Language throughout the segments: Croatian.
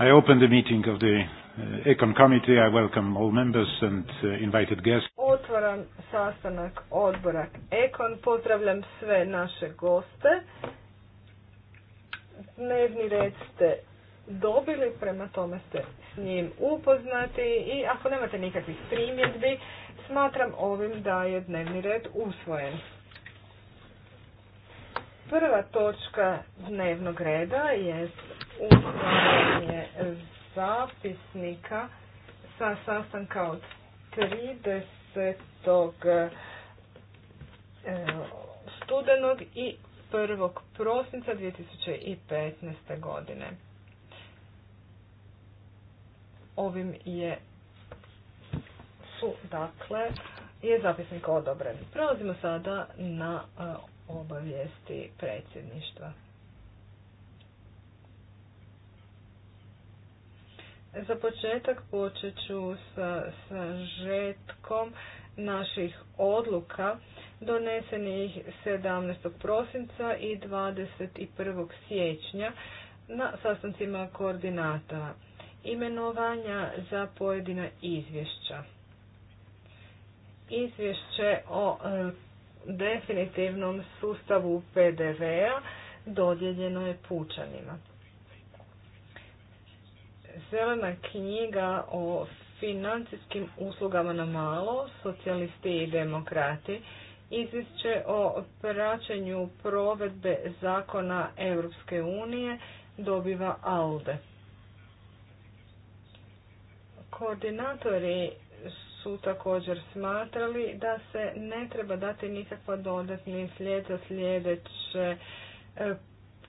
I open the meeting of the uh, Econ Committee. I welcome all members and uh, invited guests. Otvaram sastanak odbora Econ. Pozdravljam sve naše goste. Dnevni red ste dobili, prema tome ste s njim upoznati i ako nemate nikakvih primjedbi, smatram ovim da je dnevni red usvojen. Prva točka dnevnog reda je Uklanjanje zapisnika sa sastanka od 30. E, studenog i 1. prosinca 2015. godine. Ovim je su, dakle, je zapisnik odobren. Prelazimo sada na e, obavijesti predsjedništva. Za početak počet ću sa, sažetkom žetkom naših odluka donesenih 17. prosinca i 21. siječnja na sastancima koordinata imenovanja za pojedina izvješća. Izvješće o e, definitivnom sustavu PDV-a dodijeljeno je pučanima zelena knjiga o financijskim uslugama na malo, socijalisti i demokrati, izvješće o praćenju provedbe zakona Europske unije dobiva ALDE. Koordinatori su također smatrali da se ne treba dati nikakva dodatni slijed za sljedeće e,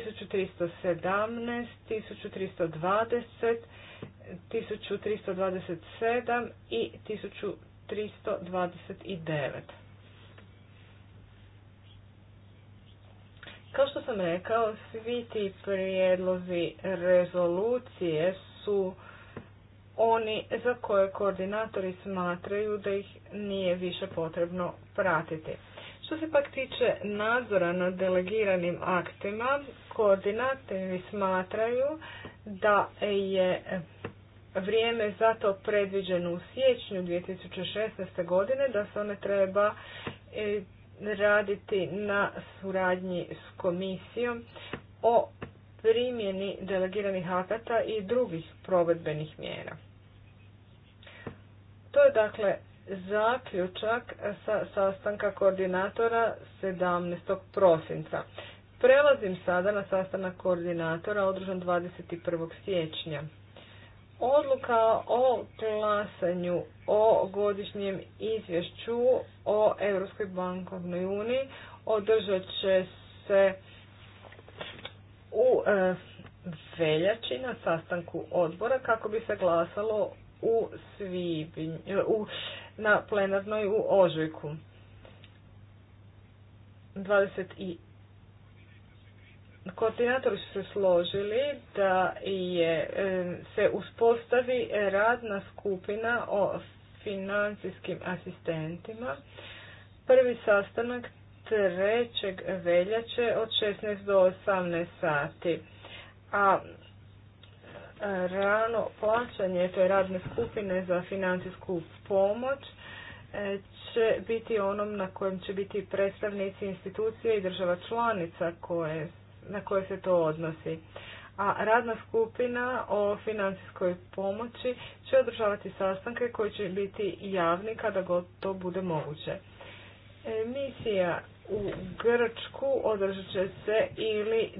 1317, 1320, 1327 i 1329. Kao što sam rekao, svi ti prijedlozi rezolucije su oni za koje koordinatori smatraju da ih nije više potrebno pratiti. Što se pak tiče nadzora nad delegiranim aktima, Koordinatori smatraju da je vrijeme za to predviđeno u siječnju 2016. godine da se one treba e, raditi na suradnji s komisijom o primjeni delegiranih akata i drugih provedbenih mjera. To je dakle zaključak sa sastanka koordinatora 17. prosinca. Prelazim sada na sastanak koordinatora održan 21. siječnja. Odluka o glasanju o godišnjem izvješću o Europskoj bankovnoj uniji održat će se u e, veljači na sastanku odbora kako bi se glasalo u e, u, na plenarnoj u ožujku. i Koordinatori su se složili da je, e, se uspostavi radna skupina o financijskim asistentima. Prvi sastanak 3. veljače od 16 do 18 sati. A e, rano plaćanje te radne skupine za financijsku pomoć e, će biti onom na kojem će biti predstavnici institucije i država članica koje na koje se to odnosi. A radna skupina o financijskoj pomoći će održavati sastanke koji će biti javni kada god to bude moguće. Misija u Grčku održat će se ili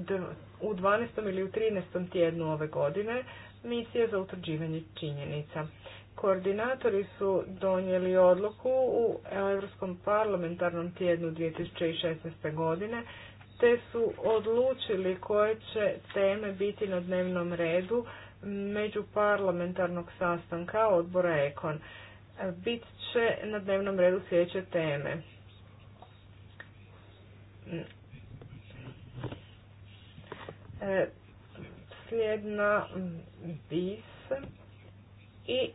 u 12. ili u 13. tjednu ove godine misija za utvrđivanje činjenica. Koordinatori su donijeli odluku u Europskom parlamentarnom tjednu 2016. godine te su odlučili koje će teme biti na dnevnom redu među parlamentarnog sastanka odbora Ekon. Bit će na dnevnom redu sljedeće teme. E, slijedna bis i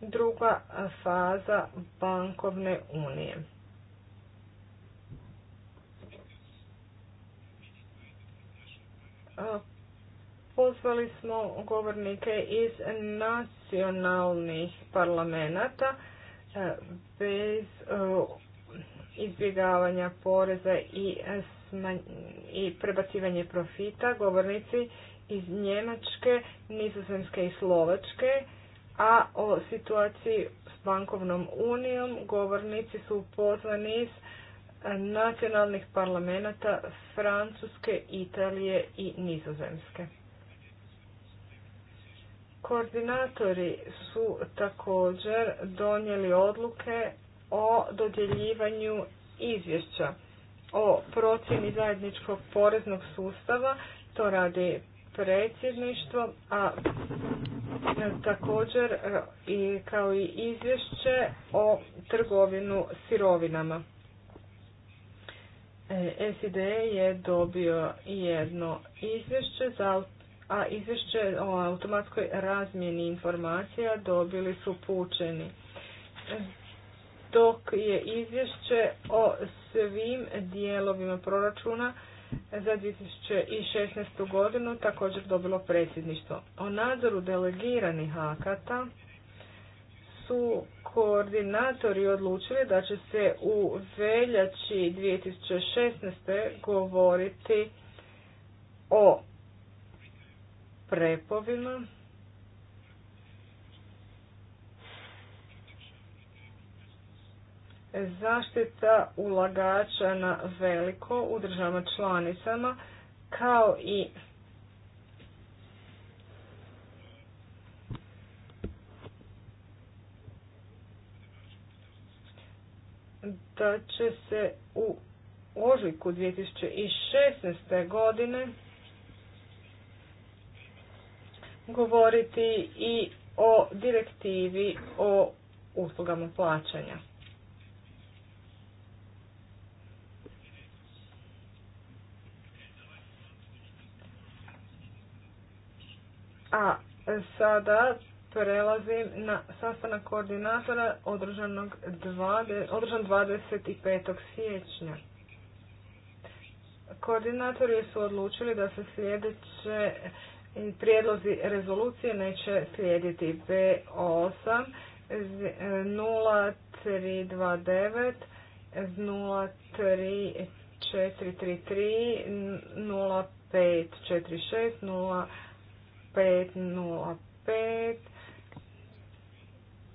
druga faza bankovne unije. Pozvali smo govornike iz nacionalnih parlamenta e, bez e, izbjegavanja poreza i, e, i prebacivanje profita. Govornici iz Njemačke, Nizozemske i Slovačke, a o situaciji s bankovnom unijom govornici su pozvani iz nacionalnih parlamenta Francuske, Italije i Nizozemske. Koordinatori su također donijeli odluke o dodjeljivanju izvješća o procjeni zajedničkog poreznog sustava, to radi predsjedništvo, a također i kao i izvješće o trgovinu sirovinama. E, SID je dobio jedno izvješće, za, a izvješće o automatskoj razmjeni informacija dobili su pučeni. Dok je izvješće o svim dijelovima proračuna za 2016. godinu također dobilo predsjedništvo. O nadzoru delegiranih akata su koordinatori odlučili da će se u veljači 2016. govoriti o prepovima zaštita ulagača na veliko u državama članicama kao i da će se u ožujku 2016. godine govoriti i o direktivi o uslugama plaćanja. A sada prelazim na sastanak koordinatora održan 25. siječnja. Koordinatori su odlučili da se sljedeće e, prijedlozi rezolucije neće slijediti B8 0329 03433 0546 0505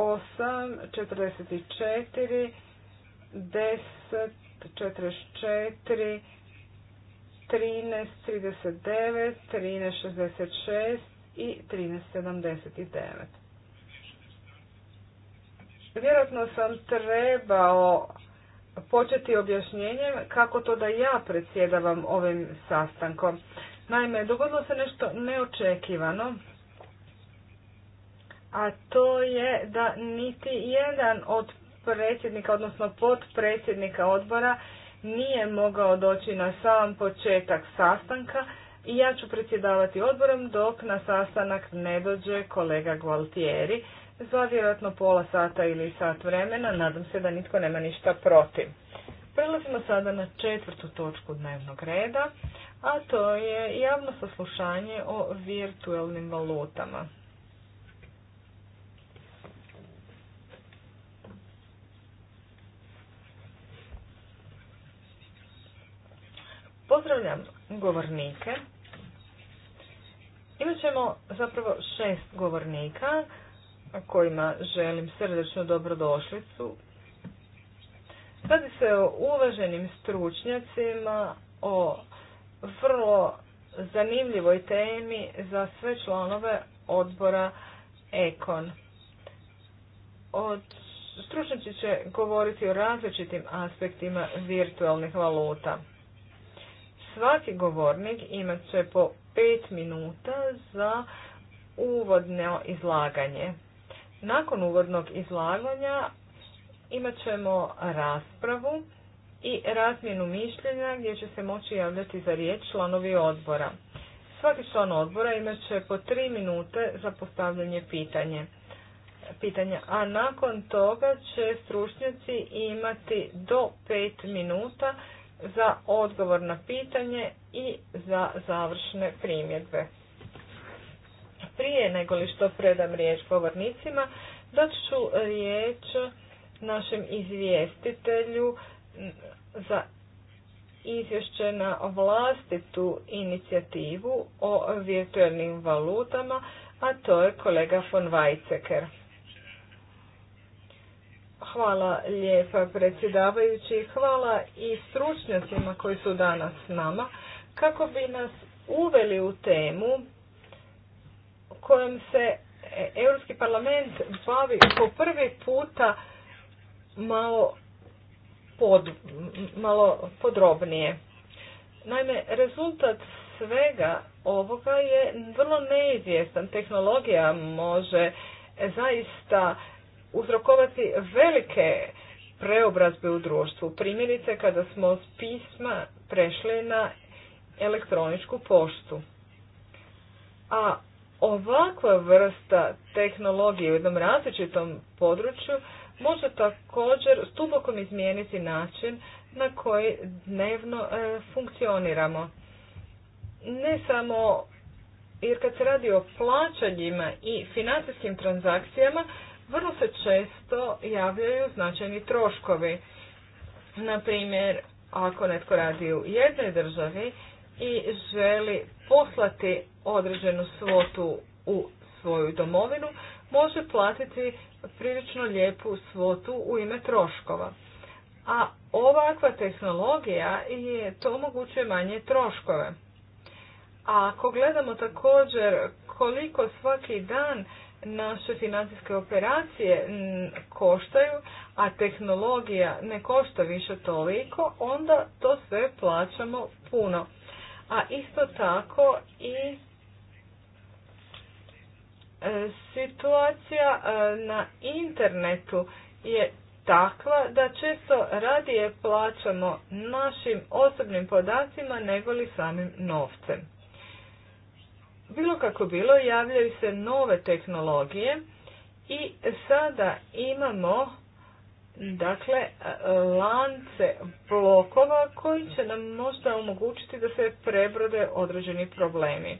8, 44, 10, 44, 13, 39, 13, 66 i 13, 79. Vjerojatno sam trebao početi objašnjenjem kako to da ja predsjedavam ovim sastankom. Naime, dogodilo se nešto neočekivano a to je da niti jedan od predsjednika, odnosno potpredsjednika odbora nije mogao doći na sam početak sastanka i ja ću predsjedavati odborom dok na sastanak ne dođe kolega Gualtieri za vjerojatno pola sata ili sat vremena. Nadam se da nitko nema ništa protiv. Prelazimo sada na četvrtu točku dnevnog reda, a to je javno saslušanje o virtualnim valutama. Pozdravljam govornike. Imat ćemo zapravo šest govornika kojima želim srdečnu dobrodošlicu. Radi se o uvaženim stručnjacima, o vrlo zanimljivoj temi za sve članove odbora Ekon. Od stručnjaci će govoriti o različitim aspektima virtualnih valuta. Svaki govornik imat će po pet minuta za uvodno izlaganje. Nakon uvodnog izlaganja imat ćemo raspravu i razmjenu mišljenja gdje će se moći javljati za riječ članovi odbora. Svaki član odbora imat će po tri minute za postavljanje pitanje. pitanja, a nakon toga će stručnjaci imati do pet minuta za odgovor na pitanje i za završne primjedbe. Prije nego li što predam riječ govornicima, dat ću riječ našem izvjestitelju za izvješće na vlastitu inicijativu o virtualnim valutama, a to je kolega von Weizsäcker. Hvala lijepa predsjedavajući, hvala i stručnjacima koji su danas s nama kako bi nas uveli u temu kojom se e, Europski parlament bavi po prvi puta malo, pod, malo podrobnije. Naime, rezultat svega ovoga je vrlo neizvjestan. Tehnologija može zaista uzrokovati velike preobrazbe u društvu. Primjerice kada smo s pisma prešli na elektroničku poštu. A ovakva vrsta tehnologije u jednom različitom području može također stubokom izmijeniti način na koji dnevno e, funkcioniramo. Ne samo jer kad se radi o plaćanjima i financijskim transakcijama, vrlo se često javljaju značajni troškovi. Na primjer, ako netko radi u jednoj državi i želi poslati određenu svotu u svoju domovinu, može platiti prilično lijepu svotu u ime troškova. A ovakva tehnologija je to omogućuje manje troškove. A ako gledamo također koliko svaki dan naše financijske operacije koštaju, a tehnologija ne košta više toliko, onda to sve plaćamo puno. A isto tako i e, situacija e, na internetu je takva da često radije plaćamo našim osobnim podacima nego li samim novcem. Bilo kako bilo, javljaju se nove tehnologije i sada imamo dakle lance blokova koji će nam možda omogućiti da se prebrode određeni problemi.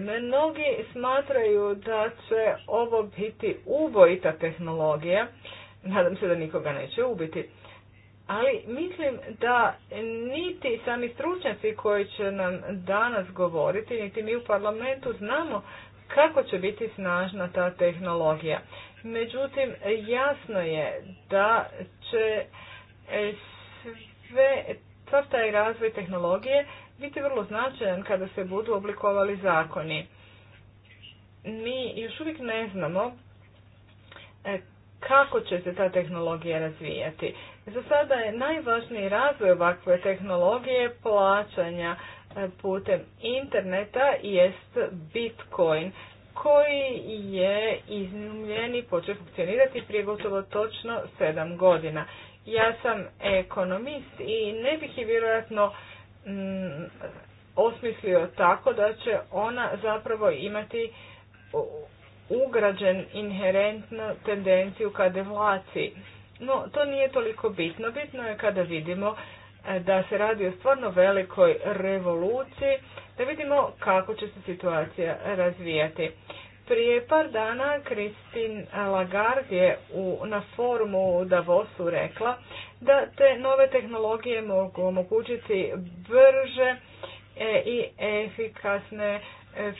Mnogi smatraju da će ovo biti ubojita tehnologija, nadam se da nikoga neće ubiti, ali mislim da niti sami stručnjaci koji će nam danas govoriti, niti mi u parlamentu znamo kako će biti snažna ta tehnologija. Međutim, jasno je da će e, sve, sav taj razvoj tehnologije biti vrlo značajan kada se budu oblikovali zakoni. Mi još uvijek ne znamo e, kako će se ta tehnologija razvijati. Za sada je najvažniji razvoj ovakve tehnologije plaćanja e, putem interneta jest Bitcoin koji je iznimljen i počeo funkcionirati prije gotovo točno 7 godina. Ja sam ekonomist i ne bih je vjerojatno mm, osmislio tako da će ona zapravo imati ugrađen inherentnu tendenciju ka devlaciji. No, to nije toliko bitno. Bitno je kada vidimo e, da se radi o stvarno velikoj revoluciji, da vidimo kako će se situacija razvijati. Prije par dana Kristin Lagarde je u, na forumu u Davosu rekla da te nove tehnologije mogu omogućiti brže e, i efikasne e,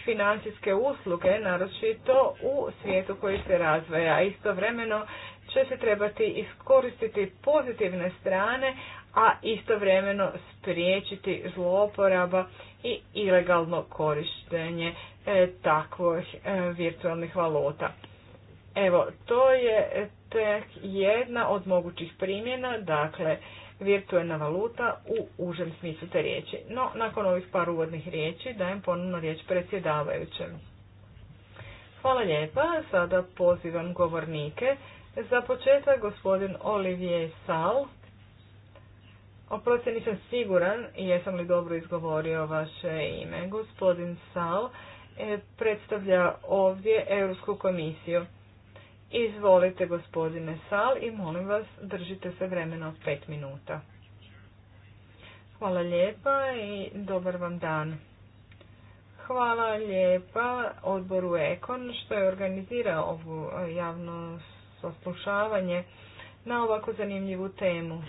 financijske usluge, naročito u svijetu koji se razvoja. Istovremeno će se trebati iskoristiti pozitivne strane, a istovremeno spriječiti zlouporaba i ilegalno korištenje e, takvih e, virtualnih valuta. Evo, to je tek jedna od mogućih primjena, dakle, virtualna valuta u užem smislu te riječi. No, nakon ovih par uvodnih riječi dajem ponovno riječ predsjedavajućem. Hvala lijepa, sada pozivam govornike za početak gospodin Olivier Sal. Oprosti, nisam siguran jesam li dobro izgovorio vaše ime. Gospodin Sal e, predstavlja ovdje Europsku komisiju. Izvolite gospodine Sal i molim vas držite se vremena od pet minuta. Hvala lijepa i dobar vam dan. Hvala lijepa odboru Ekon što je organizirao ovu e, javnu saslušavanje na ovako zanimljivu temu.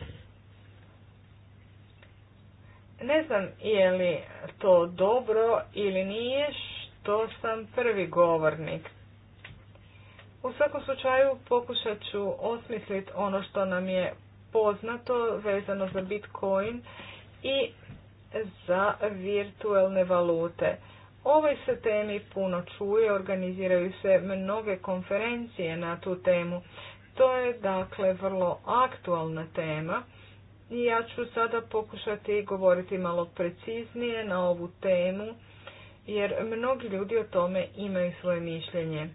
Ne znam je li to dobro ili nije što sam prvi govornik. U svakom slučaju pokušat ću osmisliti ono što nam je poznato vezano za Bitcoin i za virtualne valute ovoj se temi puno čuje, organiziraju se mnoge konferencije na tu temu. To je dakle vrlo aktualna tema i ja ću sada pokušati govoriti malo preciznije na ovu temu jer mnogi ljudi o tome imaju svoje mišljenje.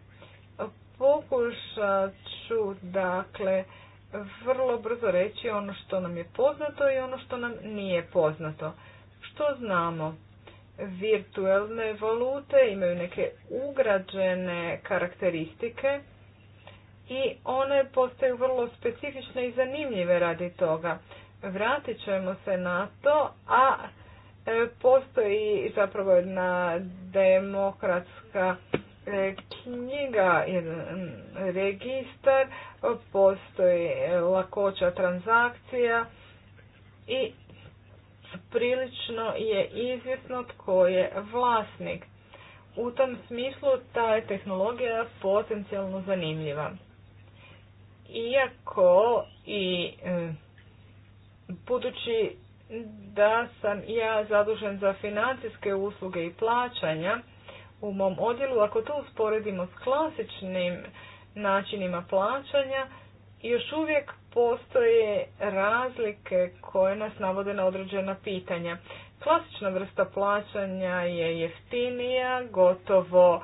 Pokušat ću dakle vrlo brzo reći ono što nam je poznato i ono što nam nije poznato. Što znamo? Virtualne valute, imaju neke ugrađene karakteristike i one postaju vrlo specifične i zanimljive radi toga. Vratit ćemo se na to, a e, postoji zapravo jedna demokratska e, knjiga, jedan registar, postoji e, lakoća transakcija i prilično je izvjesno tko je vlasnik. U tom smislu ta je tehnologija potencijalno zanimljiva. Iako i e, budući da sam ja zadužen za financijske usluge i plaćanja u mom odjelu, ako to usporedimo s klasičnim načinima plaćanja, još uvijek postoje razlike koje nas navode na određena pitanja. Klasična vrsta plaćanja je jeftinija, gotovo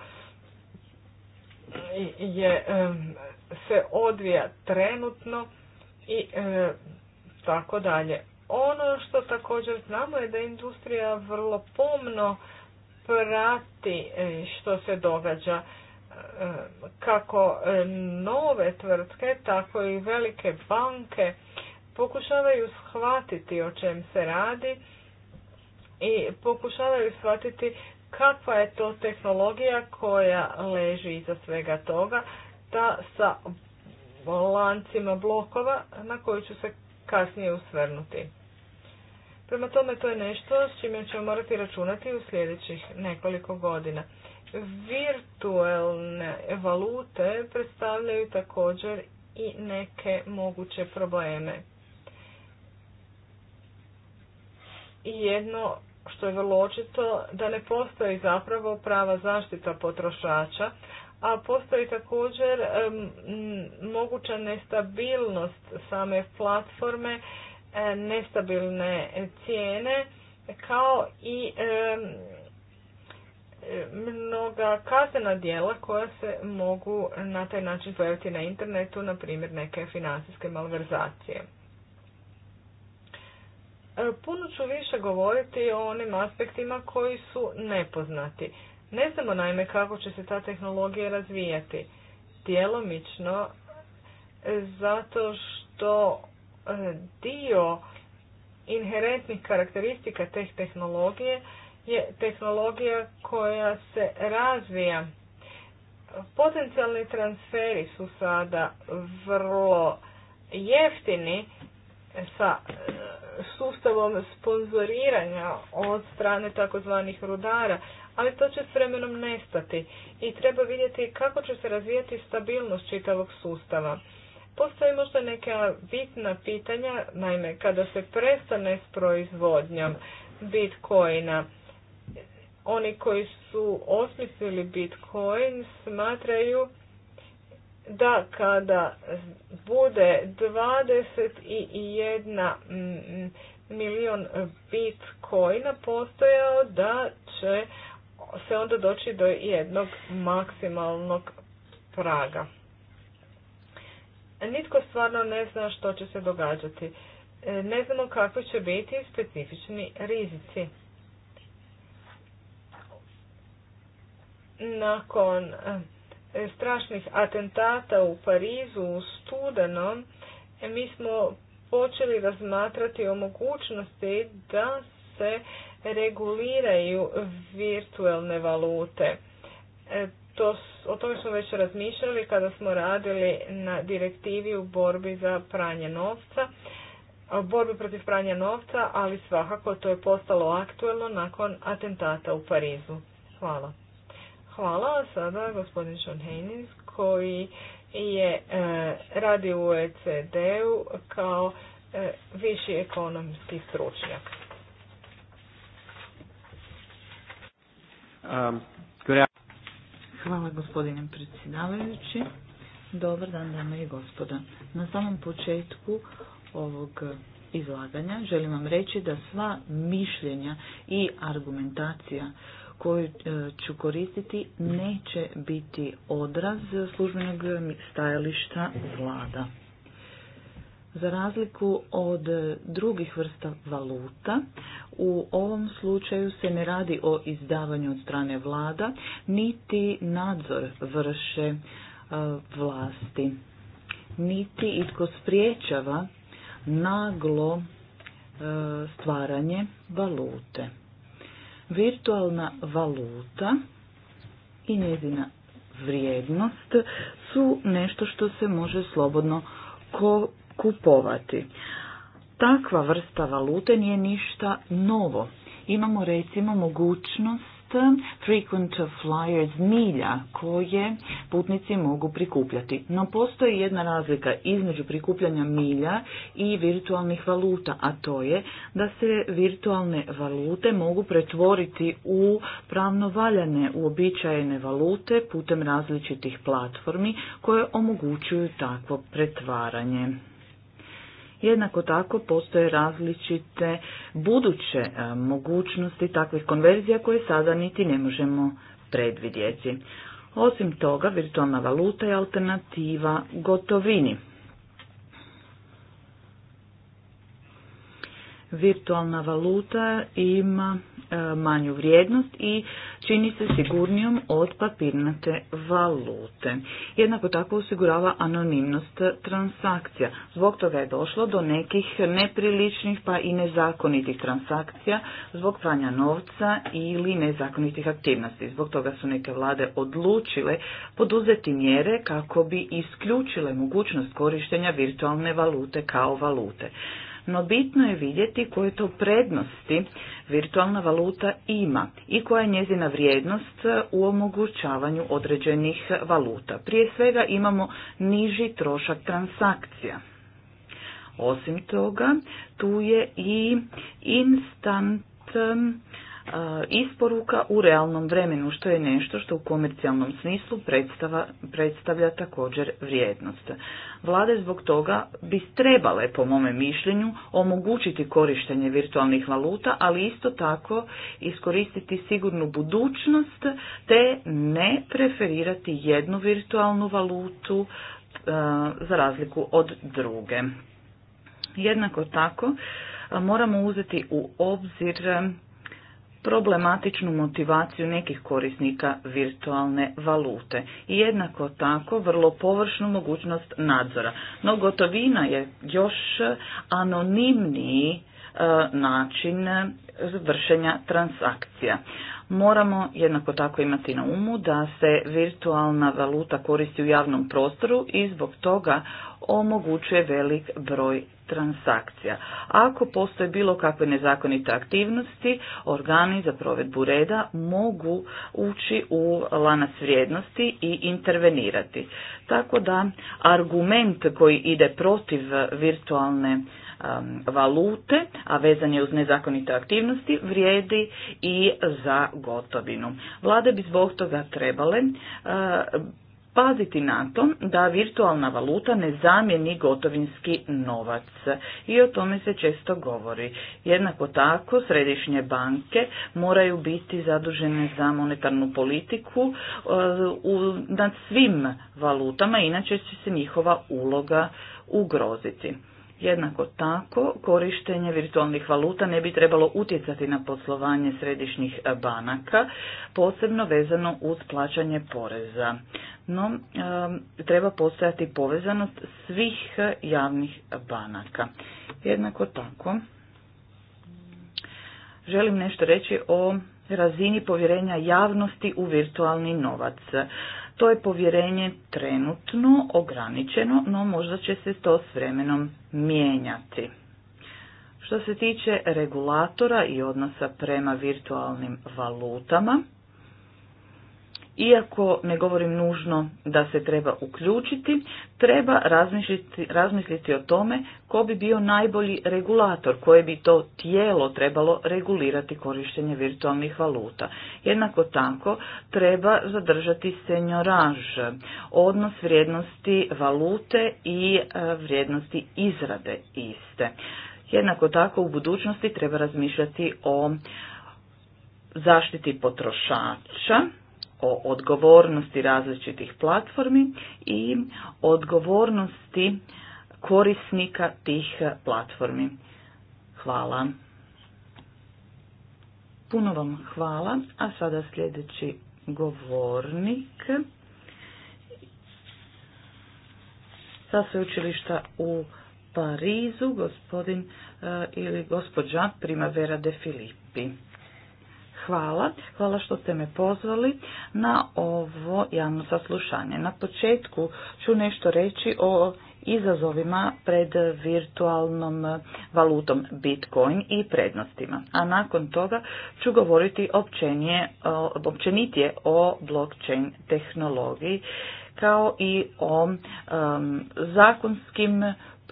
je, se odvija trenutno i tako dalje. Ono što također znamo je da industrija vrlo pomno prati što se događa kako e, nove tvrtke, tako i velike banke pokušavaju shvatiti o čem se radi i pokušavaju shvatiti kakva je to tehnologija koja leži iza svega toga, ta sa lancima blokova na koju ću se kasnije usvrnuti. Prema tome to je nešto s čime ćemo morati računati u sljedećih nekoliko godina virtualne valute predstavljaju također i neke moguće probleme. I jedno što je vrlo očito da ne postoji zapravo prava zaštita potrošača, a postoji također moguća nestabilnost same platforme, nestabilne cijene kao i mnoga kaznena djela koja se mogu na taj način pojaviti na internetu, na primjer neke financijske malverzacije. E, puno ću više govoriti o onim aspektima koji su nepoznati. Ne znamo naime kako će se ta tehnologija razvijati. Djelomično e, zato što e, dio inherentnih karakteristika teh tehnologije je tehnologija koja se razvija. Potencijalni transferi su sada vrlo jeftini sa e, sustavom sponzoriranja od strane takozvanih rudara, ali to će s vremenom nestati i treba vidjeti kako će se razvijati stabilnost čitavog sustava. Postoje možda neka bitna pitanja, naime, kada se prestane s proizvodnjom bitcoina, oni koji su osmislili Bitcoin smatraju da kada bude 21 mm, milion bitcoina postojao da će se onda doći do jednog maksimalnog praga. Nitko stvarno ne zna što će se događati. Ne znamo kakvi će biti specifični rizici. nakon eh, strašnih atentata u Parizu u studenom eh, mi smo počeli razmatrati o mogućnosti da se reguliraju virtualne valute. Eh, to, o tome smo već razmišljali kada smo radili na direktivi u borbi za pranje novca, borbi protiv pranja novca, ali svakako to je postalo aktuelno nakon atentata u Parizu. Hvala. Hvala. Sada gospodin Sean Haynes koji je e, radi u oecd u kao e, viši ekonomski stručnjak. Um, Hvala gospodine predsjedavajući. Dobar dan dame i gospoda. Na samom početku ovog izlaganja želim vam reći da sva mišljenja i argumentacija koju e, ću koristiti neće biti odraz službenog stajališta vlada. Za razliku od drugih vrsta valuta, u ovom slučaju se ne radi o izdavanju od strane vlada, niti nadzor vrše e, vlasti, niti itko spriječava naglo e, stvaranje valute. Virtualna valuta i njezina vrijednost su nešto što se može slobodno kupovati. Takva vrsta valute nije ništa novo. Imamo recimo mogućnost frequent flyers milja koje putnici mogu prikupljati. No postoji jedna razlika između prikupljanja milja i virtualnih valuta, a to je da se virtualne valute mogu pretvoriti u pravno valjane uobičajene valute putem različitih platformi koje omogućuju takvo pretvaranje. Jednako tako postoje različite buduće e, mogućnosti takvih konverzija koje sada niti ne možemo predvidjeti. Osim toga, virtualna valuta je alternativa gotovini. virtualna valuta ima e, manju vrijednost i čini se sigurnijom od papirnate valute. Jednako tako osigurava anonimnost transakcija. Zbog toga je došlo do nekih nepriličnih pa i nezakonitih transakcija zbog pranja novca ili nezakonitih aktivnosti. Zbog toga su neke vlade odlučile poduzeti mjere kako bi isključile mogućnost korištenja virtualne valute kao valute no bitno je vidjeti koje to prednosti virtualna valuta ima i koja je njezina vrijednost u omogućavanju određenih valuta. Prije svega imamo niži trošak transakcija. Osim toga, tu je i instant isporuka u realnom vremenu, što je nešto što u komercijalnom smislu predstavlja također vrijednost. Vlade zbog toga bi trebale, po mome mišljenju, omogućiti korištenje virtualnih valuta, ali isto tako iskoristiti sigurnu budućnost te ne preferirati jednu virtualnu valutu za razliku od druge. Jednako tako moramo uzeti u obzir problematičnu motivaciju nekih korisnika virtualne valute i jednako tako vrlo površnu mogućnost nadzora. No gotovina je još anonimniji e, način vršenja transakcija. Moramo jednako tako imati na umu da se virtualna valuta koristi u javnom prostoru i zbog toga omogućuje velik broj transakcija. Ako postoje bilo kakve nezakonite aktivnosti, organi za provedbu reda mogu ući u lanac vrijednosti i intervenirati. Tako da argument koji ide protiv virtualne valute, a vezan je uz nezakonite aktivnosti, vrijedi i za gotovinu. Vlade bi zbog toga trebale eh, paziti na to da virtualna valuta ne zamjeni gotovinski novac i o tome se često govori. Jednako tako središnje banke moraju biti zadužene za monetarnu politiku eh, nad svim valutama, inače će se njihova uloga ugroziti. Jednako tako, korištenje virtualnih valuta ne bi trebalo utjecati na poslovanje središnjih banaka, posebno vezano uz plaćanje poreza. No, treba postojati povezanost svih javnih banaka. Jednako tako, želim nešto reći o razini povjerenja javnosti u virtualni novac. To je povjerenje trenutno ograničeno, no možda će se to s vremenom mijenjati. Što se tiče regulatora i odnosa prema virtualnim valutama, iako ne govorim nužno da se treba uključiti, treba razmisliti, razmisliti o tome ko bi bio najbolji regulator, koje bi to tijelo trebalo regulirati korištenje virtualnih valuta. Jednako tako treba zadržati senjoraž, odnos vrijednosti valute i e, vrijednosti izrade iste. Jednako tako u budućnosti treba razmišljati o zaštiti potrošača, o odgovornosti različitih platformi i odgovornosti korisnika tih platformi. Hvala. Puno vam hvala, a sada sljedeći govornik sa sveučilišta u Parizu, gospodin eh, ili gospođa Primavera de Filippi. Hvala. Hvala što ste me pozvali na ovo javno saslušanje. Na početku ću nešto reći o izazovima pred virtualnom valutom Bitcoin i prednostima. A nakon toga ću govoriti općenije, općenitije o blockchain tehnologiji kao i o zakonskim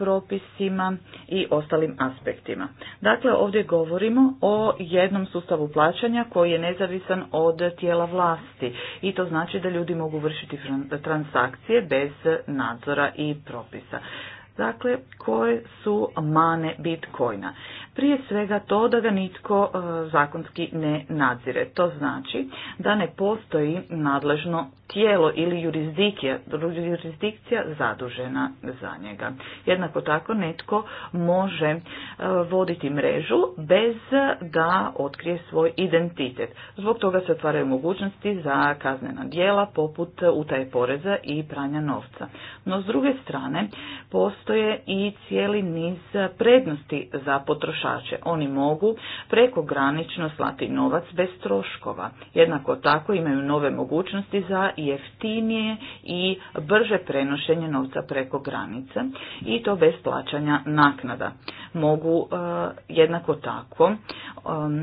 propisima i ostalim aspektima. Dakle, ovdje govorimo o jednom sustavu plaćanja koji je nezavisan od tijela vlasti i to znači da ljudi mogu vršiti transakcije bez nadzora i propisa. Dakle, koje su mane Bitcoina? Prije svega to da ga nitko e, zakonski ne nadzire. To znači da ne postoji nadležno tijelo ili jurisdikcija, jurisdikcija zadužena za njega. Jednako tako netko može e, voditi mrežu bez da otkrije svoj identitet. Zbog toga se otvaraju mogućnosti za kaznena djela poput utaje poreza i pranja novca. No s druge strane postoje i cijeli niz prednosti za potrošače. Oni mogu prekogranično slati novac bez troškova. Jednako tako imaju nove mogućnosti za jeftinije i brže prenošenje novca preko granice i to bez plaćanja naknada. Mogu e, jednako tako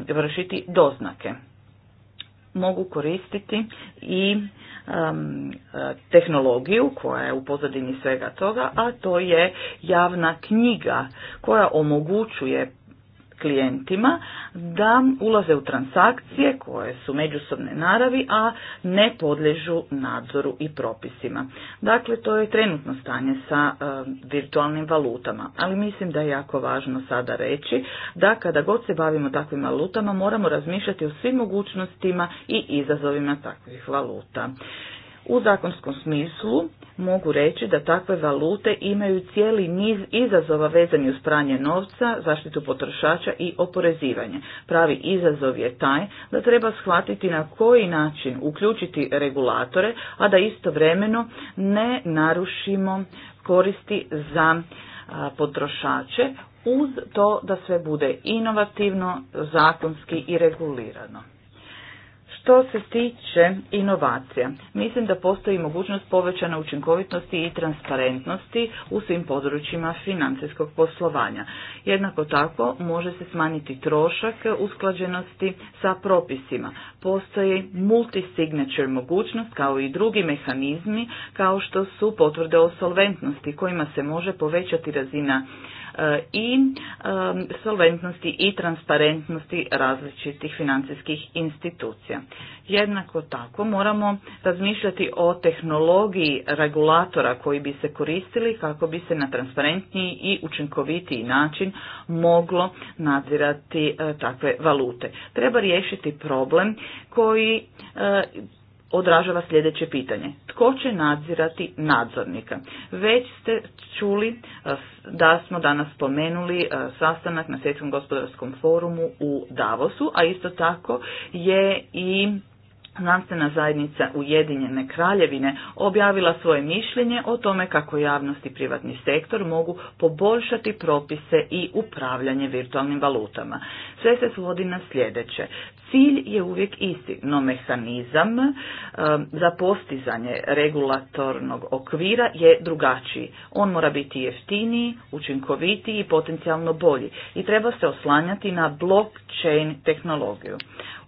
e, vršiti doznake. Mogu koristiti i e, tehnologiju koja je u pozadini svega toga, a to je javna knjiga koja omogućuje klijentima da ulaze u transakcije koje su međusobne naravi, a ne podliježu nadzoru i propisima. Dakle, to je trenutno stanje sa e, virtualnim valutama, ali mislim da je jako važno sada reći da kada god se bavimo takvim valutama moramo razmišljati o svim mogućnostima i izazovima takvih valuta. U zakonskom smislu mogu reći da takve valute imaju cijeli niz izazova vezani uz pranje novca, zaštitu potrošača i oporezivanje. Pravi izazov je taj da treba shvatiti na koji način uključiti regulatore, a da istovremeno ne narušimo koristi za potrošače uz to da sve bude inovativno, zakonski i regulirano. Što se tiče inovacija, mislim da postoji mogućnost povećane učinkovitosti i transparentnosti u svim područjima financijskog poslovanja. Jednako tako može se smanjiti trošak usklađenosti sa propisima. Postoji multisignature mogućnost kao i drugi mehanizmi kao što su potvrde o solventnosti kojima se može povećati razina E, i e, solventnosti i transparentnosti različitih financijskih institucija. Jednako tako moramo razmišljati o tehnologiji regulatora koji bi se koristili kako bi se na transparentniji i učinkovitiji način moglo nadzirati e, takve valute. Treba riješiti problem koji odražava sljedeće pitanje. Tko će nadzirati nadzornika? Već ste čuli e, da smo danas spomenuli e, sastanak na Svjetskom gospodarskom forumu u Davosu, a isto tako je i Znanstvena zajednica Ujedinjene kraljevine objavila svoje mišljenje o tome kako javnost i privatni sektor mogu poboljšati propise i upravljanje virtualnim valutama. Sve se svodi na sljedeće. Cilj je uvijek isti, no mehanizam e, za postizanje regulatornog okvira je drugačiji. On mora biti jeftiniji, učinkovitiji i potencijalno bolji i treba se oslanjati na blockchain tehnologiju.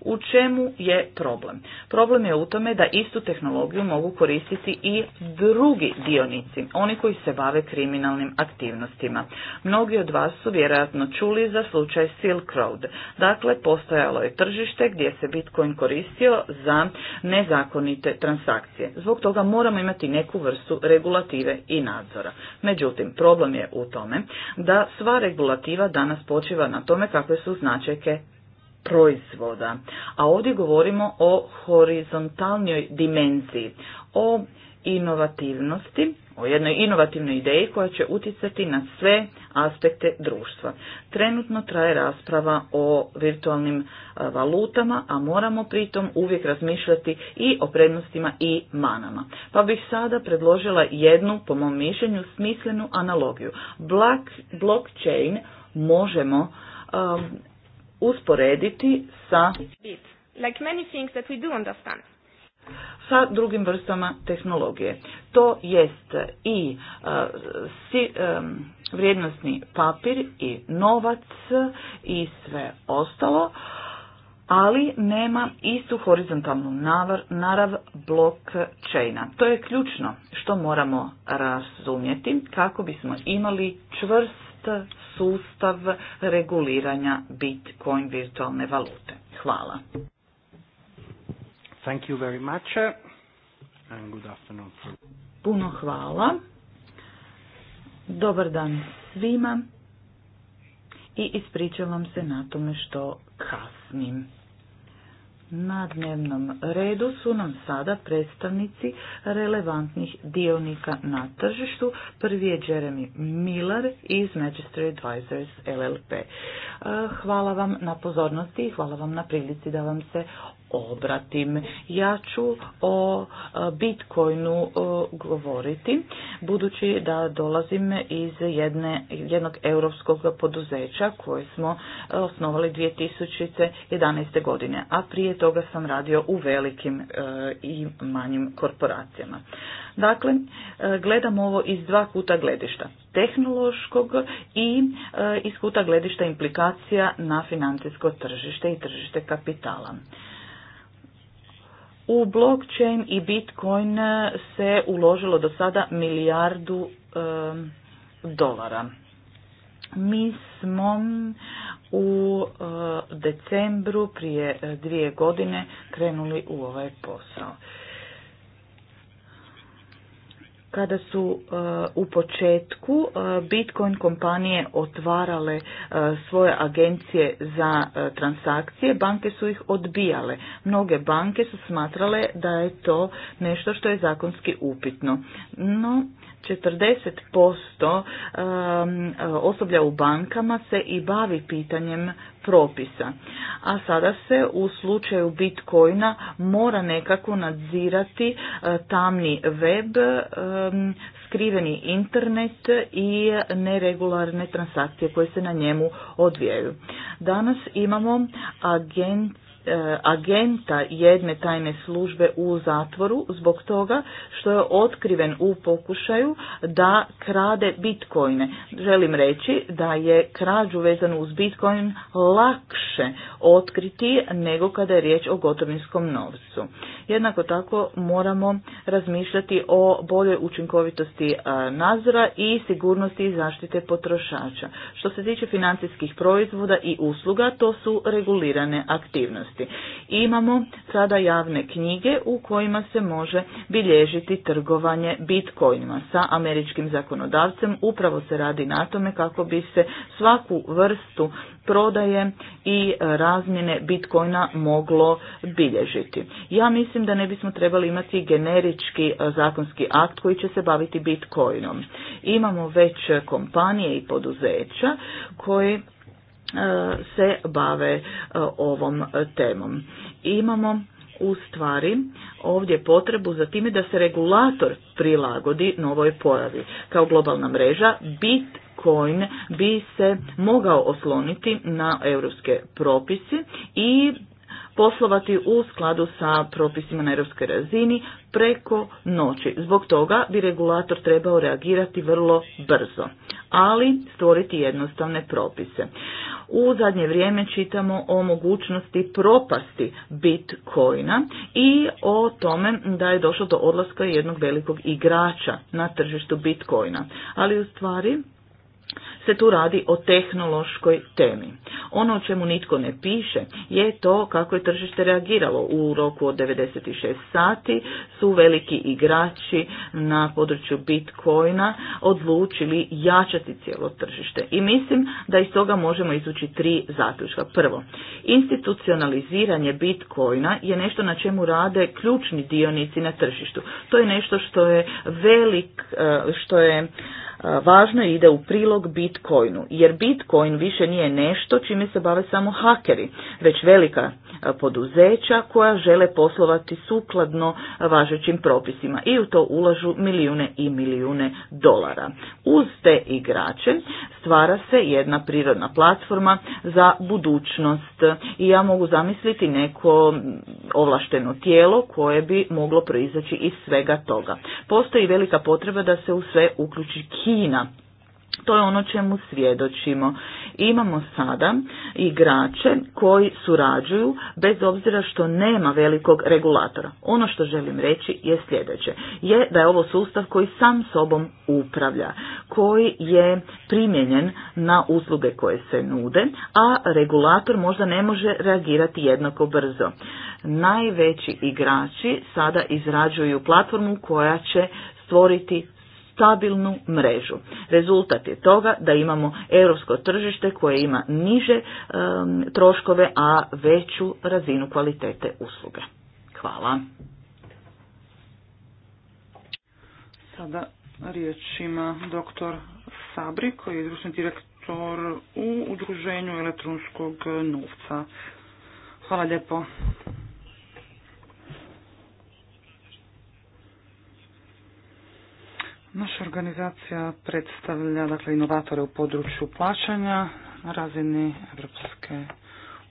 U čemu je problem? Problem je u tome da istu tehnologiju mogu koristiti i drugi dionici, oni koji se bave kriminalnim aktivnostima. Mnogi od vas su vjerojatno čuli za slučaj Silk Road. Dakle, postojalo je tržište tržište gdje se Bitcoin koristio za nezakonite transakcije. Zbog toga moramo imati neku vrstu regulative i nadzora. Međutim, problem je u tome da sva regulativa danas počiva na tome kakve su značajke proizvoda. A ovdje govorimo o horizontalnoj dimenziji, o inovativnosti o jednoj inovativnoj ideji koja će utjecati na sve aspekte društva. Trenutno traje rasprava o virtualnim e, valutama, a moramo pritom uvijek razmišljati i o prednostima i manama. Pa bih sada predložila jednu, po mom mišljenju, smislenu analogiju. Black, blockchain možemo um, usporediti sa... Like many things that we do understand sa drugim vrstama tehnologije. To jest i e, si, e, vrijednostni papir i novac i sve ostalo, ali nema istu horizontalnu narav, narav blockchaina. To je ključno što moramo razumjeti kako bismo imali čvrst sustav reguliranja Bitcoin virtualne valute. Hvala. Thank you very much and good afternoon. Puno hvala. Dobar dan svima i ispričavam se na tome što kasnim. Na dnevnom redu su nam sada predstavnici relevantnih dionika na tržištu. Prvi je Jeremy Miller iz Magistry Advisors LLP. Eh, hvala vam na pozornosti i hvala vam na prilici da vam se obratim. Ja ću o e, Bitcoinu e, govoriti, budući da dolazim iz jedne, jednog europskog poduzeća koje smo e, osnovali 2011. godine, a prije toga sam radio u velikim i manjim korporacijama. Dakle, gledam ovo iz dva kuta gledišta, tehnološkog i iz kuta gledišta implikacija na financijsko tržište i tržište kapitala. U blockchain i bitcoin se uložilo do sada milijardu dolara. Mi smo u e, decembru prije e, dvije godine krenuli u ovaj posao kada su e, u početku e, Bitcoin kompanije otvarale e, svoje agencije za transakcije, banke su ih odbijale. Mnoge banke su smatrale da je to nešto što je zakonski upitno. No, 40% osoblja u bankama se i bavi pitanjem propisa. A sada se u slučaju Bitcoina mora nekako nadzirati e, tamni web, skriveni internet i neregularne transakcije koje se na njemu odvijaju. Danas imamo agenciju E, agenta jedne tajne službe u zatvoru zbog toga što je otkriven u pokušaju da krade bitcoine. Želim reći da je krađu vezanu uz bitcoin lakše otkriti nego kada je riječ o gotovinskom novcu. Jednako tako moramo razmišljati o boljoj učinkovitosti e, nadzora i sigurnosti i zaštite potrošača. Što se tiče financijskih proizvoda i usluga, to su regulirane aktivnosti. Imamo sada javne knjige u kojima se može bilježiti trgovanje bitcoinima. Sa američkim zakonodavcem upravo se radi na tome kako bi se svaku vrstu prodaje i razmjene bitcoina moglo bilježiti. Ja mislim da ne bismo trebali imati generički e, zakonski akt koji će se baviti bitcoinom. Imamo već kompanije i poduzeća koje E, se bave e, ovom temom. Imamo u stvari ovdje potrebu za time da se regulator prilagodi novoj pojavi. Kao globalna mreža Bitcoin bi se mogao osloniti na europske propise i poslovati u skladu sa propisima na europskoj razini preko noći. Zbog toga bi regulator trebao reagirati vrlo brzo, ali stvoriti jednostavne propise. U zadnje vrijeme čitamo o mogućnosti propasti Bitcoina i o tome da je došlo do odlaska jednog velikog igrača na tržištu Bitcoina. Ali u stvari se tu radi o tehnološkoj temi. Ono o čemu nitko ne piše je to kako je tržište reagiralo u roku od 96 sati su veliki igrači na području Bitcoina odlučili jačati cijelo tržište i mislim da iz toga možemo izući tri zaključka. Prvo, institucionaliziranje Bitcoina je nešto na čemu rade ključni dionici na tržištu. To je nešto što je velik, eh, što je važno je ide u prilog Bitcoinu, jer Bitcoin više nije nešto čime se bave samo hakeri, već velika poduzeća koja žele poslovati sukladno važećim propisima i u to ulažu milijune i milijune dolara. Uz te igrače stvara se jedna prirodna platforma za budućnost i ja mogu zamisliti neko ovlašteno tijelo koje bi moglo proizaći iz svega toga. Postoji velika potreba da se u sve uključi Kina. To je ono čemu svjedočimo. Imamo sada igrače koji surađuju bez obzira što nema velikog regulatora. Ono što želim reći je sljedeće. Je da je ovo sustav koji sam sobom upravlja, koji je primjenjen na usluge koje se nude, a regulator možda ne može reagirati jednako brzo. Najveći igrači sada izrađuju platformu koja će stvoriti stabilnu mrežu. Rezultat je toga da imamo europsko tržište koje ima niže troškove, a veću razinu kvalitete usluge. Hvala. Sada riječ ima doktor Sabri koji je društveni direktor u udruženju elektronskog novca. Hvala lijepo Naša organizacija predstavlja dakle, inovatore u području plaćanja na razini Europske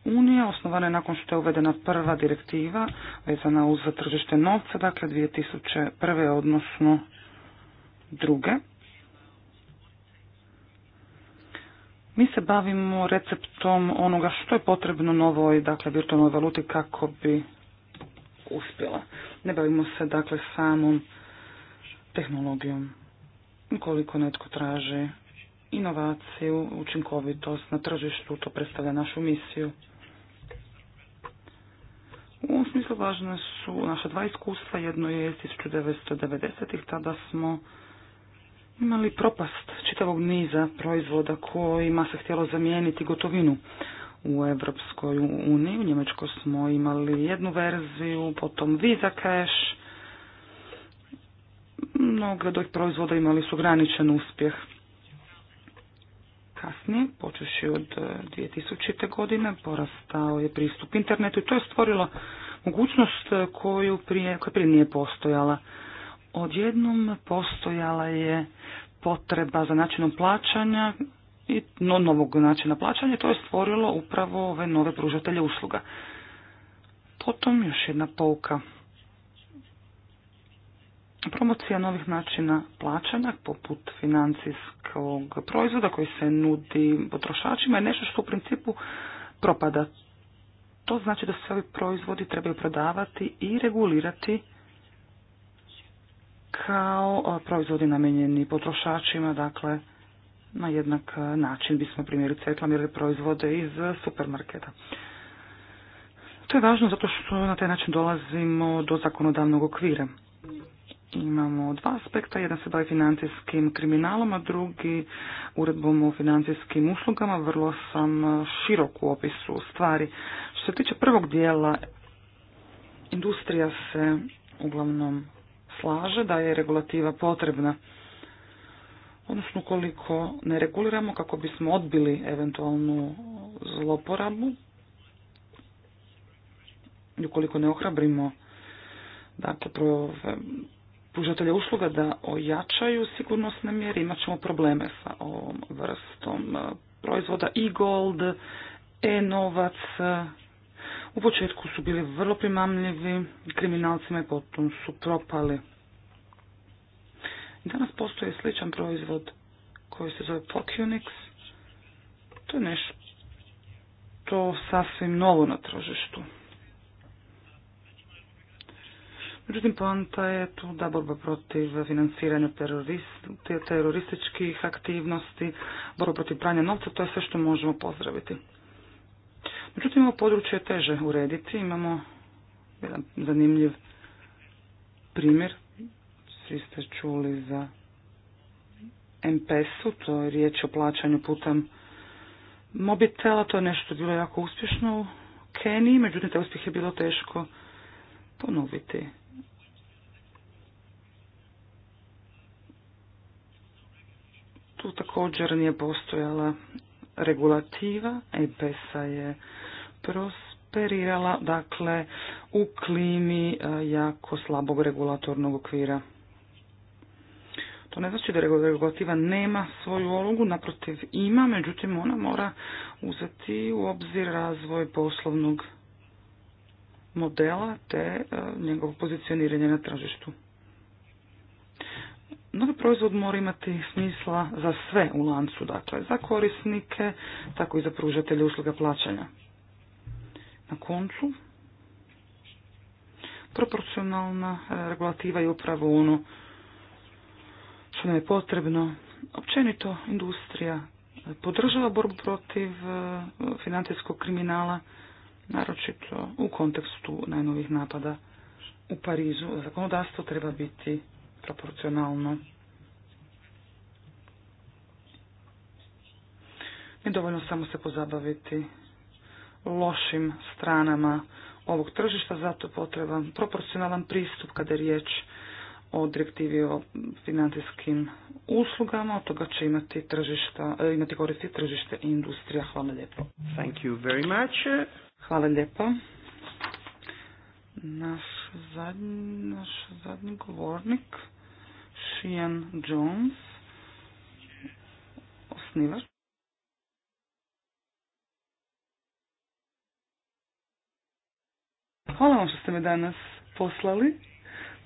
unije. Osnovana je nakon što je uvedena prva direktiva vezana uz tržište novca, dakle 2001. odnosno druge. Mi se bavimo receptom onoga što je potrebno novoj, dakle, virtualnoj valuti kako bi uspjela. Ne bavimo se, dakle, samom tehnologijom. Ukoliko netko traži inovaciju, učinkovitost na tržištu, to predstavlja našu misiju. U ovom smislu važna su naša dva iskustva. Jedno je iz 1990-ih, tada smo imali propast čitavog niza proizvoda kojima se htjelo zamijeniti gotovinu u Evropskoj uniji. U Njemačkoj smo imali jednu verziju, potom Visa Cash, mnogi od proizvoda imali su ograničen uspjeh. Kasnije, počeši od 2000. E, godine, porastao je pristup internetu i to je stvorilo mogućnost e, koju prije, koja prije nije postojala. Odjednom postojala je potreba za načinom plaćanja i no, novog načina plaćanja, to je stvorilo upravo ove nove pružatelje usluga. Potom još jedna pouka. Promocija novih načina plaćanja poput financijskog proizvoda koji se nudi potrošačima je nešto što u principu propada. To znači da se ovi proizvodi trebaju prodavati i regulirati kao proizvodi namijenjeni potrošačima, dakle na jednak način bismo primjerice reklamirali proizvode iz supermarketa. To je važno zato što na taj način dolazimo do zakonodavnog okvira imamo dva aspekta, jedan se bavi financijskim kriminalom, a drugi uredbom o financijskim uslugama, vrlo sam širok u opisu stvari. Što se tiče prvog dijela, industrija se uglavnom slaže da je regulativa potrebna, odnosno koliko ne reguliramo kako bismo odbili eventualnu zloporabu i ukoliko ne ohrabrimo dakle, pružatelja usluga da ojačaju sigurnosne mjere, imat ćemo probleme sa ovom vrstom e, proizvoda i gold e-novac. U početku su bili vrlo primamljivi, kriminalcima i potom su propali. Danas postoji sličan proizvod koji se zove Pocunix. To je nešto sasvim novo na tržištu. Međutim, poanta je tu da borba protiv financiranja terorističkih aktivnosti, borba protiv pranja novca, to je sve što možemo pozdraviti. Međutim, ovo područje je teže urediti. Imamo jedan zanimljiv primjer. Svi ste čuli za MPS-u, to je riječ o plaćanju putem mobitela. To je nešto bilo jako uspješno u Keniji, međutim, te uspjeh je bilo teško ponoviti. Tu također nije postojala regulativa, EPS-a je prosperirala, dakle, u klimi e, jako slabog regulatornog okvira. To ne znači da regulativa nema svoju ulogu, naprotiv ima, međutim ona mora uzeti u obzir razvoj poslovnog modela te e, njegovo pozicioniranje na tržištu. Novi proizvod mora imati smisla za sve u lancu, dakle za korisnike, tako i za pružatelje usluga plaćanja. Na koncu, proporcionalna e, regulativa je upravo ono što nam je potrebno. Općenito industrija e, podržava borbu protiv e, financijskog kriminala, naročito u kontekstu najnovih napada u Parizu. Zakonodavstvo treba biti proporcionalno. Nije dovoljno samo se pozabaviti lošim stranama ovog tržišta, zato potreban proporcionalan pristup kada je riječ o direktivi o financijskim uslugama, od toga će imati, tržišta, e, imati koristi tržište i industrija. Hvala lijepo. Thank you very much. Hvala lijepo. Naš zadnji, naš zadnji govornik, Shian Jones, osnivač Hvala vam što ste me danas poslali.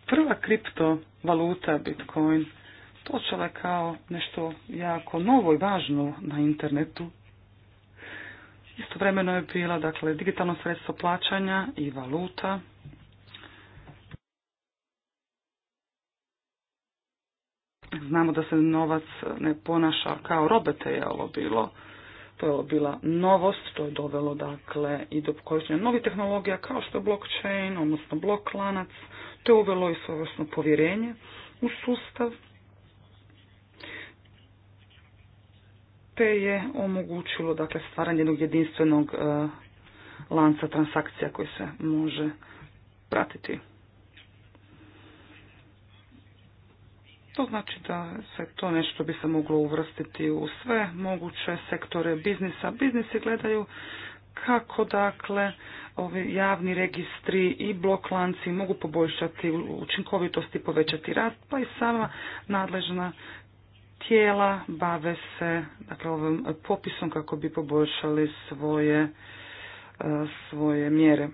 Prva kriptovaluta Bitcoin počela je kao nešto jako novo i važno na internetu. Istovremeno je bila dakle, digitalno sredstvo plaćanja i valuta. Znamo da se novac ne ponaša kao robete je ovo bilo. To je ovo bila novost, to je dovelo dakle i do korištenja novih tehnologija kao što je blockchain, odnosno blok lanac. To je uvelo i svojevrsno povjerenje u sustav. Te je omogućilo dakle stvaranje jednog jedinstvenog eh, lanca transakcija koji se može pratiti. To znači da se to nešto bi se moglo uvrstiti u sve moguće sektore biznisa. Biznisi gledaju kako dakle ovi javni registri i blok lanci mogu poboljšati učinkovitost i povećati rast, pa i sama nadležna tijela bave se dakle, ovim popisom kako bi poboljšali svoje, e, svoje mjere.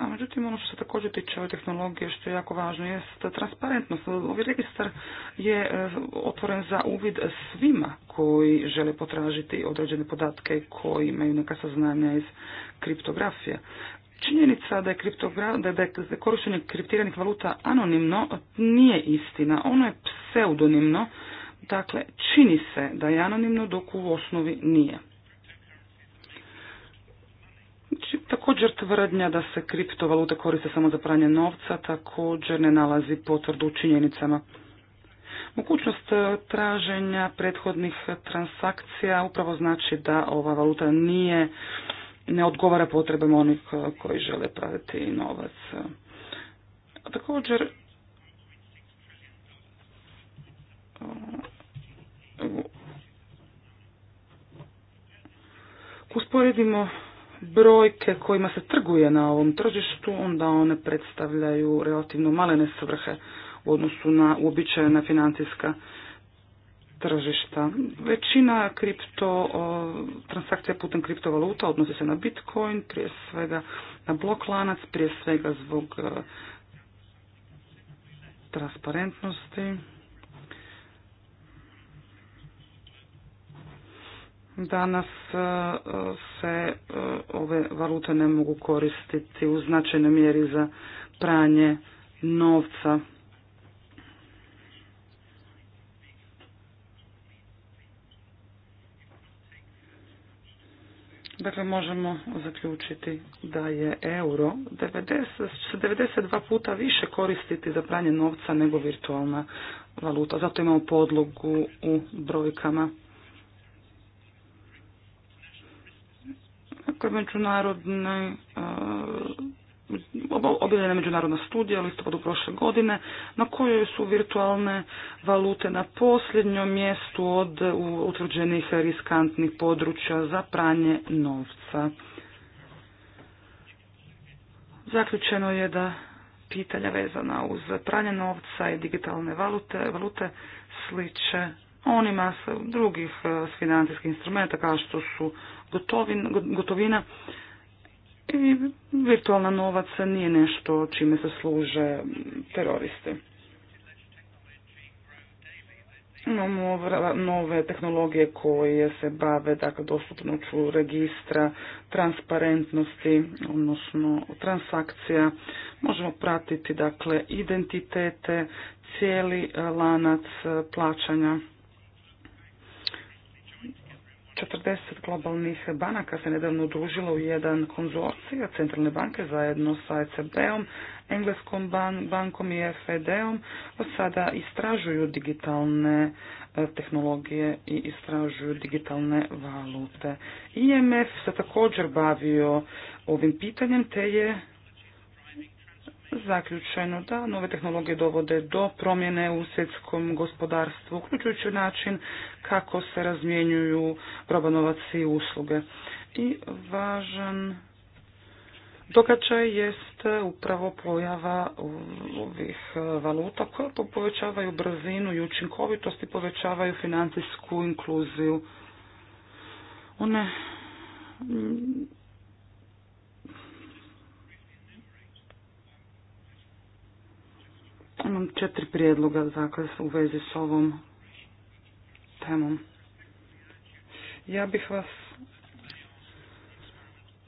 A međutim, ono što se također tiče ove tehnologije, što je jako važno, je transparentnost. Ovi registar je e, otvoren za uvid svima koji žele potražiti određene podatke koji imaju neka saznanja iz kriptografije. Činjenica da je, da je korištenje kriptiranih valuta anonimno nije istina. Ono je pseudonimno, dakle čini se da je anonimno dok u osnovi nije. Znači, također tvrdnja da se kriptovaluta koriste samo za pranje novca također ne nalazi potvrdu u činjenicama. Mogućnost e, traženja prethodnih transakcija upravo znači da ova valuta nije, ne odgovara potrebama onih e, koji žele praviti novac. također e, usporedimo brojke kojima se trguje na ovom tržištu, onda one predstavljaju relativno malene nesvrhe u odnosu na uobičajena financijska tržišta. Većina kripto, transakcija putem kriptovaluta odnosi se na Bitcoin, prije svega na blok lanac, prije svega zbog e, transparentnosti. Danas e, se e, ove valute ne mogu koristiti u značajnoj mjeri za pranje novca. Dakle, možemo zaključiti da je euro 90, 92 puta više koristiti za pranje novca nego virtualna valuta. Zato imamo podlogu u brojkama. Dakle, e, je međunarodne, objavljena međunarodna studija u listopadu prošle godine na kojoj su virtualne valute na posljednjom mjestu od utvrđenih riskantnih područja za pranje novca. Zaključeno je da pitanja vezana uz pranje novca i digitalne valute, valute sliče onima drugih e, financijskih instrumenta kao što su gotovin, gotovina i virtualna novac nije nešto čime se služe teroristi. Imamo nove tehnologije koje se bave dakle, dostupnoću registra, transparentnosti, odnosno transakcija. Možemo pratiti dakle, identitete, cijeli eh, lanac eh, plaćanja. 40 globalnih banaka se nedavno udružila u jedan konzorcija centralne banke zajedno sa ECB-om, Engleskom bankom i FED-om, sada istražuju digitalne e, tehnologije i istražuju digitalne valute. IMF e se također bavio ovim pitanjem te je Zaključeno da nove tehnologije dovode do promjene u svjetskom gospodarstvu, uključujući način kako se razmjenjuju roba, novac i usluge. I važan događaj jest upravo pojava ovih valuta koje povećavaju brzinu i učinkovitost i povećavaju financijsku inkluziju. One Imam četiri prijedloga dakle, u vezi s ovom temom. Ja bih vas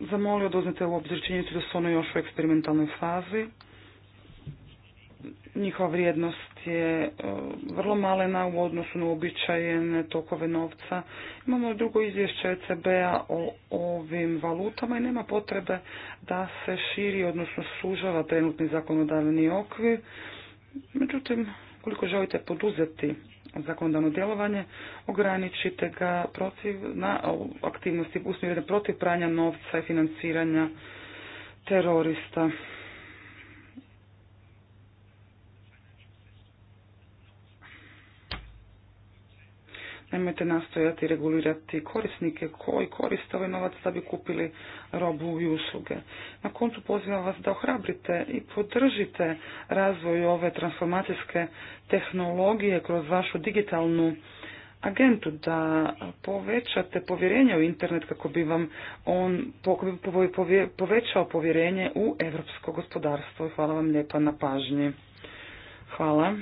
zamolio da uzmete u obzir činjenicu da su ono još u eksperimentalnoj fazi. Njihova vrijednost je e, vrlo malena u odnosu na običajene tokove novca. Imamo drugo izvješće ECB-a o ovim valutama i nema potrebe da se širi, odnosno sužava trenutni zakonodavni okvir. Međutim, koliko želite poduzeti zakonodavno djelovanje, ograničite ga protiv, na aktivnosti usmjerene protiv pranja novca i financiranja terorista. Nemojte nastojati regulirati korisnike koji koriste ovaj novac da bi kupili robu i usluge. Na koncu pozivam vas da ohrabrite i podržite razvoj ove transformacijske tehnologije kroz vašu digitalnu agentu da povećate povjerenje u internet kako bi vam on povećao povjerenje u europsko gospodarstvo. Hvala vam lijepa na pažnji. Hvala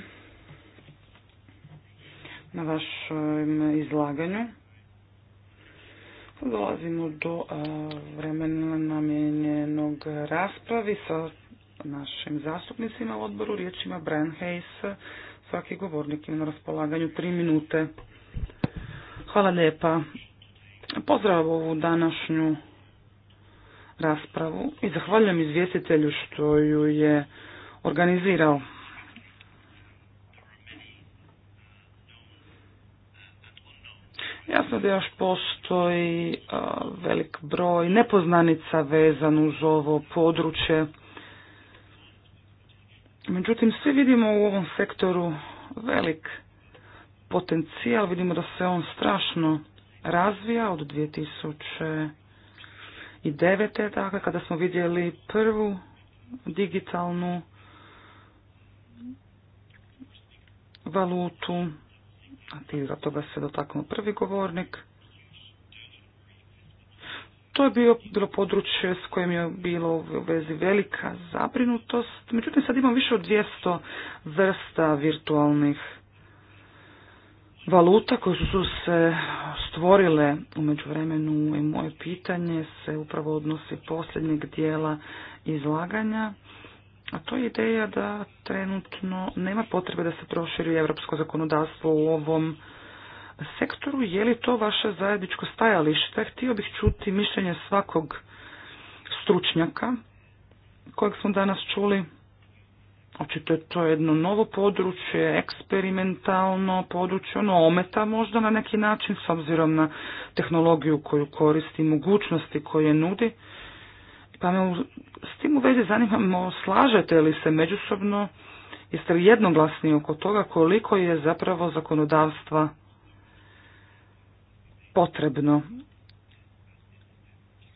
na vašem izlaganju. Dolazimo do vremena namijenjenog raspravi sa našim zastupnicima u odboru. riječima ima Brian Svaki govornik ima na raspolaganju tri minute. Hvala lijepa. Pozdrav ovu današnju raspravu i zahvaljujem izvjestitelju što ju je organizirao. Jasno da još postoji velik broj nepoznanica vezan uz ovo područje. Međutim, svi vidimo u ovom sektoru velik potencijal, vidimo da se on strašno razvija od 2009. Dakle, kada smo vidjeli prvu digitalnu valutu, ti toga toga se dotaknuo prvi govornik. To je bio, bilo područje s kojim je bilo u vezi velika zabrinutost. Međutim, sad imam više od 200 vrsta virtualnih valuta koje su se stvorile u međuvremenu i moje pitanje se upravo odnosi posljednjeg dijela izlaganja. A to je ideja da trenutno nema potrebe da se proširi europsko zakonodavstvo u ovom sektoru. Je li to vaše zajedničko stajalište? Htio bih čuti mišljenje svakog stručnjaka kojeg smo danas čuli. Očito je to jedno novo područje, eksperimentalno područje, ono ometa možda na neki način s obzirom na tehnologiju koju koristi, mogućnosti koje nudi. Pa me s tim u vezi zanimamo, slažete li se međusobno, jeste li jednoglasni oko toga koliko je zapravo zakonodavstva potrebno?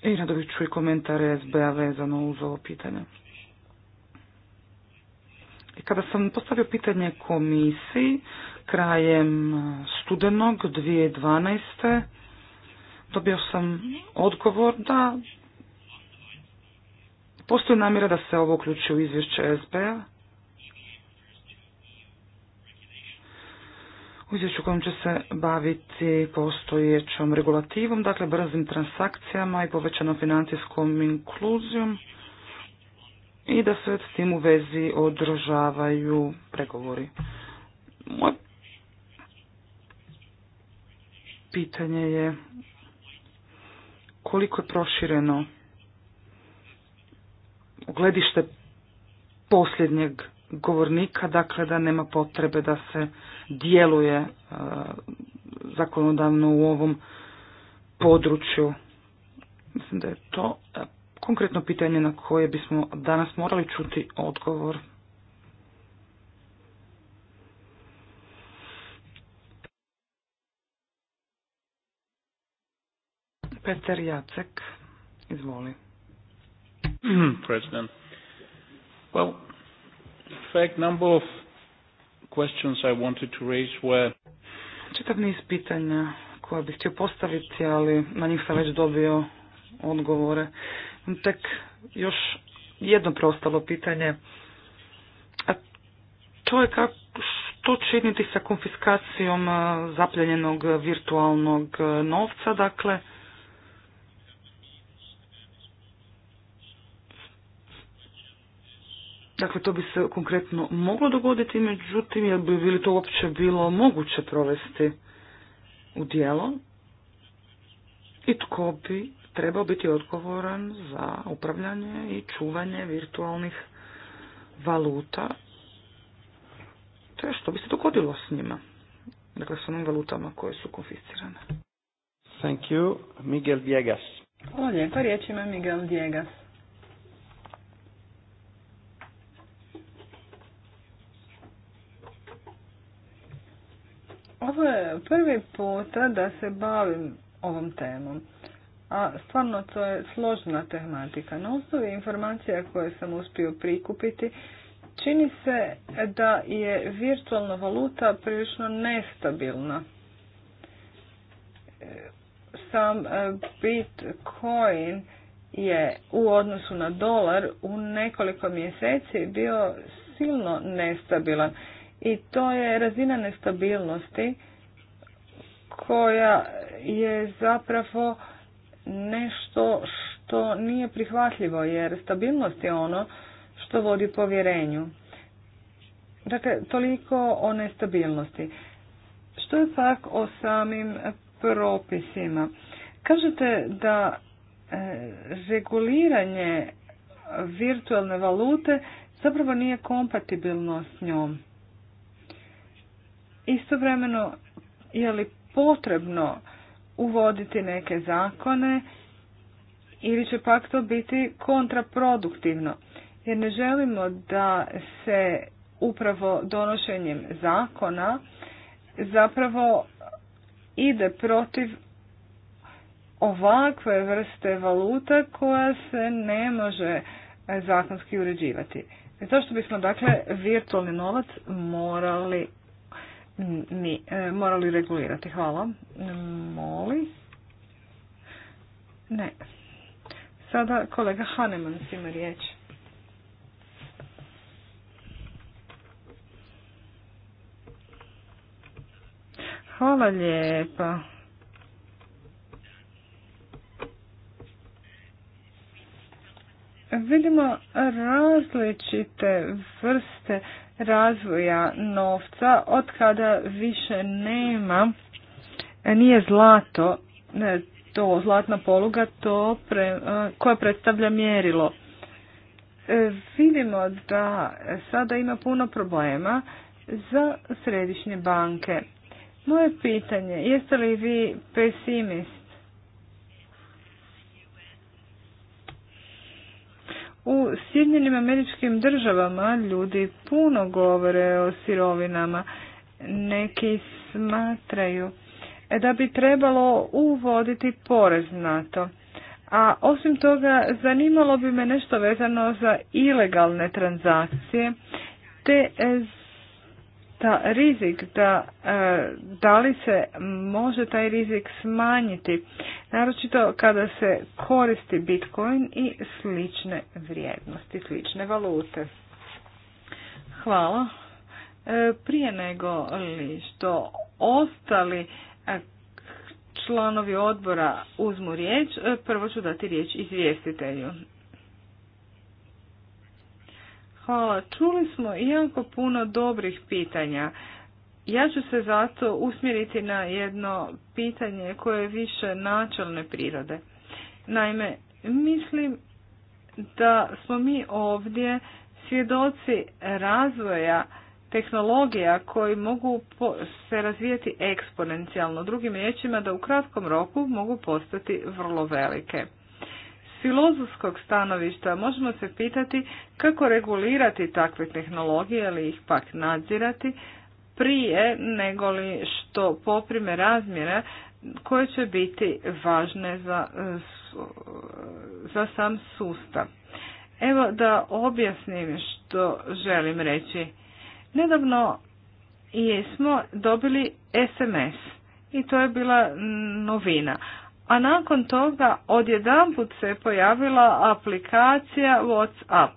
I rado bih i komentare SBA vezano uz ovo pitanje. I kada sam postavio pitanje komisiji krajem studenog 2012. dobio sam odgovor da Postoji namjera da se ovo uključi u izvješće sb U izvješću kojom će se baviti postojećom regulativom, dakle brzim transakcijama i povećanom financijskom inkluzijom i da se s tim u vezi održavaju pregovori. pitanje je koliko je prošireno gledište posljednjeg govornika, dakle da nema potrebe da se djeluje e, zakonodavno u ovom području. Mislim da je to e, konkretno pitanje na koje bismo danas morali čuti odgovor. Peter Jacek, izvoli. President. Well, in fact, number of questions I wanted to raise were... Čitav niz pitanja koja bih htio postaviti, ali na njih sam već dobio odgovore. Tek još jedno preostalo pitanje. A to je kako, što činiti sa konfiskacijom zapljenjenog virtualnog novca, dakle, Dakle, to bi se konkretno moglo dogoditi, međutim, jel bi li to uopće bilo moguće provesti u dijelo i tko bi trebao biti odgovoran za upravljanje i čuvanje virtualnih valuta, te što bi se dogodilo s njima, dakle s onim valutama koje su konfiscirane. Thank you, Miguel Viegas. Hvala lijepa, riječ ima Miguel diegas. Ovo je prvi puta da se bavim ovom temom. A stvarno to je složna tematika. Na osnovi informacija koje sam uspio prikupiti, čini se da je virtualna valuta prilično nestabilna. E, sam e, Bitcoin je u odnosu na dolar u nekoliko mjeseci bio silno nestabilan i to je razina nestabilnosti koja je zapravo nešto što nije prihvatljivo jer stabilnost je ono što vodi povjerenju. Dakle, toliko o nestabilnosti. Što je pak o samim propisima? Kažete da e, reguliranje virtualne valute zapravo nije kompatibilno s njom. Istovremeno, je li potrebno uvoditi neke zakone ili će pak to biti kontraproduktivno? Jer ne želimo da se upravo donošenjem zakona zapravo ide protiv ovakve vrste valuta koja se ne može e, zakonski uređivati. Zašto bismo dakle virtualni novac morali ni e, morali regulirati. Hvala. Moli. Ne. Sada kolega Haneman ima riječ. Hvala lijepa. Vidimo različite vrste razvoja novca od kada više nema, nije zlato, to zlatna poluga to e, koja predstavlja mjerilo. E, vidimo da sada ima puno problema za središnje banke. Moje pitanje, jeste li vi pesimist U Sjedinjenim američkim državama ljudi puno govore o sirovinama. Neki smatraju da bi trebalo uvoditi porez na to. A osim toga, zanimalo bi me nešto vezano za ilegalne transakcije te ta rizik da e, da li se može taj rizik smanjiti, naročito kada se koristi Bitcoin i slične vrijednosti, slične valute. Hvala. E, prije nego li što ostali e, članovi odbora uzmu riječ, prvo ću dati riječ izvjestitelju. Hvala. Čuli smo jako puno dobrih pitanja. Ja ću se zato usmjeriti na jedno pitanje koje je više načelne prirode. Naime, mislim da smo mi ovdje svjedoci razvoja tehnologija koji mogu se razvijati eksponencijalno. Drugim riječima da u kratkom roku mogu postati vrlo velike filozofskog stanovišta možemo se pitati kako regulirati takve tehnologije ili ih pak nadzirati prije nego li što poprime razmjere koje će biti važne za, za sam sustav. Evo da objasnim što želim reći. Nedavno jesmo dobili SMS i to je bila novina a nakon toga odjedanput se pojavila aplikacija WhatsApp.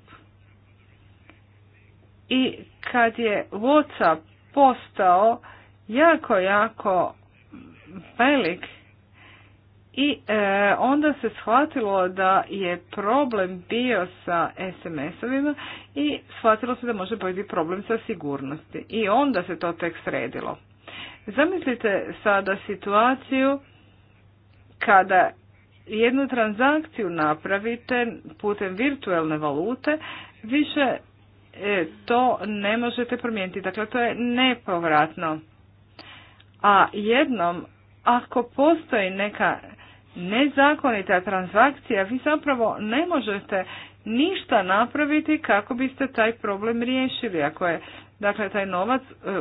I kad je WhatsApp postao jako, jako velik i e, onda se shvatilo da je problem bio sa SMS-ovima i shvatilo se da može biti problem sa sigurnosti. I onda se to tek sredilo. Zamislite sada situaciju kada jednu transakciju napravite putem virtualne valute, više e, to ne možete promijeniti. Dakle, to je nepovratno. A jednom, ako postoji neka nezakonita transakcija, vi zapravo ne možete ništa napraviti kako biste taj problem riješili. Ako je dakle, taj novac e,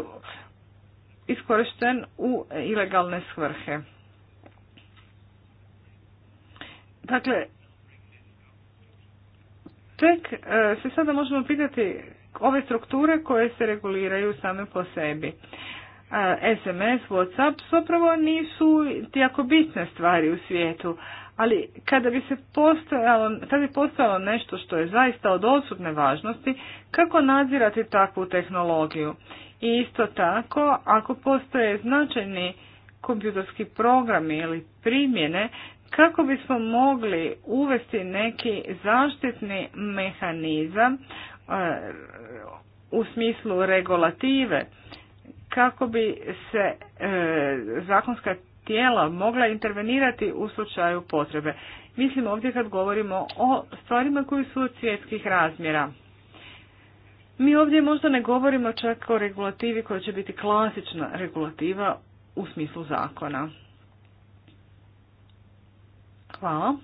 iskorišten u ilegalne svrhe. Dakle, tek e, se sada možemo pitati ove strukture koje se reguliraju same po sebi. SMS, e, Whatsapp zapravo nisu jako bitne stvari u svijetu, ali kada bi se postojalo, kada bi nešto što je zaista od osudne važnosti, kako nadzirati takvu tehnologiju? I isto tako, ako postoje značajni kompjutorski programi ili primjene kako bismo mogli uvesti neki zaštitni mehanizam eh, u smislu regulative kako bi se eh, zakonska tijela mogla intervenirati u slučaju potrebe. Mislim ovdje kad govorimo o stvarima koji su od svjetskih razmjera. Mi ovdje možda ne govorimo čak o regulativi koja će biti klasična regulativa u smislu zakona. Hvala.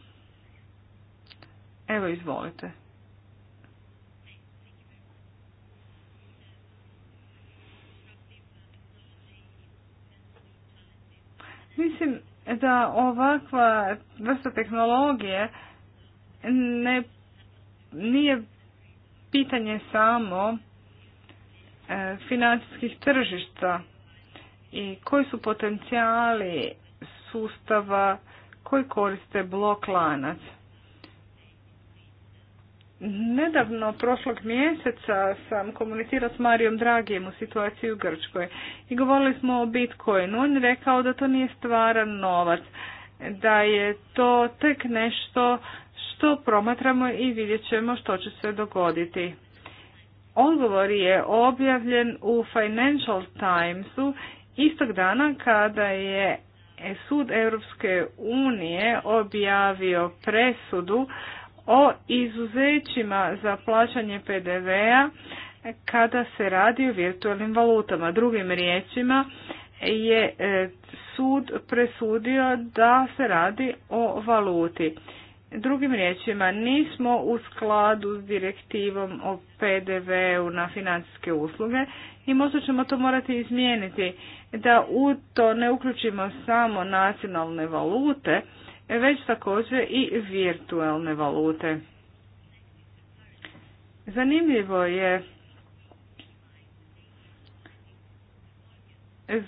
Evo, izvolite. Mislim da ovakva vrsta tehnologije ne, nije pitanje samo e, financijskih tržišta i koji su potencijali sustava koji koriste blok lanac. Nedavno, prošlog mjeseca, sam komunicirao s Marijom Dragijem u situaciji u Grčkoj i govorili smo o Bitcoinu. On je rekao da to nije stvaran novac, da je to tek nešto što promatramo i vidjet ćemo što će se dogoditi. Odgovor je objavljen u Financial Timesu istog dana kada je E, sud Europske unije objavio presudu o izuzećima za plaćanje PDV-a kada se radi o virtualnim valutama. Drugim riječima je e, sud presudio da se radi o valuti. Drugim riječima, nismo u skladu s direktivom o PDV-u na financijske usluge i možda ćemo to morati izmijeniti da u to ne uključimo samo nacionalne valute, već također i virtualne valute. Zanimljivo je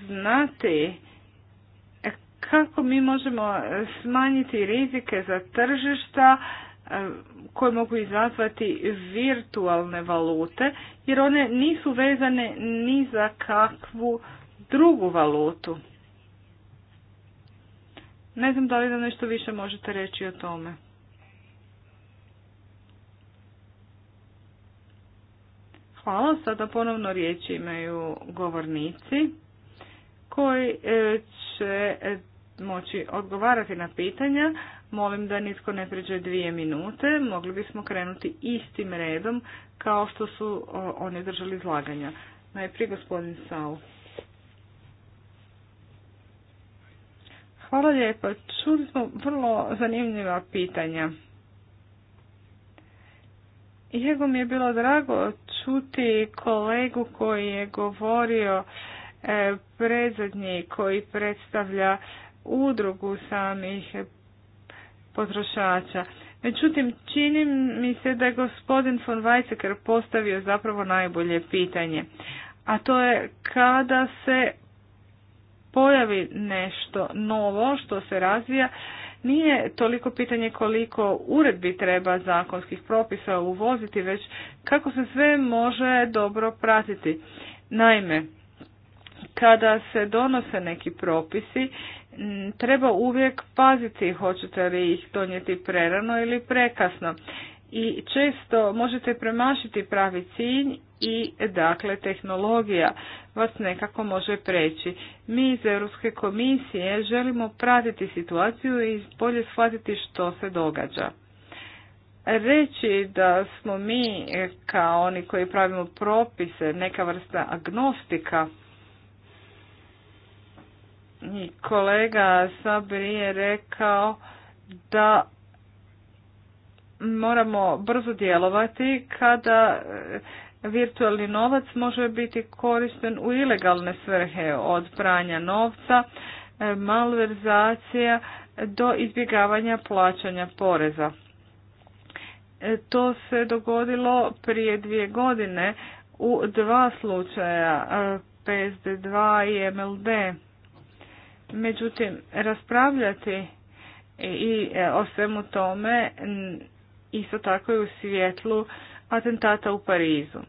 znati kako mi možemo smanjiti rizike za tržišta koje mogu izazvati virtualne valute jer one nisu vezane ni za kakvu drugu valutu. Ne znam da li da nešto više možete reći o tome. Hvala. Sada ponovno riječi imaju govornici koji e, će moći odgovarati na pitanja, Molim da nitko ne pređe dvije minute. Mogli bismo krenuti istim redom kao što su oni držali izlaganja. Najprije gospodin Saul. Hvala lijepa. Čuli smo vrlo zanimljiva pitanja. Iako mi je bilo drago čuti kolegu koji je govorio e, predzadnji koji predstavlja udrugu samih potrošača. Međutim, čini mi se da je gospodin von Weizsäcker postavio zapravo najbolje pitanje, a to je kada se pojavi nešto novo što se razvija, nije toliko pitanje koliko uredbi treba zakonskih propisa uvoziti, već kako se sve može dobro pratiti. Naime, kada se donose neki propisi, Mm, treba uvijek paziti hoćete li ih donijeti prerano ili prekasno. I često možete premašiti pravi cilj i dakle tehnologija vas nekako može preći. Mi iz Europske komisije želimo pratiti situaciju i bolje shvatiti što se događa. Reći da smo mi e, kao oni koji pravimo propise neka vrsta agnostika kolega Sabri je rekao da moramo brzo djelovati kada e, virtualni novac može biti koristen u ilegalne svrhe od pranja novca, e, malverzacija do izbjegavanja plaćanja poreza. E, to se dogodilo prije dvije godine u dva slučaja PSD2 i MLD. Međutim, raspravljati i e, o svemu tome isto tako i u svjetlu atentata u Parizu.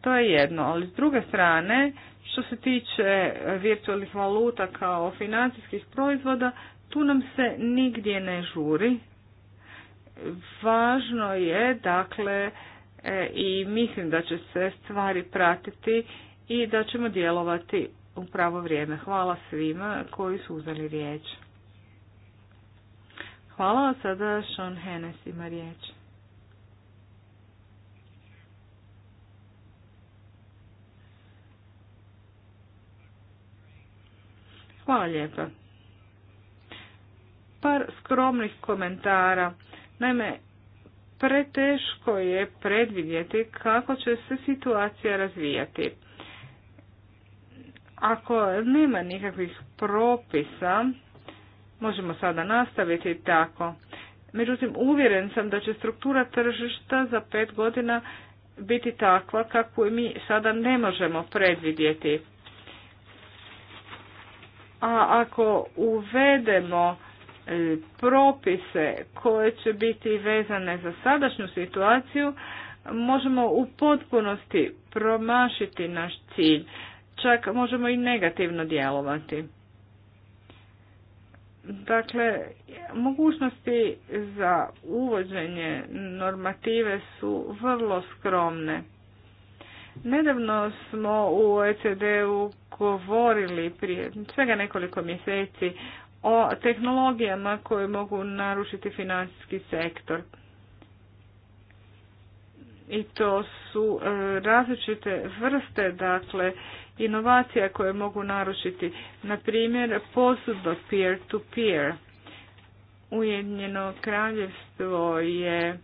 To je jedno, ali s druge strane, što se tiče virtualnih valuta kao financijskih proizvoda, tu nam se nigdje ne žuri. Važno je, dakle, e, i mislim da će se stvari pratiti i da ćemo djelovati u pravo vrijeme. Hvala svima koji su uzeli riječ. Hvala, sada Sean Hennes ima riječ. Hvala lijepa. Par skromnih komentara. Naime, preteško je predvidjeti kako će se situacija razvijati. Ako nema nikakvih propisa, možemo sada nastaviti tako. Međutim, uvjeren sam da će struktura tržišta za pet godina biti takva kako mi sada ne možemo predvidjeti. A ako uvedemo e, propise koje će biti vezane za sadašnju situaciju, možemo u potpunosti promašiti naš cilj čak možemo i negativno djelovati. Dakle, mogućnosti za uvođenje normative su vrlo skromne. Nedavno smo u OECD-u govorili prije svega nekoliko mjeseci o tehnologijama koje mogu narušiti financijski sektor. I to su e, različite vrste, dakle, inovacija koje mogu narušiti. Na primjer, posudba peer-to-peer. Ujedinjeno kraljevstvo je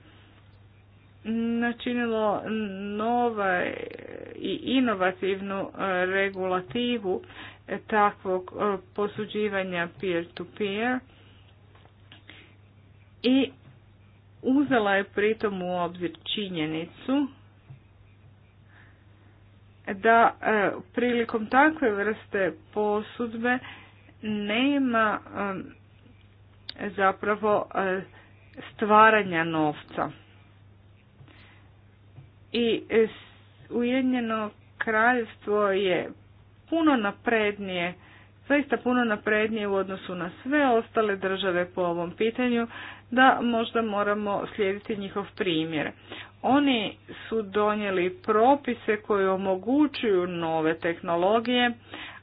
načinilo nova i inovativnu e, regulativu e, takvog e, posuđivanja peer-to-peer i uzela je pritom u obzir činjenicu da e, prilikom takve vrste posudbe nema zapravo e, stvaranja novca. I e, Ujedinjeno kraljevstvo je puno naprednije, zaista puno naprednije u odnosu na sve ostale države po ovom pitanju da možda moramo slijediti njihov primjer. Oni su donijeli propise koji omogućuju nove tehnologije,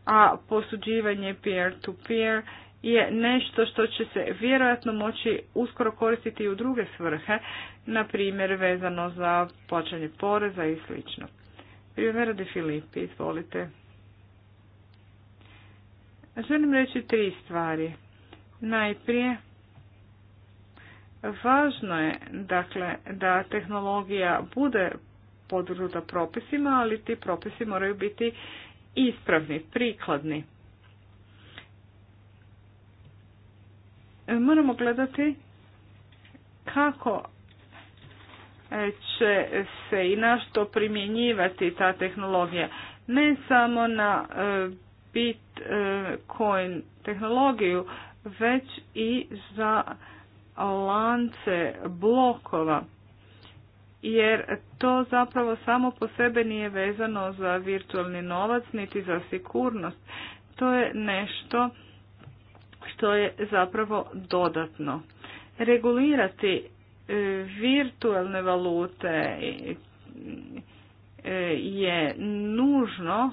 a posuđivanje peer-to-peer je nešto što će se vjerojatno moći uskoro koristiti i u druge svrhe, na primjer vezano za plaćanje poreza i sl. Primjer radi Filipi, izvolite. Želim reći tri stvari. Najprije, Važno je dakle da tehnologija bude podvrnuta propisima, ali ti propisi moraju biti ispravni, prikladni. Moramo gledati kako će se i na što primjenjivati ta tehnologija. Ne samo na e, Bitcoin e, tehnologiju, već i za lance blokova jer to zapravo samo po sebe nije vezano za virtualni novac niti za sigurnost. To je nešto što je zapravo dodatno. Regulirati e, virtualne valute e, e, je nužno,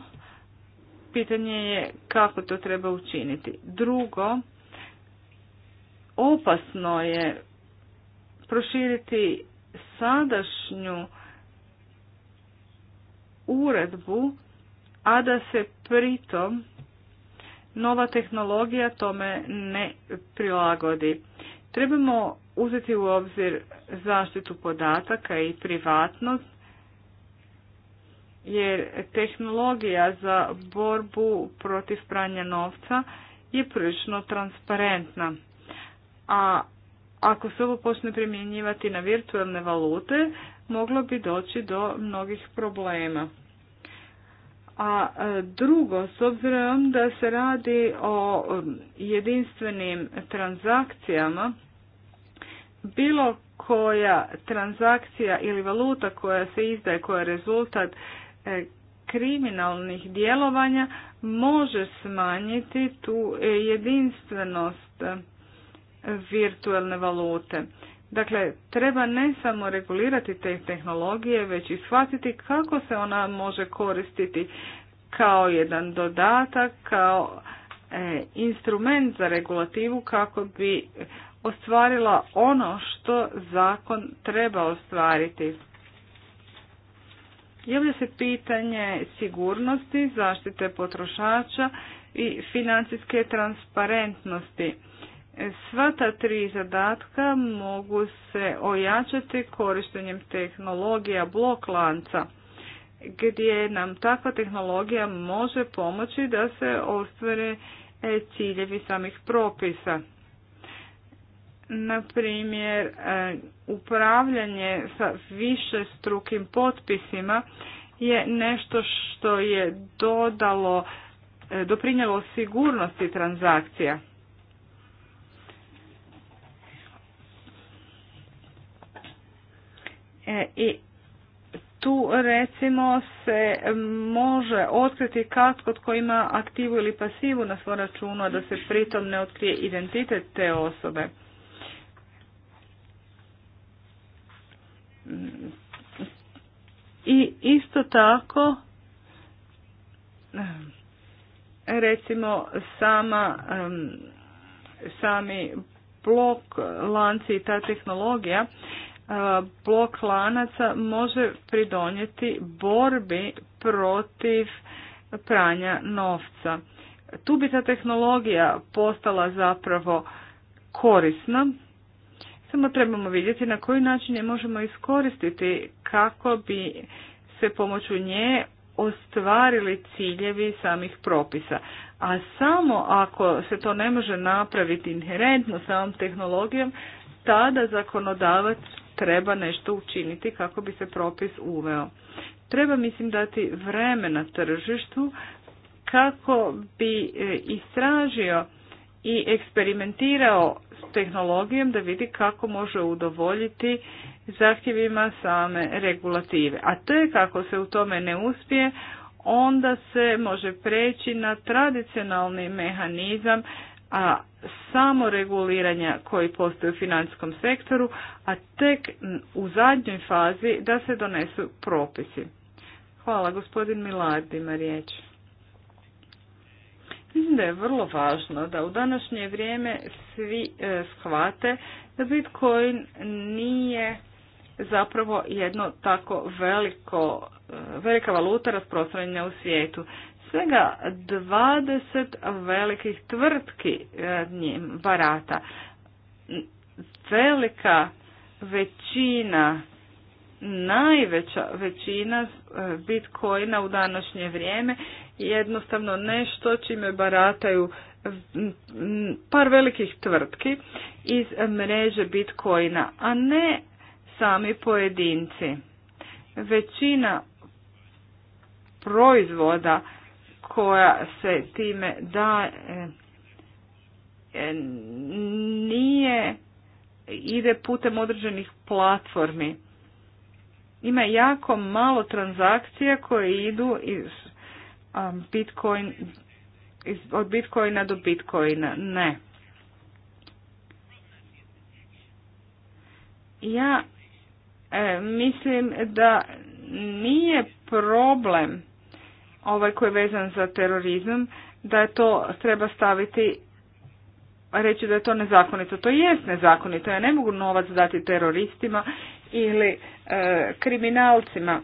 pitanje je kako to treba učiniti. Drugo, opasno je proširiti sadašnju uredbu, a da se pritom nova tehnologija tome ne prilagodi. Trebamo uzeti u obzir zaštitu podataka i privatnost, jer tehnologija za borbu protiv pranja novca je prilično transparentna. A ako se ovo počne primjenjivati na virtualne valute, moglo bi doći do mnogih problema. A e, drugo, s obzirom da se radi o jedinstvenim transakcijama, bilo koja transakcija ili valuta koja se izdaje, koja je rezultat e, kriminalnih djelovanja, može smanjiti tu jedinstvenost virtualne valute. Dakle, treba ne samo regulirati te tehnologije, već i shvatiti kako se ona može koristiti kao jedan dodatak, kao e, instrument za regulativu kako bi ostvarila ono što zakon treba ostvariti. Javlja se pitanje sigurnosti, zaštite potrošača i financijske transparentnosti. Sva ta tri zadatka mogu se ojačati korištenjem tehnologija blok lanca, gdje nam takva tehnologija može pomoći da se ostvare e, ciljevi samih propisa. Na primjer, e, upravljanje sa više strukim potpisima je nešto što je dodalo, e, doprinjelo sigurnosti transakcija. E, I tu recimo se može otkriti kako tko ima aktivu ili pasivu na svom računu, a da se pritom ne otkrije identitet te osobe. I isto tako, recimo sama, sami blok lanci i ta tehnologija blok lanaca može pridonijeti borbi protiv pranja novca. Tu bi ta tehnologija postala zapravo korisna, samo trebamo vidjeti na koji način je možemo iskoristiti kako bi se pomoću nje ostvarili ciljevi samih propisa. A samo ako se to ne može napraviti inherentno samom tehnologijom, tada zakonodavac treba nešto učiniti kako bi se propis uveo. Treba mislim dati na tržištu kako bi e, istražio i eksperimentirao s tehnologijom da vidi kako može udovoljiti zahtjevima same regulative. A to je kako se u tome ne uspije, onda se može preći na tradicionalni mehanizam a samo reguliranja koji postoje u financijskom sektoru, a tek u zadnjoj fazi da se donesu propisi. Hvala, gospodin Milardi, ima riječ. Mislim da je vrlo važno da u današnje vrijeme svi e, shvate da Bitcoin nije zapravo jedno tako veliko, e, velika valuta rasprostranjena u svijetu svega 20 velikih tvrtki e, njim barata. Velika većina, najveća većina e, bitcoina u današnje vrijeme jednostavno nešto čime barataju par velikih tvrtki iz mreže bitcoina, a ne sami pojedinci. Većina proizvoda koja se time da e, nije ide putem određenih platformi. Ima jako malo transakcija koje idu iz Bitcoin iz, od Bitcoina do Bitcoina. Ne. Ja e, mislim da nije problem ovaj koji je vezan za terorizam, da je to treba staviti reći da je to nezakonito. To jest nezakonito. Ja ne mogu novac dati teroristima ili e, kriminalcima.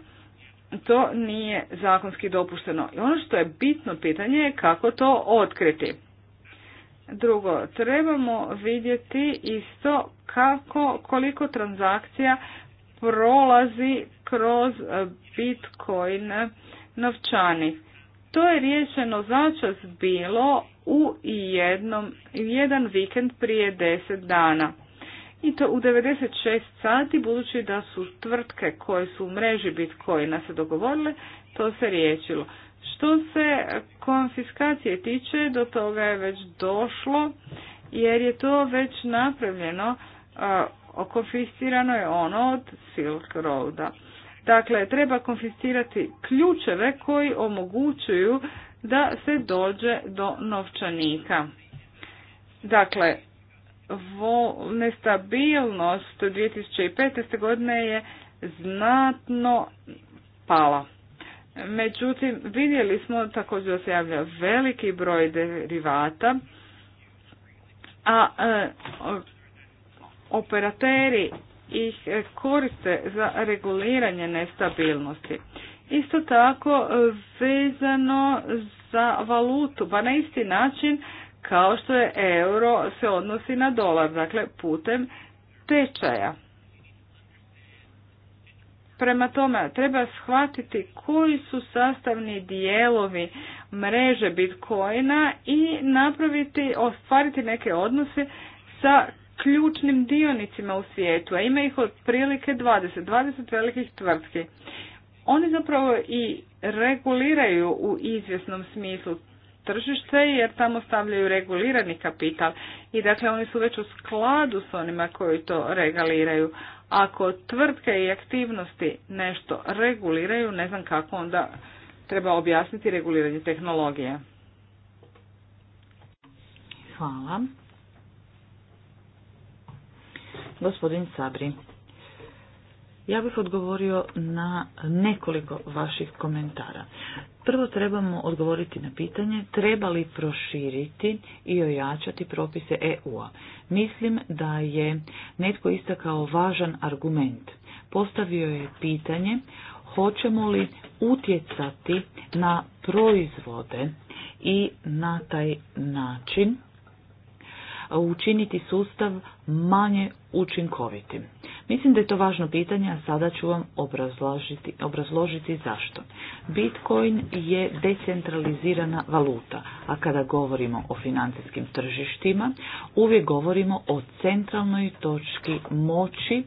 To nije zakonski dopušteno. I ono što je bitno pitanje je kako to otkriti. Drugo, trebamo vidjeti isto kako, koliko transakcija prolazi kroz Bitcoin novčanik. To je riješeno začas bilo u jednom, jedan vikend prije deset dana. I to u 96 sati, budući da su tvrtke koje su u mreži Bitcoina se dogovorile, to se riješilo. Što se konfiskacije tiče, do toga je već došlo, jer je to već napravljeno, okonfiscirano je ono od Silk Roada. Dakle, treba konfiscirati ključeve koji omogućuju da se dođe do novčanika. Dakle, vo, nestabilnost 2015. godine je znatno pala. Međutim, vidjeli smo također da se javlja veliki broj derivata, a e, operateri ih koriste za reguliranje nestabilnosti. Isto tako vezano za valutu, pa na isti način kao što je euro se odnosi na dolar, dakle putem tečaja. Prema tome, treba shvatiti koji su sastavni dijelovi mreže Bitcoina i napraviti, ostvariti neke odnose sa ključnim dionicima u svijetu, a ima ih otprilike 20, 20 velikih tvrtki. Oni zapravo i reguliraju u izvjesnom smislu tržište jer tamo stavljaju regulirani kapital i dakle oni su već u skladu s onima koji to reguliraju. Ako tvrtke i aktivnosti nešto reguliraju, ne znam kako onda treba objasniti reguliranje tehnologije. Hvala. Gospodin Sabri. Ja bih odgovorio na nekoliko vaših komentara. Prvo trebamo odgovoriti na pitanje treba li proširiti i ojačati propise EU-a. Mislim da je netko istakao važan argument. Postavio je pitanje hoćemo li utjecati na proizvode i na taj način učiniti sustav manje učinkovitim? Mislim da je to važno pitanje, a sada ću vam obrazložiti, obrazložiti zašto. Bitcoin je decentralizirana valuta, a kada govorimo o financijskim tržištima, uvijek govorimo o centralnoj točki moći,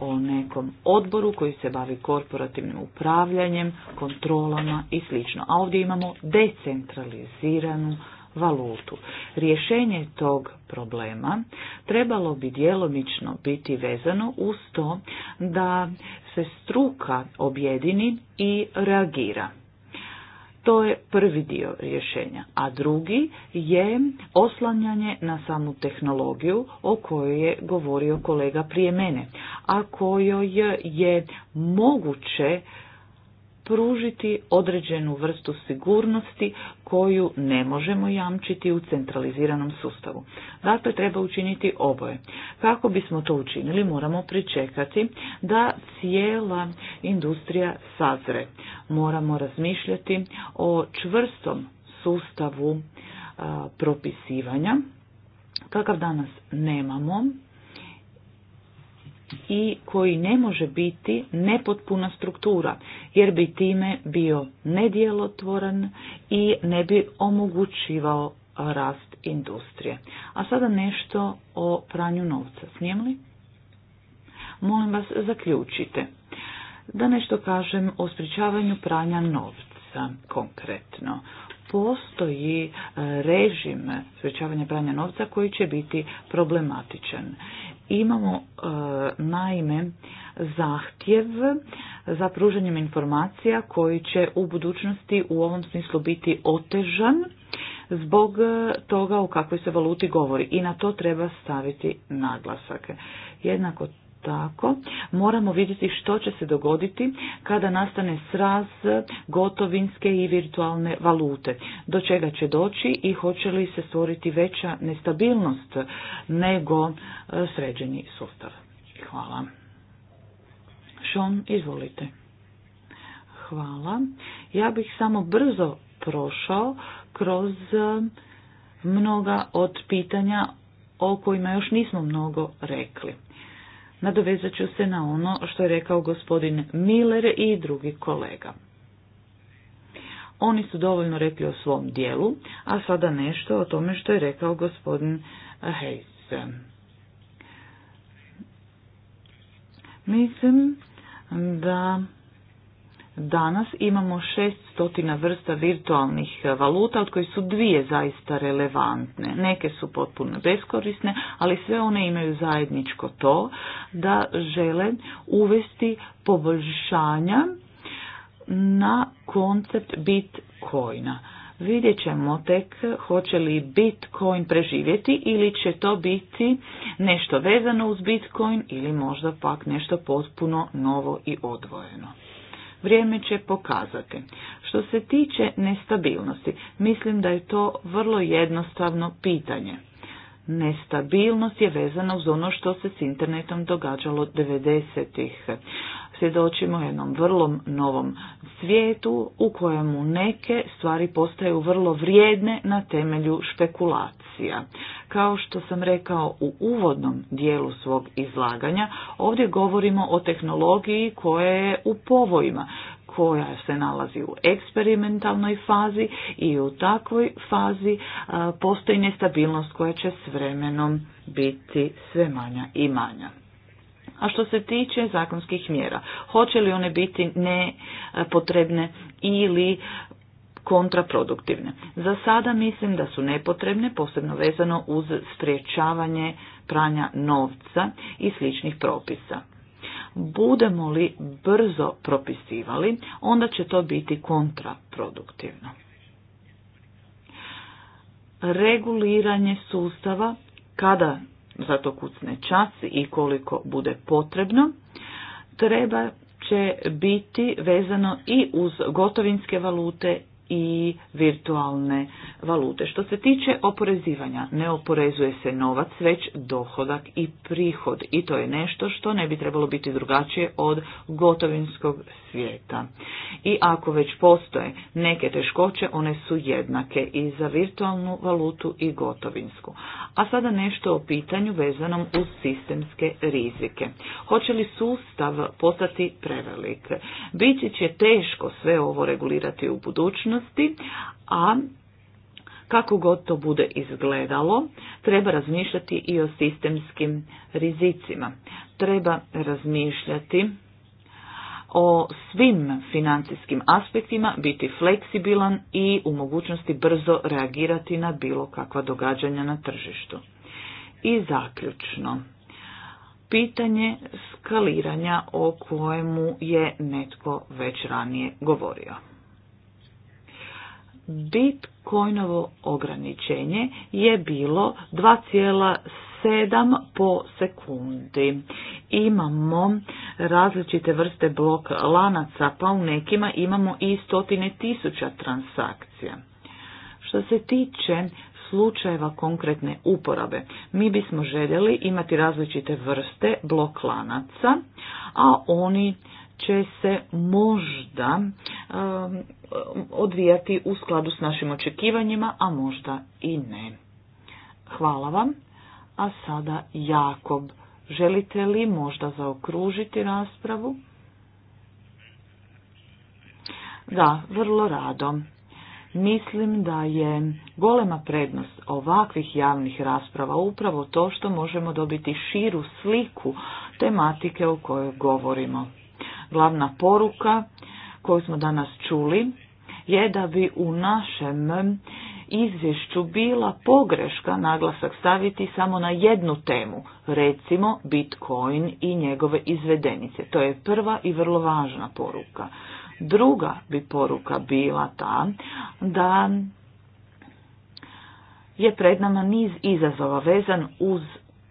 o nekom odboru koji se bavi korporativnim upravljanjem, kontrolama i sl. A ovdje imamo decentraliziranu valutu. Rješenje tog problema trebalo bi djelomično biti vezano uz to da se struka objedini i reagira. To je prvi dio rješenja, a drugi je oslanjanje na samu tehnologiju o kojoj je govorio kolega prije mene, a kojoj je moguće pružiti određenu vrstu sigurnosti koju ne možemo jamčiti u centraliziranom sustavu. Dakle, treba učiniti oboje. Kako bismo to učinili, moramo pričekati da cijela industrija sazre. Moramo razmišljati o čvrstom sustavu propisivanja, kakav danas nemamo, i koji ne može biti nepotpuna struktura, jer bi time bio nedjelotvoran i ne bi omogućivao rast industrije. A sada nešto o pranju novca. Smijem li? Molim vas, zaključite. Da nešto kažem o sprječavanju pranja novca konkretno. Postoji e, režim sprječavanja pranja novca koji će biti problematičan Imamo e, naime zahtjev za pruženjem informacija koji će u budućnosti u ovom smislu biti otežan zbog e, toga u kakvoj se valuti govori i na to treba staviti naglasak. Jednako tako moramo vidjeti što će se dogoditi kada nastane sraz gotovinske i virtualne valute, do čega će doći i hoće li se stvoriti veća nestabilnost nego e, sređeni sustav. Hvala. Šon, izvolite. Hvala. Ja bih samo brzo prošao kroz e, mnoga od pitanja o kojima još nismo mnogo rekli. Nadovezat ću se na ono što je rekao gospodin Miller i drugi kolega. Oni su dovoljno rekli o svom dijelu, a sada nešto o tome što je rekao gospodin Hayes. Mislim da Danas imamo 600 vrsta virtualnih e, valuta, od kojih su dvije zaista relevantne. Neke su potpuno beskorisne, ali sve one imaju zajedničko to da žele uvesti poboljšanja na koncept bitcoina. Vidjet ćemo tek hoće li Bitcoin preživjeti ili će to biti nešto vezano uz Bitcoin ili možda pak nešto potpuno novo i odvojeno. Vrijeme će pokazati. Što se tiče nestabilnosti, mislim da je to vrlo jednostavno pitanje. Nestabilnost je vezana uz ono što se s internetom događalo od 90-ih svjedočimo jednom vrlo novom svijetu u kojemu neke stvari postaju vrlo vrijedne na temelju špekulacija. Kao što sam rekao u uvodnom dijelu svog izlaganja, ovdje govorimo o tehnologiji koja je u povojima, koja se nalazi u eksperimentalnoj fazi i u takvoj fazi postoji nestabilnost koja će s vremenom biti sve manja i manja. A što se tiče zakonskih mjera, hoće li one biti nepotrebne e, ili kontraproduktivne? Za sada mislim da su nepotrebne, posebno vezano uz spriječavanje pranja novca i sličnih propisa. Budemo li brzo propisivali, onda će to biti kontraproduktivno. Reguliranje sustava kada zato kucne čas i koliko bude potrebno, treba će biti vezano i uz gotovinske valute i virtualne valute. Što se tiče oporezivanja, ne oporezuje se novac, već dohodak i prihod i to je nešto što ne bi trebalo biti drugačije od gotovinskog svijeta. I ako već postoje neke teškoće, one su jednake i za virtualnu valutu i gotovinsku. A sada nešto o pitanju vezanom uz sistemske rizike. Hoće li sustav postati prevelik? Biti će teško sve ovo regulirati u budućnosti, a kako god to bude izgledalo, treba razmišljati i o sistemskim rizicima. Treba razmišljati o svim financijskim aspektima, biti fleksibilan i u mogućnosti brzo reagirati na bilo kakva događanja na tržištu. I zaključno, pitanje skaliranja o kojemu je netko već ranije govorio. Bitcoinovo ograničenje je bilo 2,7 7 po sekundi. Imamo različite vrste blok lanaca, pa u nekima imamo i stotine tisuća transakcija. Što se tiče slučajeva konkretne uporabe. Mi bismo željeli imati različite vrste blok lanaca, a oni će se možda um, odvijati u skladu s našim očekivanjima, a možda i ne. Hvala vam a sada Jakob. Želite li možda zaokružiti raspravu? Da, vrlo rado. Mislim da je golema prednost ovakvih javnih rasprava upravo to što možemo dobiti širu sliku tematike o kojoj govorimo. Glavna poruka koju smo danas čuli je da bi u našem izvješću bila pogreška naglasak staviti samo na jednu temu, recimo Bitcoin i njegove izvedenice. To je prva i vrlo važna poruka. Druga bi poruka bila ta da je pred nama niz izazova vezan uz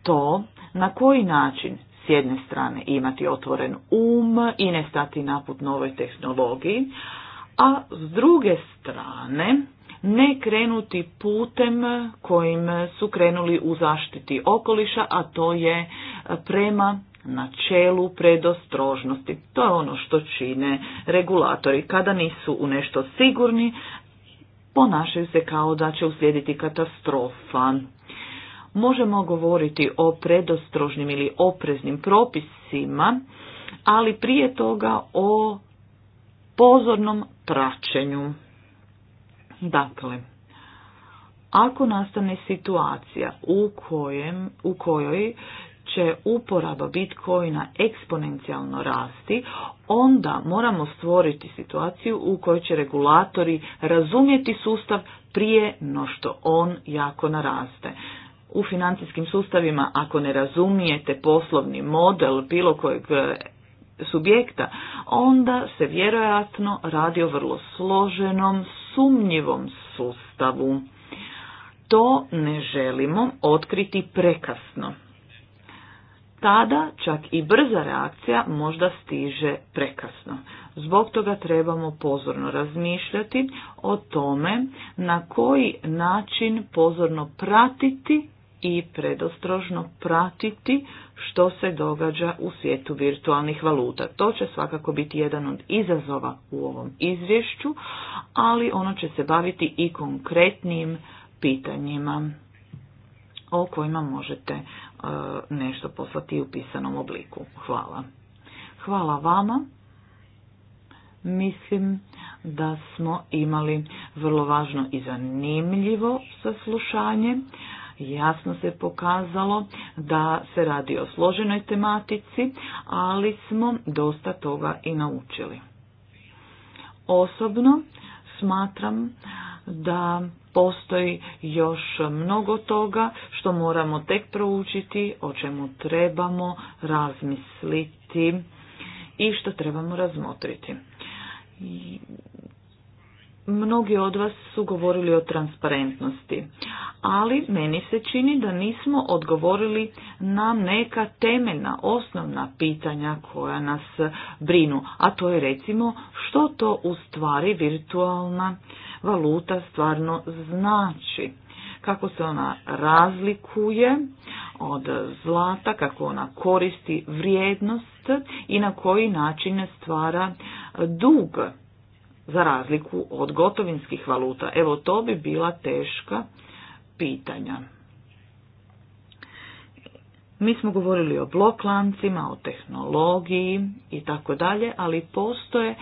to na koji način s jedne strane imati otvoren um i ne stati naput novoj tehnologiji, a s druge strane ne krenuti putem kojim su krenuli u zaštiti okoliša, a to je prema načelu predostrožnosti. To je ono što čine regulatori. Kada nisu u nešto sigurni, ponašaju se kao da će uslijediti katastrofa. Možemo govoriti o predostrožnim ili opreznim propisima, ali prije toga o pozornom praćenju. Dakle, ako nastane situacija u, kojem, u kojoj će uporaba bitcoina eksponencijalno rasti, onda moramo stvoriti situaciju u kojoj će regulatori razumjeti sustav prije no što on jako naraste. U financijskim sustavima ako ne razumijete poslovni model bilo kojeg e, subjekta, onda se vjerojatno radi o vrlo složenom sumnjivom sustavu. To ne želimo otkriti prekasno. Tada čak i brza reakcija možda stiže prekasno. Zbog toga trebamo pozorno razmišljati o tome na koji način pozorno pratiti i predostrožno pratiti što se događa u svijetu virtualnih valuta. To će svakako biti jedan od izazova u ovom izvješću, ali ono će se baviti i konkretnim pitanjima o kojima možete e, nešto poslati u pisanom obliku. Hvala. Hvala vama. Mislim da smo imali vrlo važno i zanimljivo saslušanje. Jasno se pokazalo da se radi o složenoj tematici, ali smo dosta toga i naučili. Osobno smatram da postoji još mnogo toga što moramo tek proučiti, o čemu trebamo razmisliti i što trebamo razmotriti. Mnogi od vas su govorili o transparentnosti, ali meni se čini da nismo odgovorili na neka temeljna, osnovna pitanja koja nas brinu, a to je recimo što to u stvari virtualna valuta stvarno znači kako se ona razlikuje od zlata, kako ona koristi vrijednost i na koji način stvara dug za razliku od gotovinskih valuta? Evo to bi bila teška pitanja. Mi smo govorili o bloklancima, o tehnologiji i tako dalje, ali postoje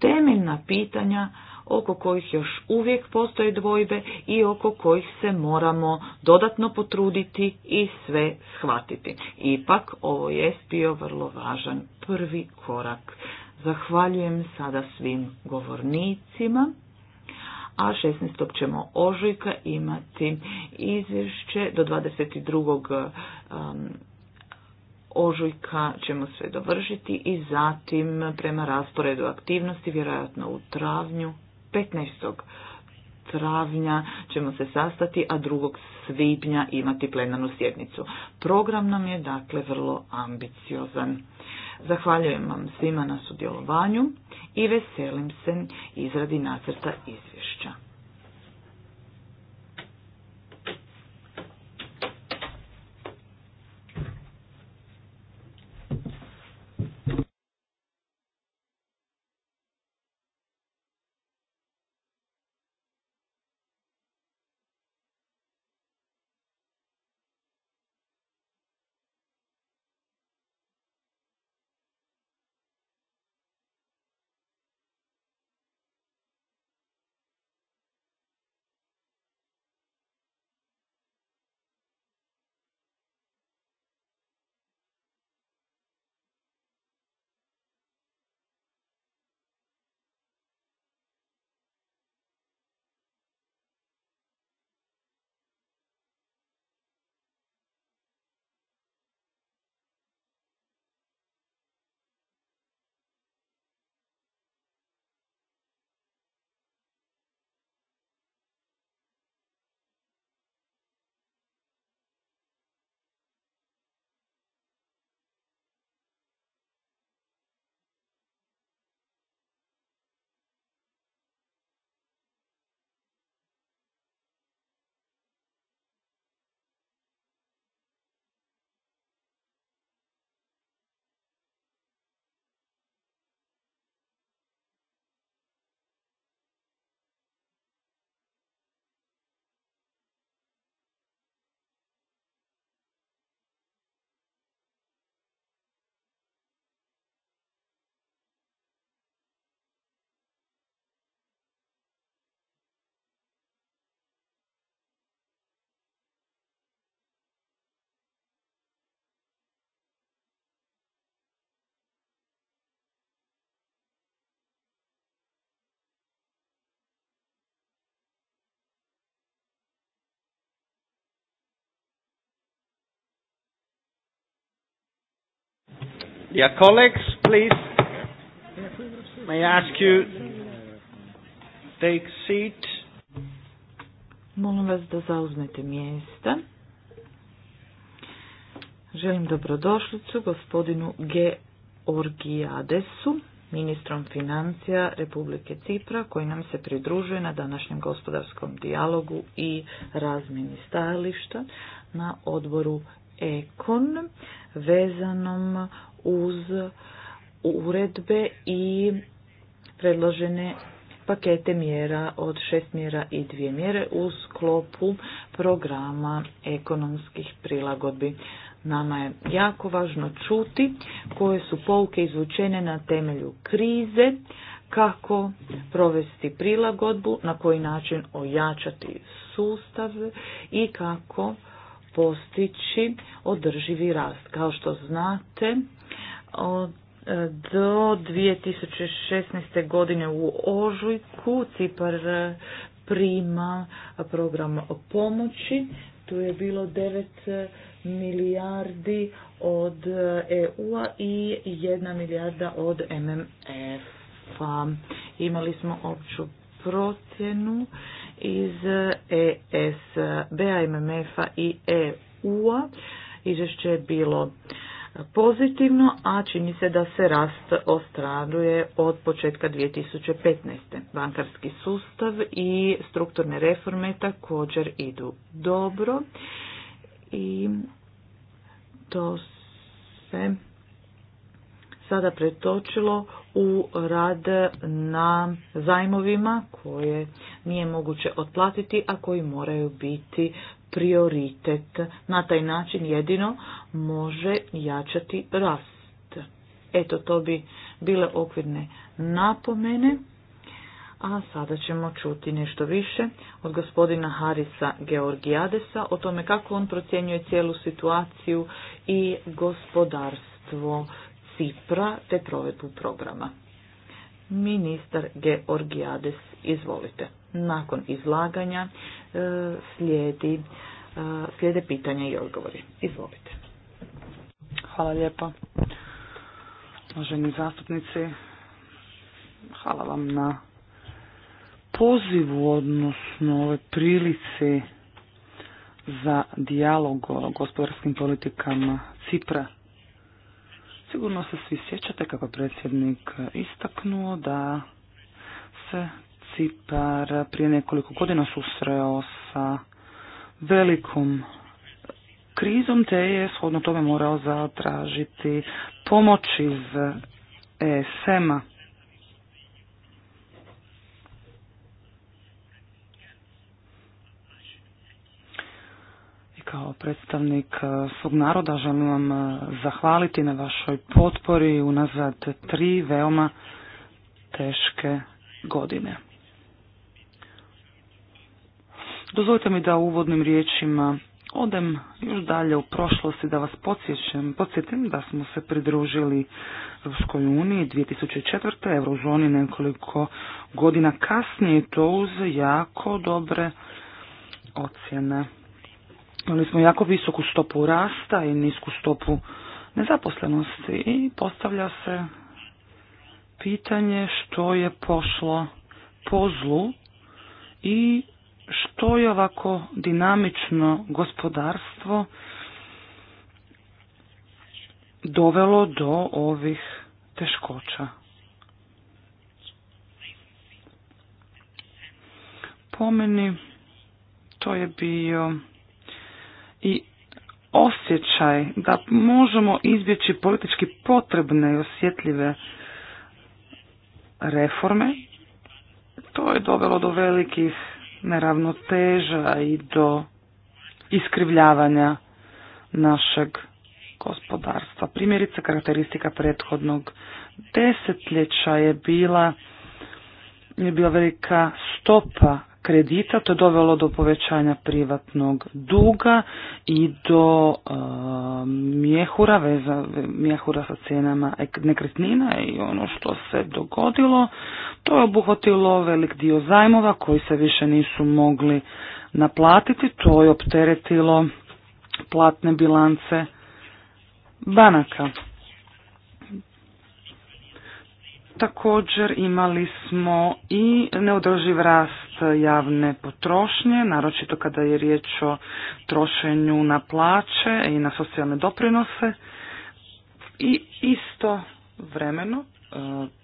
temeljna pitanja oko kojih još uvijek postoje dvojbe i oko kojih se moramo dodatno potruditi i sve shvatiti. Ipak ovo je bio vrlo važan prvi korak Zahvaljujem sada svim govornicima a 16. ćemo ožujka imati izvješće do 22. Um, ožujka ćemo sve dovršiti i zatim prema rasporedu aktivnosti vjerojatno u travnju 15. travnja ćemo se sastati, a 2. svibnja imati plenarnu sjednicu. Program nam je dakle vrlo ambiciozan. Zahvaljujem vam svima na sudjelovanju i veselim se izradi nacrta izvješća. Dear colleagues, please, ask you take seat. Molim vas da zauzmete mjesta. Želim dobrodošlicu gospodinu Georgijadesu, ministrom financija Republike Cipra, koji nam se pridružuje na današnjem gospodarskom dijalogu i razmjeni stajališta na odboru Ekon vezanom uz uredbe i predložene pakete mjera od šest mjera i dvije mjere u sklopu programa ekonomskih prilagodbi. Nama je jako važno čuti koje su pouke izvučene na temelju krize, kako provesti prilagodbu, na koji način ojačati sustav i kako postići održivi rast. Kao što znate, od e, do 2016. godine u Ožujku Cipar e, prima program pomoći. Tu je bilo 9 e, milijardi od EU-a i 1 milijarda od MMF-a. Imali smo opću procjenu iz ESB-a, MMF-a i EU-a. Izvješće je bilo pozitivno, a čini se da se rast ostraduje od početka 2015. Bankarski sustav i strukturne reforme također idu dobro i to se sada pretočilo u rad na zajmovima koje nije moguće otplatiti, a koji moraju biti prioritet. Na taj način jedino može jačati rast. Eto, to bi bile okvirne napomene. A sada ćemo čuti nešto više od gospodina Harisa Georgijadesa o tome kako on procjenjuje cijelu situaciju i gospodarstvo Cipra te provedbu programa. Ministar Georgijades, izvolite. Nakon izlaganja e, slijedi, e, slijede pitanja i odgovori. Izvolite. Hvala lijepo. Uvaženi zastupnici, hvala vam na pozivu, odnosno ove prilici za dijalog o gospodarskim politikama Cipra. Sigurno se svi sjećate kako predsjednik istaknuo da se Cipar prije nekoliko godina susreo sa velikom krizom te je shodno tome morao zatražiti pomoć iz ESM-a. Kao predstavnik e, svog naroda želim vam e, zahvaliti na vašoj potpori unazad tri veoma teške godine. Dozvolite mi da u uvodnim riječima odem još dalje u prošlosti da vas podsjetim da smo se pridružili Ruskoj uniji 2004. eurozoni nekoliko godina kasnije to uz jako dobre ocjene. Imali smo jako visoku stopu rasta i nisku stopu nezaposlenosti i postavlja se pitanje što je pošlo po zlu i što je ovako dinamično gospodarstvo dovelo do ovih teškoća. Po meni to je bio i osjećaj da možemo izbjeći politički potrebne i osjetljive reforme. To je dovelo do velikih neravnoteža i do iskrivljavanja našeg gospodarstva. Primjerice karakteristika prethodnog desetljeća je bila je bila velika stopa kredita, to je dovelo do povećanja privatnog duga i do e, mjehura, veza, mjehura sa cijenama nekretnina i ono što se dogodilo, to je obuhvatilo velik dio zajmova koji se više nisu mogli naplatiti, to je opteretilo platne bilance banaka. Također imali smo i neodrživ rast javne potrošnje, naročito kada je riječ o trošenju na plaće i na socijalne doprinose. I isto vremeno e,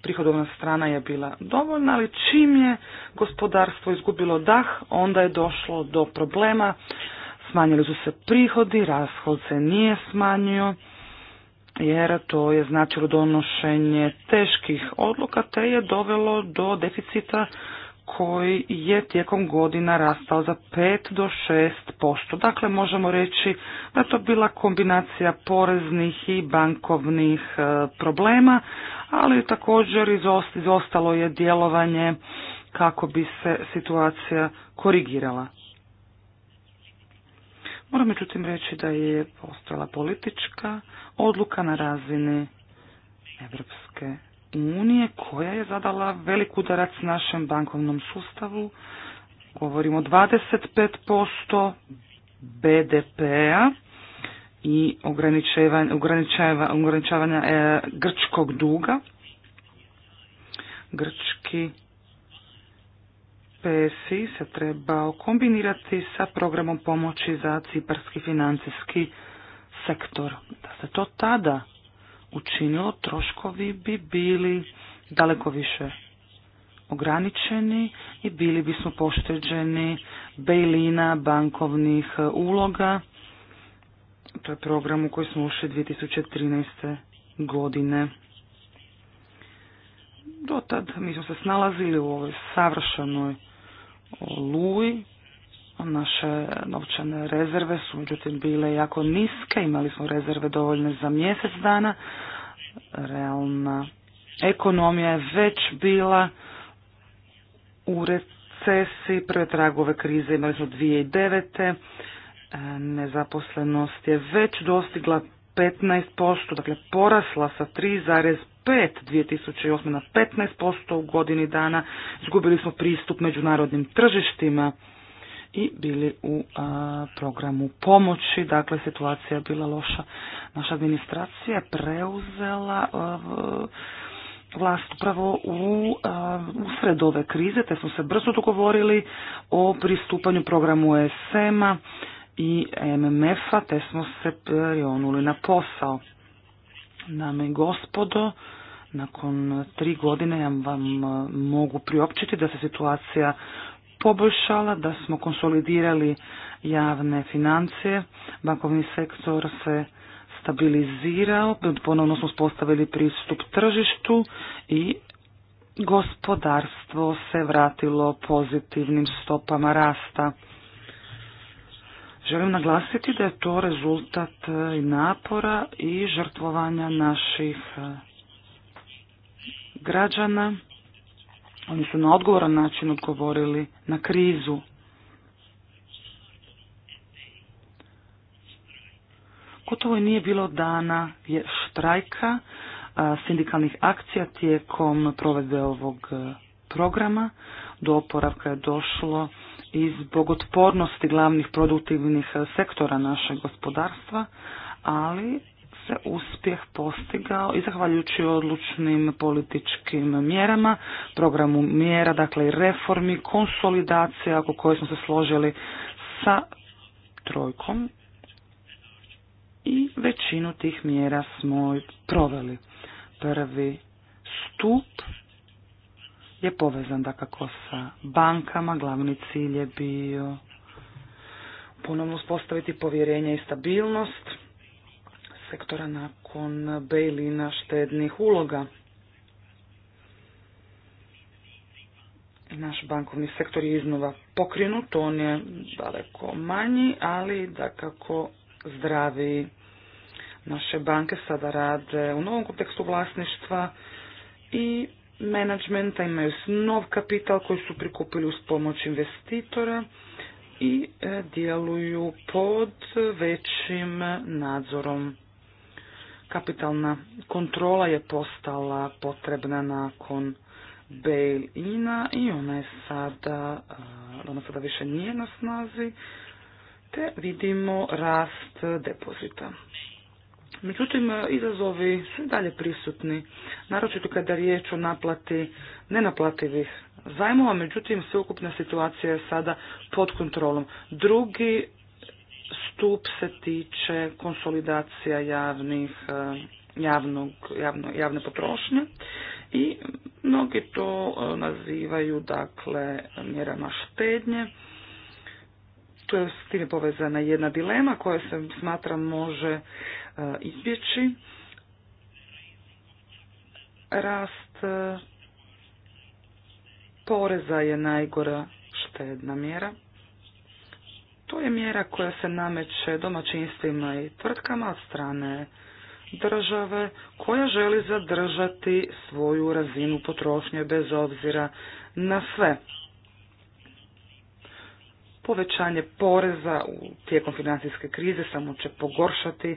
prihodovna strana je bila dovoljna, ali čim je gospodarstvo izgubilo dah, onda je došlo do problema. Smanjili su se prihodi, rashod se nije smanjio jer to je značilo donošenje teških odluka te je dovelo do deficita koji je tijekom godina rastao za 5 do 6%. Dakle, možemo reći da to bila kombinacija poreznih i bankovnih e, problema, ali također izostalo je djelovanje kako bi se situacija korigirala. Moram međutim reći da je postala politička odluka na razini Evropske unije koja je zadala velik udarac našem bankovnom sustavu. Govorimo 25% BDP-a i ograničavanja e, grčkog duga. Grčki PSI se trebao kombinirati sa programom pomoći za ciparski financijski sektor. Da se to tada učinilo, troškovi bi bili daleko više ograničeni i bili bismo pošteđeni bejlina bankovnih uloga. To je program u koji smo ušli 2013. godine. Do tad mi smo se snalazili u ovoj savršenoj oluji Naše novčane rezerve su međutim bile jako niske, imali smo rezerve dovoljne za mjesec dana. Realna ekonomija je već bila u recesiji, prve tragove krize imali smo 2009. E, nezaposlenost je već dostigla 15%, dakle porasla sa 3,5 2008. na 15% u godini dana, izgubili smo pristup međunarodnim tržištima i bili u programu pomoći, dakle situacija je bila loša. Naša administracija je preuzela a, vlast upravo u a, usred ove krize, te smo se brzo dogovorili o pristupanju programu ESM-a e i MMF-a, te smo se prionuli na posao. Dame i gospodo, nakon tri godine ja vam eh, mogu priopćiti da se situacija poboljšala, da smo konsolidirali javne financije, bankovni sektor se stabilizirao, ponovno smo spostavili pristup tržištu i gospodarstvo se vratilo pozitivnim stopama rasta. Želim naglasiti da je to rezultat eh, i napora i žrtvovanja naših eh, građana. Oni su na odgovoran način odgovorili na krizu. Gotovo je nije bilo dana je štrajka, sindikalnih akcija tijekom provedbe ovog e, programa. Do oporavka je došlo i zbog otpornosti glavnih produktivnih sektora našeg gospodarstva, ali uspjeh postigao i zahvaljujući odlučnim političkim mjerama, programu mjera, dakle i reformi, konsolidacije oko koje smo se složili sa trojkom i većinu tih mjera smo proveli. Prvi stup je povezan da kako sa bankama, glavni cilj je bio ponovno uspostaviti povjerenje i stabilnost sektora nakon bejlina štednih uloga. Naš bankovni sektor je iznova pokrenut, on je daleko manji, ali da kako zdravi naše banke sada rade u novom kontekstu vlasništva i menadžmenta, imaju nov kapital koji su prikupili uz pomoć investitora i e, djeluju pod većim nadzorom. Kapitalna kontrola je postala potrebna nakon bail-ina i ona je sada, eh, ona sada više nije na snazi, te vidimo rast depozita. Međutim, eh, izazovi su dalje prisutni, naročito kada je riječ o naplati nenaplativih zajmova, međutim, sveukupna situacija je sada pod kontrolom. Drugi stup se tiče konsolidacija javnih, eh, javnog, javno, javne potrošnje i mnogi to eh, nazivaju dakle mjerama štednje. Tu je s time povezana jedna dilema koja se smatra može eh, izbjeći. Rast poreza je najgora štedna mjera. To je mjera koja se nameće domaćinstvima i tvrtkama od strane države koja želi zadržati svoju razinu potrošnje bez obzira na sve. Povećanje poreza u tijekom financijske krize samo će pogoršati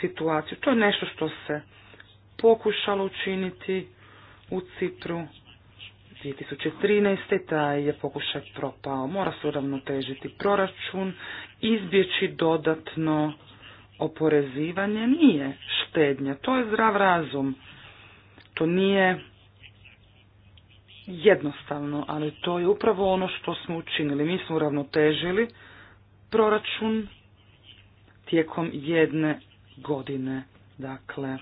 situaciju. To je nešto što se pokušalo učiniti u Citru. 2013. taj je pokušaj propao. Mora se uravnotežiti proračun, izbjeći dodatno oporezivanje nije štednja, to je zdrav razum. To nije jednostavno, ali to je upravo ono što smo učinili. Mi smo uravnotežili proračun tijekom jedne godine. Dakle,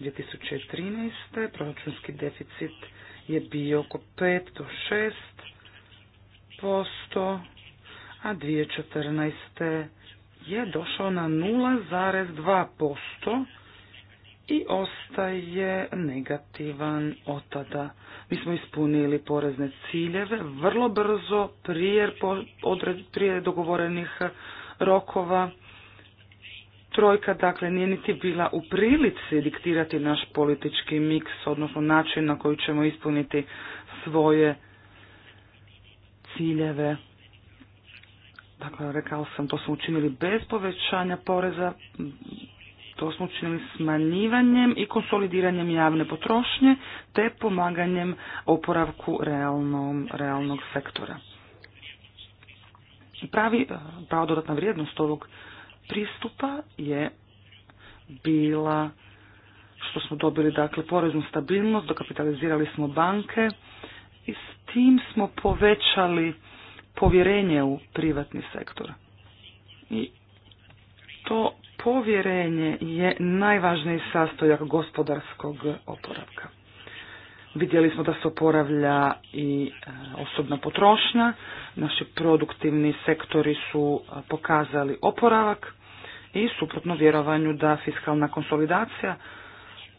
2013. proračunski deficit je bio oko 5 do 6 posto, a 2014. je došao na 0,2 posto i ostaje negativan od tada. Mi smo ispunili porezne ciljeve vrlo brzo prije, prije dogovorenih rokova Trojka dakle nije niti bila u prilici diktirati naš politički miks, odnosno način na koji ćemo ispuniti svoje ciljeve. Dakle, rekao sam, to smo učinili bez povećanja poreza, to smo učinili smanjivanjem i konsolidiranjem javne potrošnje, te pomaganjem oporavku realnom, realnog sektora. Pravi, prava dodatna vrijednost ovog pristupa je bila što smo dobili dakle poreznu stabilnost, dokapitalizirali smo banke i s tim smo povećali povjerenje u privatni sektor. I to povjerenje je najvažniji sastojak gospodarskog oporavka. Vidjeli smo da se oporavlja i e, osobna potrošnja, naši produktivni sektori su e, pokazali oporavak i suprotno vjerovanju da fiskalna konsolidacija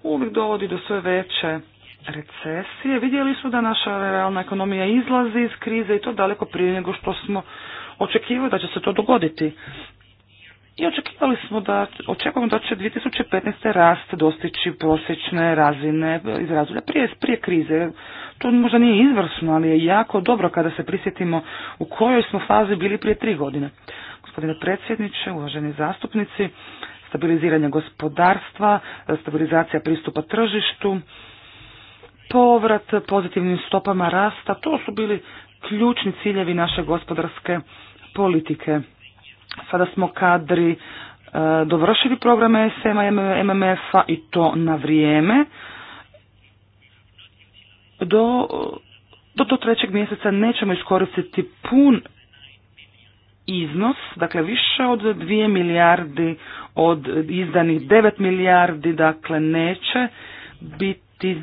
uvijek dovodi do sve veće recesije. Vidjeli smo da naša realna ekonomija izlazi iz krize i to daleko prije nego što smo očekivali da će se to dogoditi i očekivali smo da, očekujemo da će 2015. rast dostići prosječne razine iz razvoja prije, prije krize. To možda nije izvrsno, ali je jako dobro kada se prisjetimo u kojoj smo fazi bili prije tri godine. Gospodine predsjedniče, uvaženi zastupnici, stabiliziranje gospodarstva, stabilizacija pristupa tržištu, povrat pozitivnim stopama rasta, to su bili ključni ciljevi naše gospodarske politike. Sada smo kadri e, dovršili programe SMA i MMF-a i to na vrijeme. Do, do, do trećeg mjeseca nećemo iskoristiti pun iznos, dakle više od 2 milijardi od izdanih devet milijardi, dakle neće biti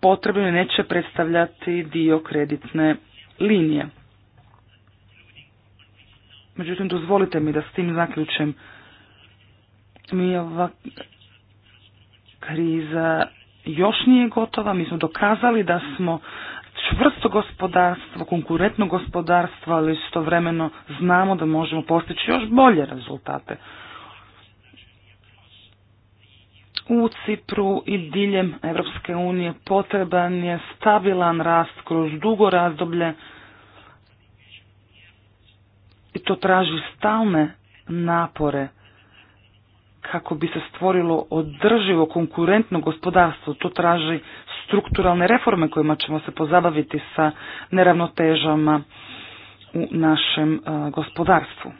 potrebno i neće predstavljati dio kreditne linije. Međutim, dozvolite mi da s tim zaključem. Mi ova kriza još nije gotova. Mi smo dokazali da smo čvrsto gospodarstvo, konkurentno gospodarstvo, ali istovremeno znamo da možemo postići još bolje rezultate. U Cipru i diljem Europske unije potreban je stabilan rast kroz dugo razdoblje i to traži stalne napore kako bi se stvorilo održivo konkurentno gospodarstvo. To traži strukturalne reforme kojima ćemo se pozabaviti sa neravnotežama u našem e, gospodarstvu.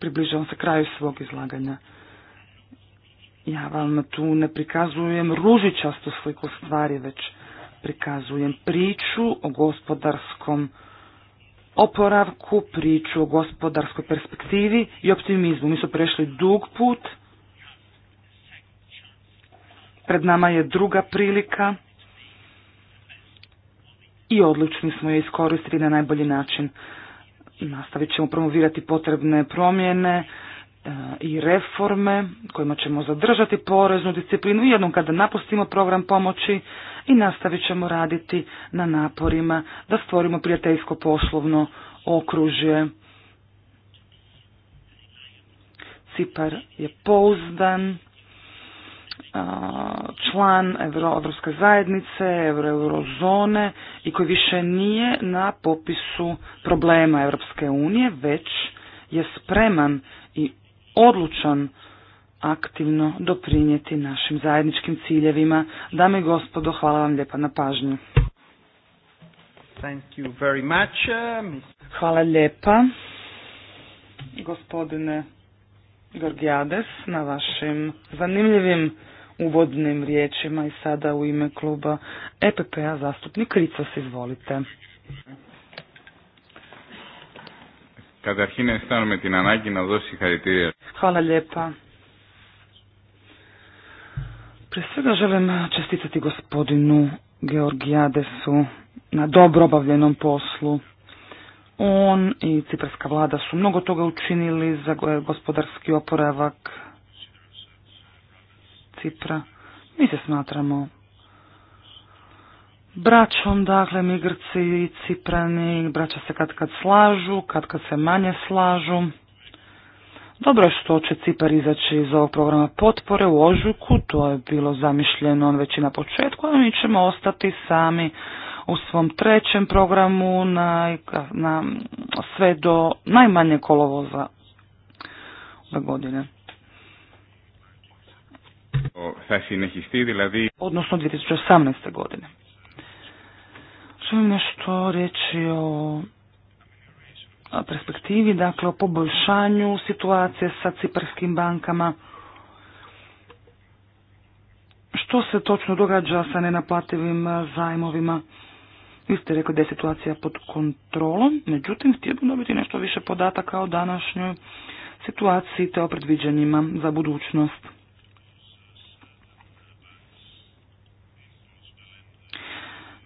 Približavam se kraju svog izlaganja. Ja vam tu ne prikazujem ružičastu sliku stvari, već prikazujem priču o gospodarskom oporavku, priču o gospodarskoj perspektivi i optimizmu. Mi su prešli dug put, pred nama je druga prilika i odlučni smo je iskoristili na najbolji način. Nastavit ćemo promovirati potrebne promjene, E, i reforme kojima ćemo zadržati poreznu disciplinu jednom kada napustimo program pomoći i nastavit ćemo raditi na naporima da stvorimo prijateljsko poslovno okružje. Cipar je pouzdan, e, član Evropske zajednice, eurozone i koji više nije na popisu problema Evropske unije, već je spreman i odlučan aktivno doprinijeti našim zajedničkim ciljevima. Dame i gospodo, hvala vam lijepa na pažnju. Thank you very much. Uh, hvala lijepa, gospodine Gorgiades, na vašim zanimljivim uvodnim riječima i sada u ime kluba EPP-a zastupnik Ricos, izvolite. Καταρχήν αισθάνομαι την ανάγκη να δώσει συγχαρητήρια. Hvala lijepa. Prije svega želim čestitati gospodinu Georgijadesu na dobro obavljenom poslu. On i ciparska vlada su mnogo toga učinili za gospodarski oporavak Cipra. Mi se smatramo braćom, dakle, mi Grci i Ciprani, braća se kad kad slažu, kad kad se manje slažu. Dobro je što će Cipar izaći iz ovog programa potpore u ožujku, to je bilo zamišljeno on već i na početku, a mi ćemo ostati sami u svom trećem programu na, na sve do najmanje kolovoza ove godine. Odnosno 2018. godine. Želim nešto reći o perspektivi, dakle o poboljšanju situacije sa ciprskim bankama. Što se točno događa sa nenaplativim eh, zajmovima? Vi ste rekli da je situacija pod kontrolom, međutim htio dobiti nešto više podataka o današnjoj situaciji te o predviđanjima za budućnost.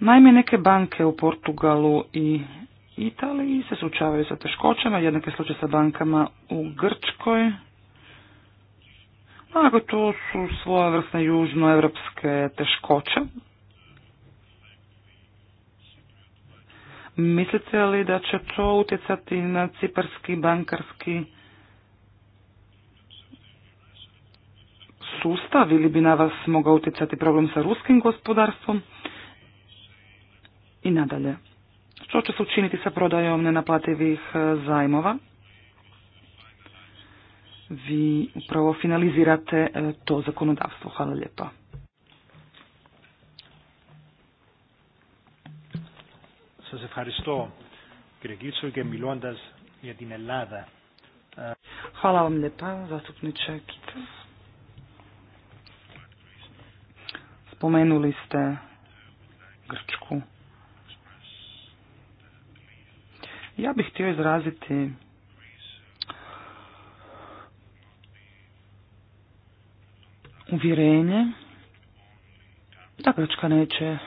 Naime, neke banke u Portugalu i Italiji se sučavaju sa teškoćama, jednak je slučaj sa bankama u Grčkoj. Ako to su svojevrsne južnoevropske teškoće. Mislite li da će to utjecati na ciparski bankarski sustav ili bi na vas mogao utjecati problem sa ruskim gospodarstvom? I nadalje, što će se učiniti sa prodajom nenaplativih e, zajmova? Vi upravo finalizirate e, to zakonodavstvo. Hvala lijepa. Hvala vam lijepa, zastupniče Spomenuli ste Grčku. Ja bih htio izraziti uvjerenje da Grčka neće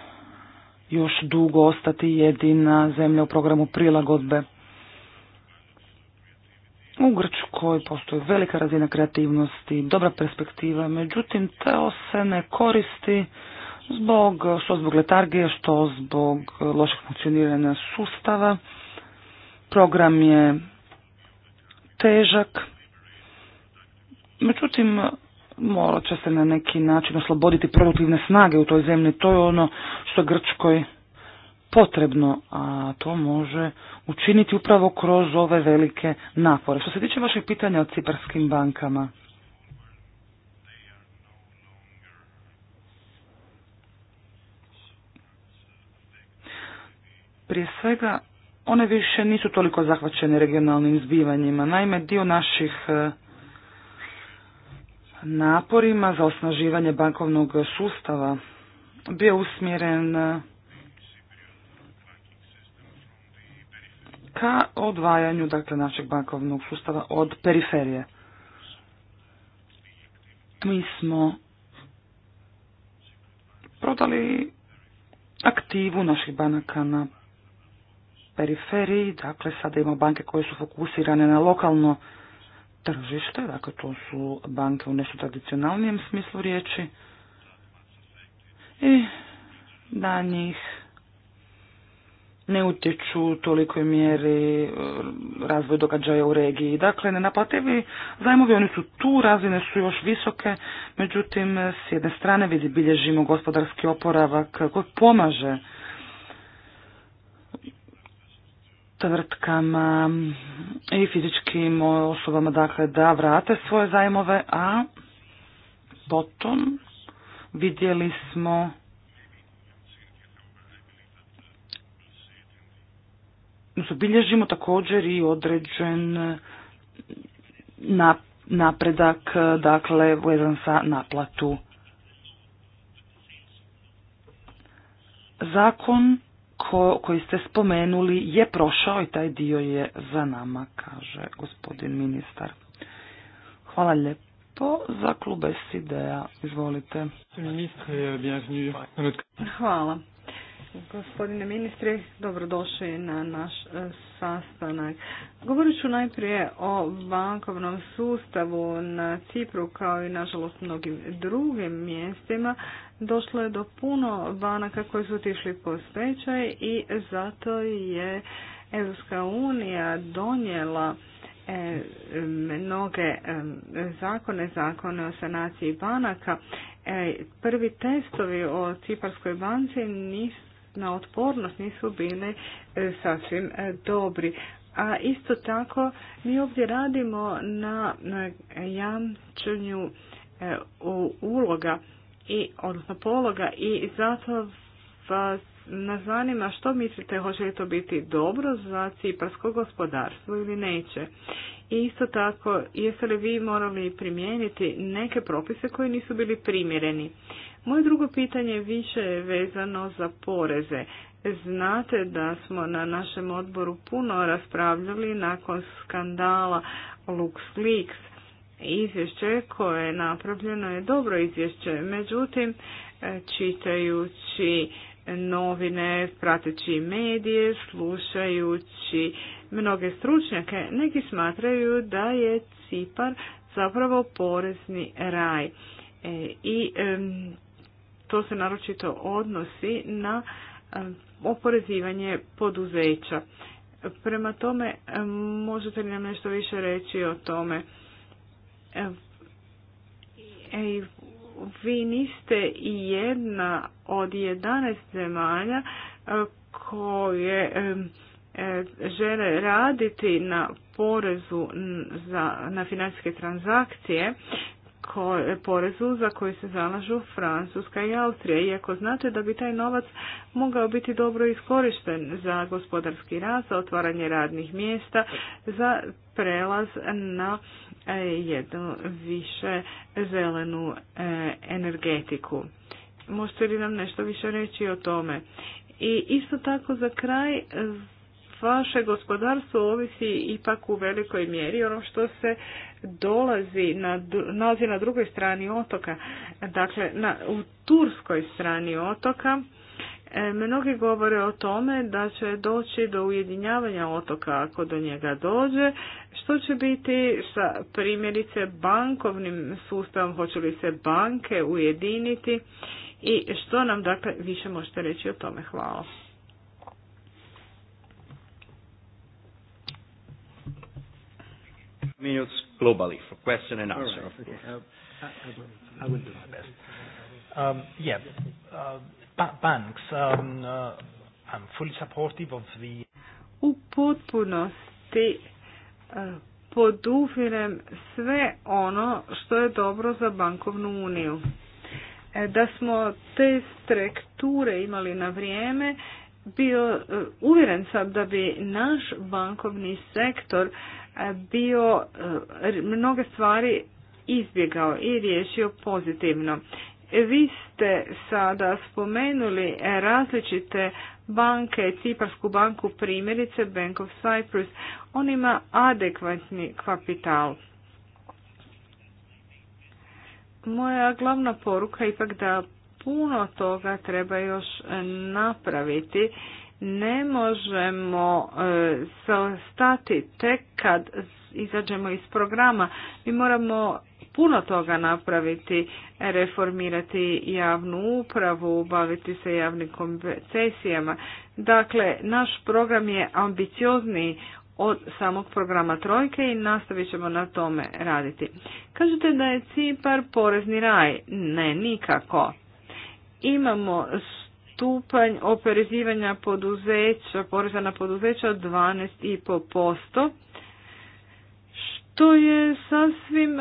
još dugo ostati jedina zemlja u programu prilagodbe. U Grčkoj postoji velika razina kreativnosti, dobra perspektiva, međutim to se ne koristi zbog, što zbog letargije, što zbog lošeg funkcioniranja sustava. Program je težak, međutim morat će se na neki način osloboditi produktivne snage u toj zemlji. To je ono što je Grčkoj potrebno, a to može učiniti upravo kroz ove velike napore. Što se tiče vašeg pitanja o ciparskim bankama, prije svega one više nisu toliko zahvaćene regionalnim zbivanjima. Naime, dio naših e, naporima za osnaživanje bankovnog sustava bio usmjeren e, ka odvajanju dakle, našeg bankovnog sustava od periferije. Mi smo prodali aktivu naših banaka na periferiji, dakle sada imamo banke koje su fokusirane na lokalno tržište, dakle to su banke u nešto tradicionalnijem smislu riječi i na njih ne utječu u tolikoj mjeri eh, razvoj događaja u regiji. Dakle, nenaplativi zajmovi, oni su tu, razine su još visoke, međutim, s jedne strane vidi bilježimo gospodarski oporavak koji pomaže tvrtkama i fizičkim osobama dakle da vrate svoje zajmove, a potom vidjeli smo zabilježimo također i određen napredak dakle vezan sa naplatu. Zakon ko, koji ste spomenuli je prošao i taj dio je za nama, kaže gospodin ministar. Hvala lijepo za klub SID-a. Izvolite. Hvala. Gospodine ministri, dobrodošli na naš e, sastanak. Govorit ću najprije o bankovnom sustavu na Cipru kao i nažalost mnogim drugim mjestima došlo je do puno banaka koji su otišli po stečaj i zato je Europska unija donijela e, mnoge e, zakone, zakone o sanaciji banaka. E, prvi testovi o Ciparskoj banci na otpornost nisu bili sasvim dobri. A isto tako mi ovdje radimo na, na jamčenju uloga i, odnosno pologa i zato vas nas zanima što mislite hoće li to biti dobro za ciparsko gospodarstvo ili neće. I isto tako, jeste li vi morali primijeniti neke propise koji nisu bili primjereni? Moje drugo pitanje više je vezano za poreze. Znate da smo na našem odboru puno raspravljali nakon skandala LuxLeaks izvješće koje je napravljeno je dobro izvješće. Međutim, e, čitajući novine, prateći medije, slušajući mnoge stručnjake, neki smatraju da je Cipar zapravo porezni raj. E, I to se naročito odnosi na oporezivanje poduzeća. Prema tome, možete li nam nešto više reći o tome? Ej, vi niste i jedna od 11 zemalja e, koje e, žele raditi na porezu za, na financijske transakcije, koje porezu za koji se zalažu Francuska i Austrija, iako znate da bi taj novac mogao biti dobro iskorišten za gospodarski rast, za otvaranje radnih mjesta, za prelaz na E, jednu više zelenu e, energetiku. Možete li nam nešto više reći o tome? I isto tako za kraj, vaše gospodarstvo ovisi ipak u velikoj mjeri ono što se dolazi na, nalazi na drugoj strani otoka, dakle na, u turskoj strani otoka E, mnogi govore o tome da će doći do ujedinjavanja otoka ako do njega dođe. Što će biti sa primjerice bankovnim sustavom? Hoće li se banke ujediniti? I što nam dakle više možete reći o tome? Hvala. minutes globally question and answer. do my best. Um, yeah, uh, banks, um, uh, fully of the... U potpunosti uh, podupirem sve ono što je dobro za bankovnu uniju. E, da smo te strukture imali na vrijeme, bio uh, uvjeren sam da bi naš bankovni sektor uh, bio mnoge stvari izbjegao i riješio pozitivno. E, vi ste sada spomenuli e, različite banke, Ciparsku banku primjerice, Bank of Cyprus. On ima adekvatni kapital. Moja glavna poruka je ipak da puno toga treba još napraviti. Ne možemo e, stati tek kad izađemo iz programa. Mi moramo puno toga napraviti, reformirati javnu upravu, baviti se javnim koncesijama. Dakle, naš program je ambiciozniji od samog programa Trojke i nastavit ćemo na tome raditi. Kažete da je Cipar porezni raj. Ne, nikako. Imamo stupanj oporezivanja poduzeća, poreza na poduzeća od 12,5%, što je sasvim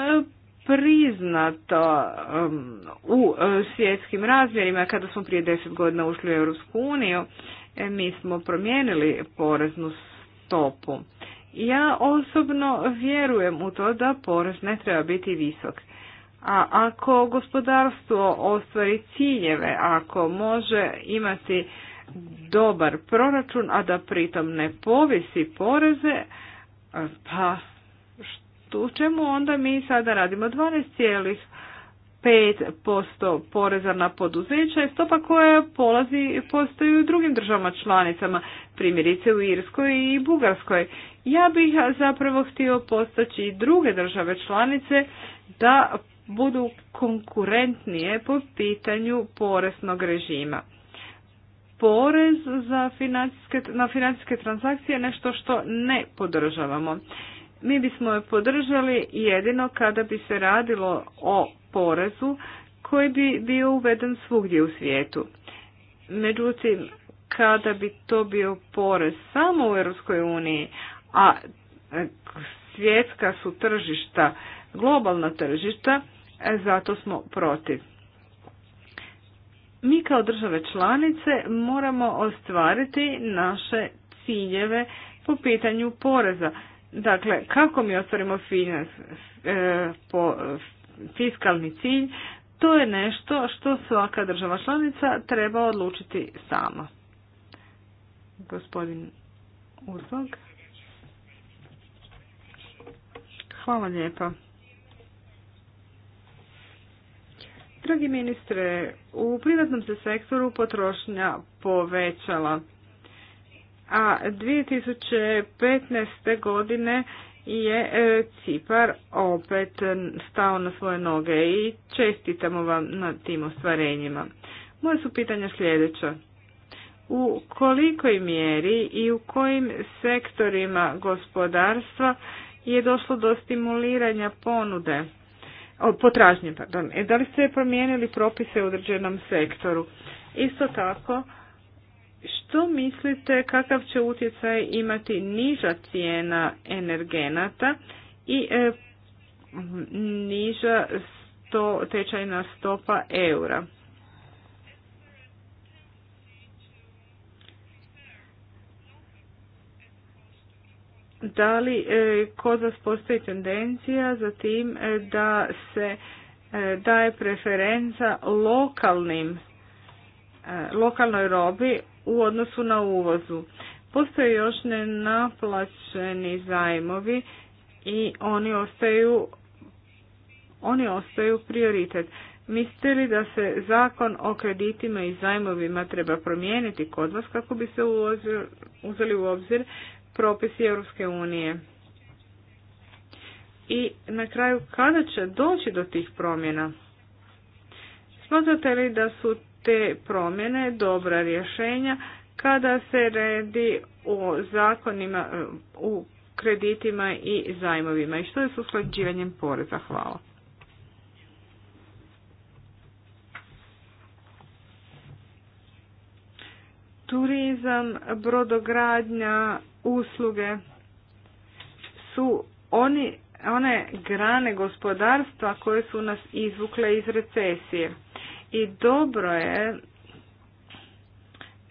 priznato um, u uh, svjetskim razmjerima. Kada smo prije deset godina ušli u Europsku uniju, e, mi smo promijenili poreznu stopu. Ja osobno vjerujem u to da porez ne treba biti visok. A ako gospodarstvo ostvari ciljeve, ako može imati dobar proračun, a da pritom ne povisi poreze, pa u čemu onda mi sada radimo 12,5% poreza na poduzeća je stopa koja polazi, postoji u drugim državama članicama, primjerice u Irskoj i Bugarskoj. Ja bih zapravo htio postaći i druge države članice da budu konkurentnije po pitanju poreznog režima. Porez za na financijske transakcije je nešto što ne podržavamo. Mi bismo je podržali jedino kada bi se radilo o porezu koji bi bio uveden svugdje u svijetu. Međutim, kada bi to bio porez samo u Europskoj uniji, a e, svjetska su tržišta, globalna tržišta, e, zato smo protiv. Mi kao države članice moramo ostvariti naše ciljeve po pitanju poreza. Dakle, kako mi ostvarimo finans, e, po, fiskalni cilj, to je nešto što svaka država članica treba odlučiti sama. Gospodin Urzog. Hvala lijepa. Dragi ministre, u privatnom se sektoru potrošnja povećala a 2015. godine je e, Cipar opet stao na svoje noge i čestitamo vam na tim ostvarenjima. Moje su pitanja sljedeća. U kolikoj mjeri i u kojim sektorima gospodarstva je došlo do stimuliranja ponude, potražnje, pardon. E, da li ste promijenili propise u određenom sektoru? Isto tako, što mislite kakav će utjecaj imati niža cijena energenata i e, niža sto, tečajna stopa eura? Da li e, kod vas postoji tendencija za tim e, da se e, daje preferenca lokalnim lokalnoj robi, u odnosu na uvozu. Postoje još nenaplaćeni zajmovi i oni ostaju, oni ostaju prioritet. Mislite li da se zakon o kreditima i zajmovima treba promijeniti kod vas kako bi se uzeli u obzir propisi Europske unije? I na kraju, kada će doći do tih promjena? Smatrate li da su te promjene, dobra rješenja kada se redi o zakonima e, u kreditima i zajmovima i što je s usklađivanjem poreza. Hvala. Turizam, brodogradnja, usluge su oni, one grane gospodarstva koje su nas izvukle iz recesije i dobro je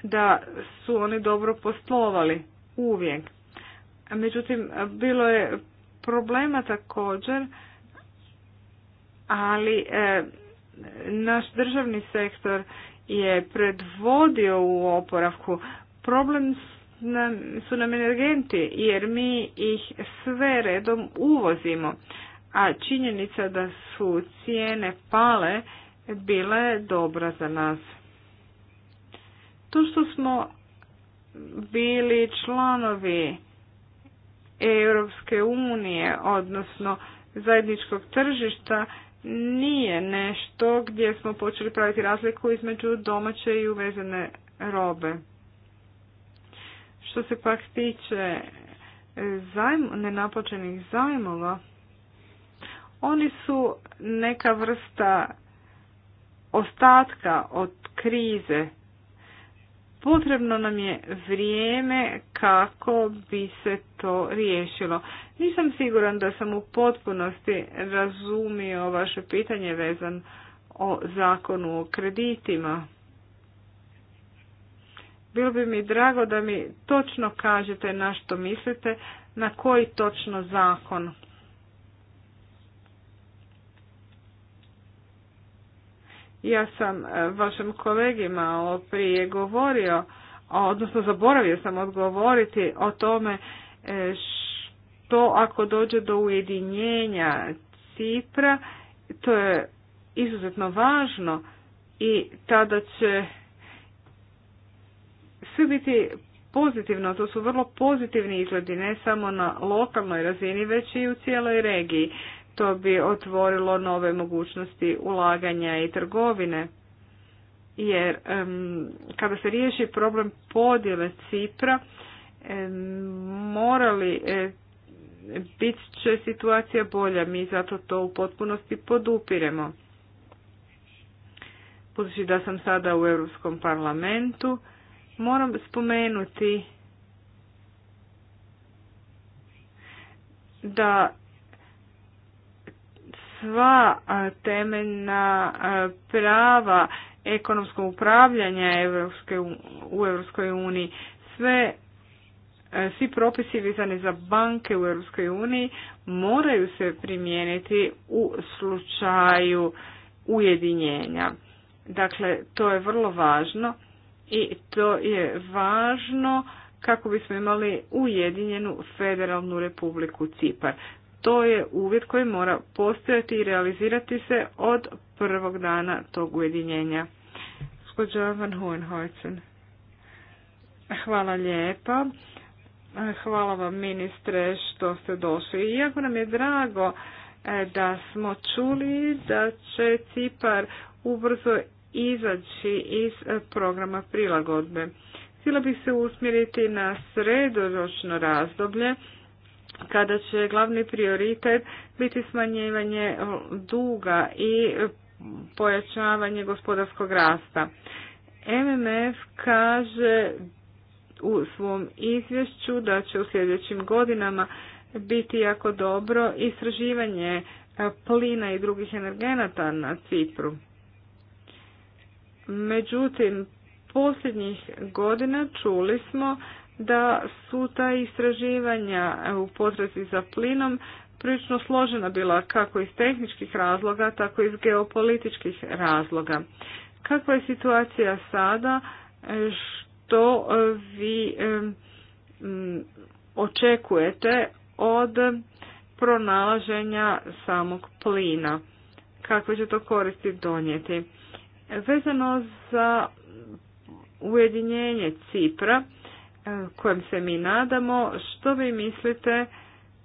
da su oni dobro poslovali uvijek. Međutim, bilo je problema također, ali e, naš državni sektor je predvodio u oporavku. Problem su nam energenti jer mi ih sve redom uvozimo, a činjenica da su cijene pale bila je dobra za nas. To što smo bili članovi Europske unije, odnosno zajedničkog tržišta, nije nešto gdje smo počeli praviti razliku između domaće i uvezene robe. Što se pak tiče zajm, nenaplaćenih zajmova, oni su neka vrsta ostatka od krize potrebno nam je vrijeme kako bi se to riješilo. Nisam siguran da sam u potpunosti razumio vaše pitanje vezan o zakonu o kreditima. Bilo bi mi drago da mi točno kažete na što mislite, na koji točno zakon. Ja sam e, vašim kolegima prije govorio, odnosno zaboravio sam odgovoriti o tome e, što ako dođe do ujedinjenja Cipra, to je izuzetno važno i tada će sve biti pozitivno, to su vrlo pozitivni izgledi, ne samo na lokalnoj razini, već i u cijeloj regiji. To bi otvorilo nove mogućnosti ulaganja i trgovine. Jer kada se riješi problem podjele Cipra, morali e, bit će situacija bolja. Mi zato to u potpunosti podupiremo. Budući da sam sada u Europskom parlamentu, moram spomenuti da sva temeljna prava ekonomskog upravljanja u Europskoj uniji, sve svi propisi vezani za banke u Europskoj uniji moraju se primijeniti u slučaju ujedinjenja. Dakle, to je vrlo važno i to je važno kako bismo imali ujedinjenu federalnu republiku Cipar. To je uvjet koji mora postojati i realizirati se od prvog dana tog ujedinjenja. Van Hvala lijepa. Hvala vam ministre što ste došli. Iako nam je drago e, da smo čuli da će Cipar ubrzo izaći iz e, programa prilagodbe. Htjela bih se usmjeriti na sredoročno razdoblje kada će glavni prioritet biti smanjivanje duga i pojačavanje gospodarskog rasta. MMF kaže u svom izvješću da će u sljedećim godinama biti jako dobro istraživanje plina i drugih energenata na Cipru. Međutim, posljednjih godina čuli smo da su ta istraživanja u potrazi za plinom prilično složena bila kako iz tehničkih razloga, tako i iz geopolitičkih razloga. Kakva je situacija sada? Što vi očekujete od pronalaženja samog plina? Kakve će to koristi donijeti? Vezano za ujedinjenje Cipra, kojem se mi nadamo. Što vi mislite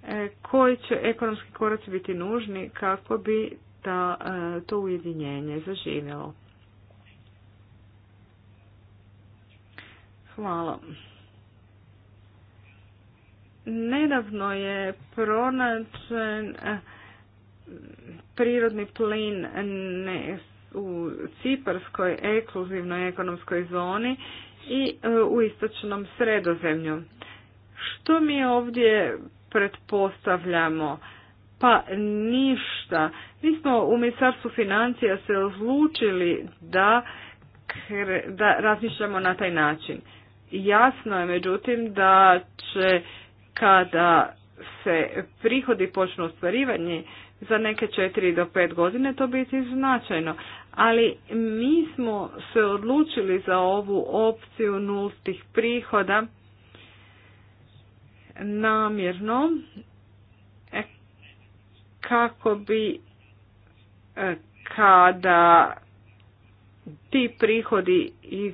e, koji će ekonomski koraci biti nužni kako bi ta, e, to ujedinjenje zaživjelo? Hvala. Nedavno je pronačen e, prirodni plin u Ciparskoj ekluzivnoj ekonomskoj zoni i e, u istočnom sredozemlju. Što mi ovdje pretpostavljamo? Pa ništa. Mi smo u Ministarstvu financija se odlučili da, da razmišljamo na taj način. Jasno je međutim da će kada se prihodi počnu ostvarivanje za neke 4 do 5 godine to biti značajno ali mi smo se odlučili za ovu opciju nultih prihoda namjerno e, kako bi e, kada ti prihodi iz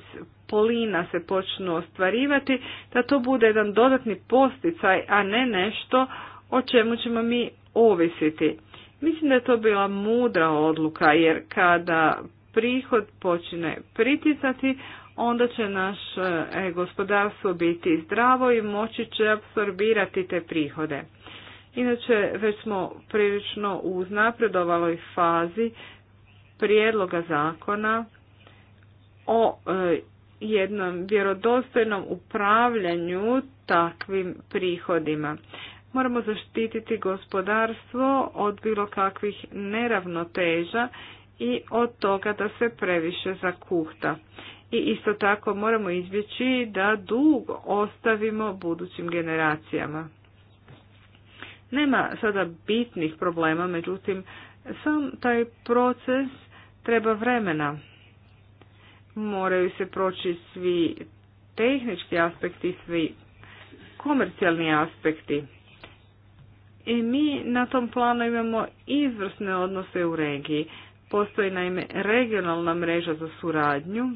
polina se počnu ostvarivati, da to bude jedan dodatni posticaj, a ne nešto o čemu ćemo mi ovisiti. Mislim da je to bila mudra odluka jer kada prihod počine pritisati, onda će naš e, gospodarstvo biti zdravo i moći će apsorbirati te prihode. Inače, već smo prilično u fazi prijedloga zakona o e, jednom vjerodostojnom upravljanju takvim prihodima. Moramo zaštititi gospodarstvo od bilo kakvih neravnoteža i od toga da se previše zakuhta. I isto tako moramo izbjeći da dug ostavimo budućim generacijama. Nema sada bitnih problema, međutim, sam taj proces treba vremena. Moraju se proći svi tehnički aspekti, svi komercijalni aspekti. I mi na tom planu imamo izvrsne odnose u regiji. Postoji naime regionalna mreža za suradnju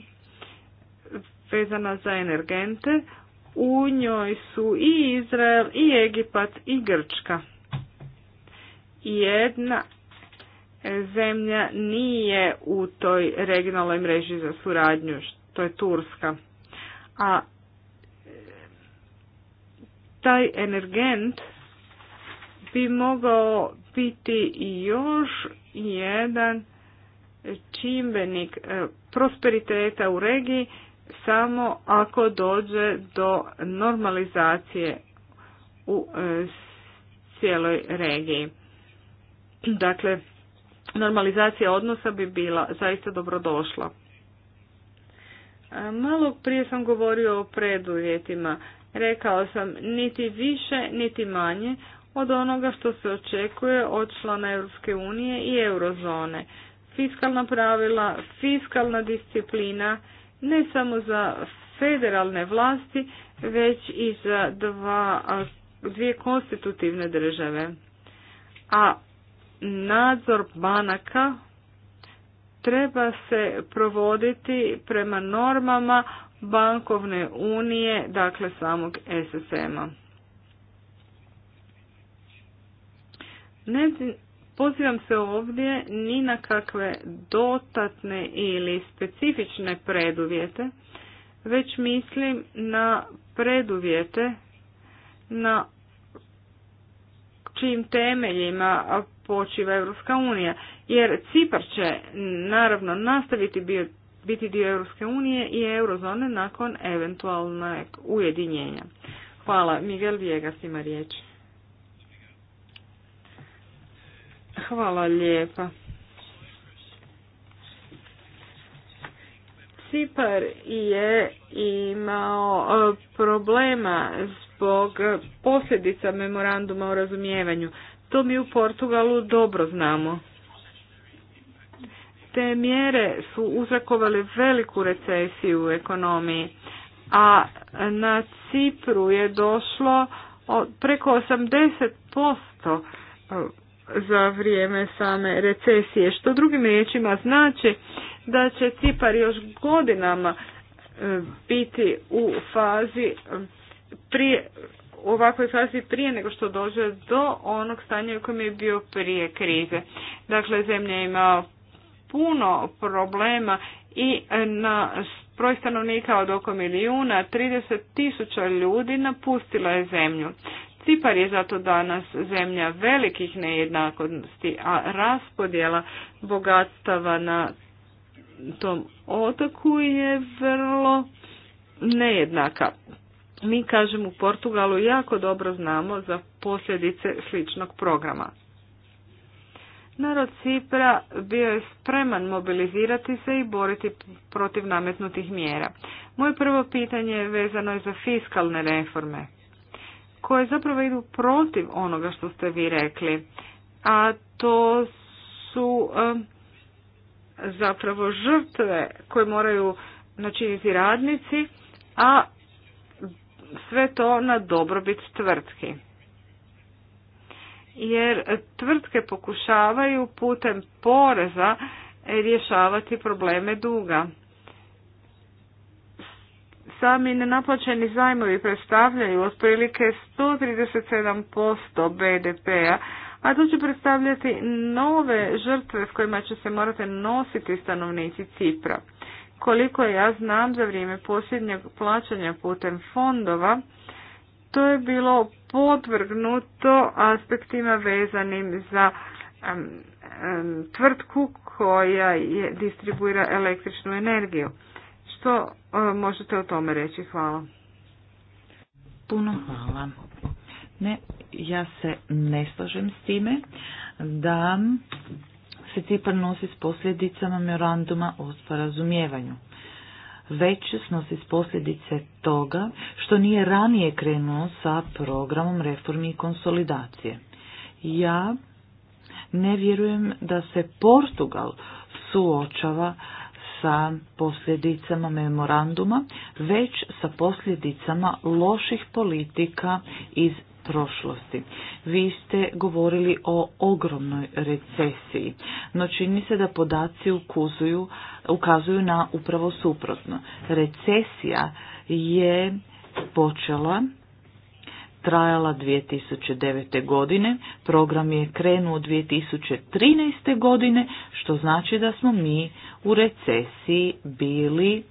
vezana za energente. U njoj su i Izrael, i Egipat, i Grčka. Jedna zemlja nije u toj regionalnoj mreži za suradnju, To je Turska. A e, taj energent bi mogao biti još jedan čimbenik e, prosperiteta u regiji samo ako dođe do normalizacije u e, cijeloj regiji. Dakle, normalizacija odnosa bi bila zaista dobrodošla. Malo prije sam govorio o preduvjetima. Rekao sam niti više, niti manje, od onoga što se očekuje od člana Europske unije i eurozone. Fiskalna pravila, fiskalna disciplina ne samo za federalne vlasti, već i za dva, dvije konstitutivne države. A nadzor banaka treba se provoditi prema normama bankovne unije, dakle samog SSM-a. Ne pozivam se ovdje ni na kakve dotatne ili specifične preduvjete, već mislim na preduvjete na čijim temeljima počiva Europska unija. Jer Cipar će naravno nastaviti biti dio Europske unije i eurozone nakon eventualnog ujedinjenja. Hvala. Miguel Viegas ima riječ. Hvala lijepa. Cipar je imao e, problema zbog posljedica memoranduma o razumijevanju. To mi u Portugalu dobro znamo. Te mjere su uzrokovale veliku recesiju u ekonomiji, a na Cipru je došlo preko 80% za vrijeme same recesije, što drugim riječima znači da će Cipar još godinama e, biti u fazi e, prije, u ovakvoj fazi prije nego što dođe do onog stanja u kojem je bio prije krize. Dakle, zemlja ima puno problema i e, na broj stanovnika od oko milijuna, 30 tisuća ljudi napustila je zemlju. Cipar je zato danas zemlja velikih nejednakosti, a raspodjela bogatstava na tom otoku je vrlo nejednaka. Mi kažem u Portugalu jako dobro znamo za posljedice sličnog programa. Narod Cipra bio je spreman mobilizirati se i boriti protiv nametnutih mjera. Moje prvo pitanje je vezano je za fiskalne reforme koje zapravo idu protiv onoga što ste vi rekli. A to su zapravo žrtve koje moraju načiniti radnici, a sve to na dobrobit tvrtki. Jer tvrtke pokušavaju putem poreza rješavati probleme duga. Sami nenaplaćeni zajmovi predstavljaju otprilike 137% BDP-a, a to će predstavljati nove žrtve s kojima će se morati nositi stanovnici Cipra. Koliko ja znam za vrijeme posljednjeg plaćanja putem fondova, to je bilo podvrgnuto aspektima vezanim za tvrtku koja je, distribuira električnu energiju. Što e, možete o tome reći? Hvala. Puno hvala. Ne, ja se ne slažem s time da se Cipar nosi s posljedicama memoranduma o sporazumijevanju. Već snosi s posljedice toga što nije ranije krenuo sa programom reformi i konsolidacije. Ja ne vjerujem da se Portugal suočava sa posljedicama memoranduma, već sa posljedicama loših politika iz prošlosti. Vi ste govorili o ogromnoj recesiji, no čini se da podaci ukuzuju, ukazuju na upravo suprotno. Recesija je počela trajala 2009. godine, program je krenuo 2013. godine, što znači da smo mi u recesiji bili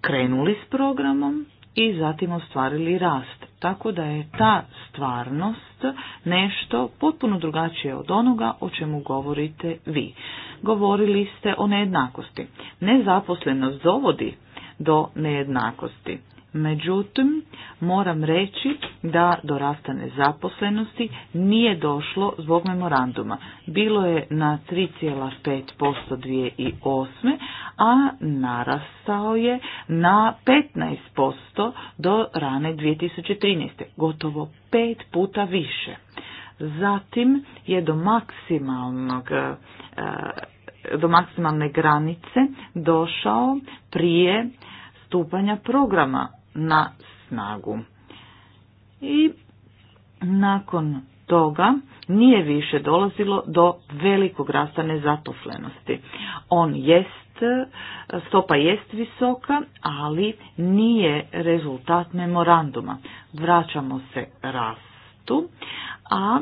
krenuli s programom i zatim ostvarili rast. Tako da je ta stvarnost nešto potpuno drugačije od onoga o čemu govorite vi. Govorili ste o nejednakosti. Nezaposlenost dovodi do nejednakosti. Međutim, moram reći da do rasta nezaposlenosti nije došlo zbog memoranduma. Bilo je na 3,5% 2008. a narastao je na 15% do rane 2013. Gotovo pet puta više. Zatim je do maksimalnog e, do maksimalne granice došao prije stupanja programa na snagu. I nakon toga nije više dolazilo do velikog rasta nezaposlenosti. On jest, stopa jest visoka, ali nije rezultat memoranduma. Vraćamo se rastu, a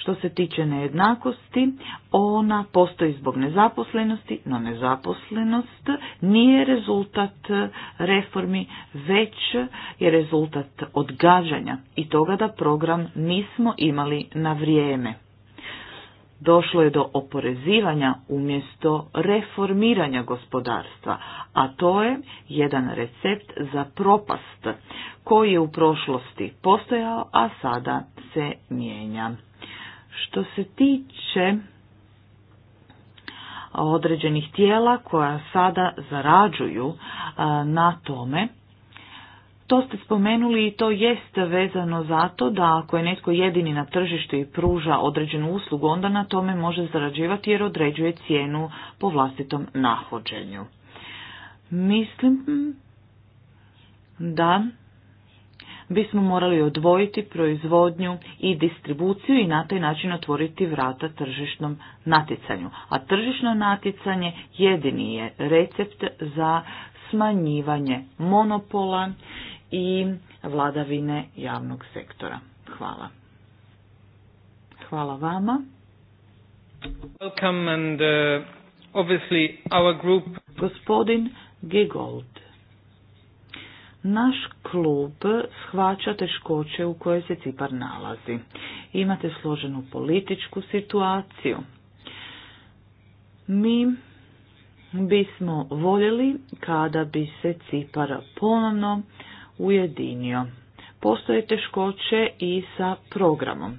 što se tiče nejednakosti, ona postoji zbog nezaposlenosti, no nezaposlenost nije rezultat reformi, već je rezultat odgađanja i toga da program nismo imali na vrijeme. Došlo je do oporezivanja umjesto reformiranja gospodarstva, a to je jedan recept za propast koji je u prošlosti postojao, a sada se mijenja. Što se tiče određenih tijela koja sada zarađuju e, na tome, to ste spomenuli i to jest vezano zato da ako je netko jedini na tržištu i pruža određenu uslugu, onda na tome može zarađivati jer određuje cijenu po vlastitom nahođenju. Mislim da bismo morali odvojiti proizvodnju i distribuciju i na taj način otvoriti vrata tržišnom natjecanju. A tržišno natjecanje jedini je recept za smanjivanje monopola i vladavine javnog sektora. Hvala. Hvala vama. Welcome and uh, obviously our group. Gospodin Gigold. Naš klub shvaća teškoće u kojoj se Cipar nalazi. Imate složenu političku situaciju. Mi bismo voljeli kada bi se Cipar ponovno ujedinio postoje teškoće i sa programom.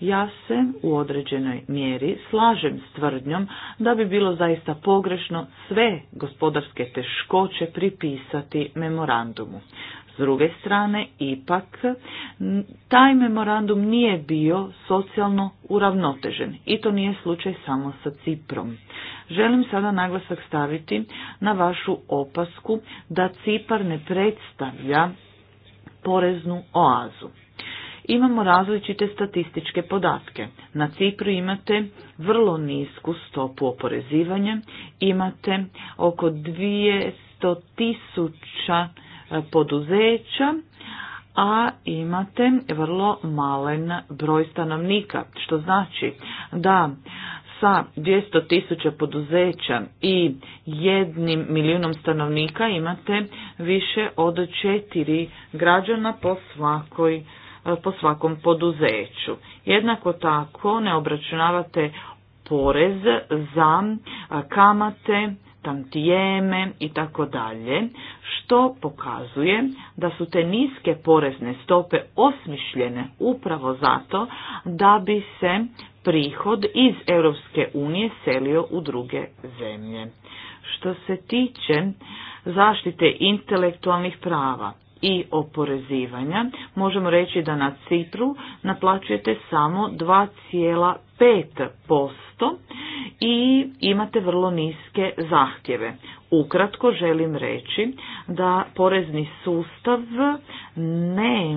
Ja se u određenoj mjeri slažem s tvrdnjom da bi bilo zaista pogrešno sve gospodarske teškoće pripisati memorandumu. S druge strane, ipak, taj memorandum nije bio socijalno uravnotežen i to nije slučaj samo sa Ciprom. Želim sada naglasak staviti na vašu opasku da Cipar ne predstavlja poreznu oazu. Imamo različite statističke podatke. Na Cipru imate vrlo nisku stopu oporezivanja, imate oko 200 tisuća e, poduzeća, a imate vrlo malen broj stanovnika, što znači da sa 200 tisuća poduzeća i jednim milijunom stanovnika imate više od četiri građana po svakoj po svakom poduzeću. Jednako tako ne obračunavate porez za kamate tantijeme i tako dalje, što pokazuje da su te niske porezne stope osmišljene upravo zato da bi se prihod iz Europske unije selio u druge zemlje. Što se tiče zaštite intelektualnih prava i oporezivanja, možemo reći da na Cipru naplaćujete samo 2,5 5% i imate vrlo niske zahtjeve. Ukratko želim reći da porezni sustav ne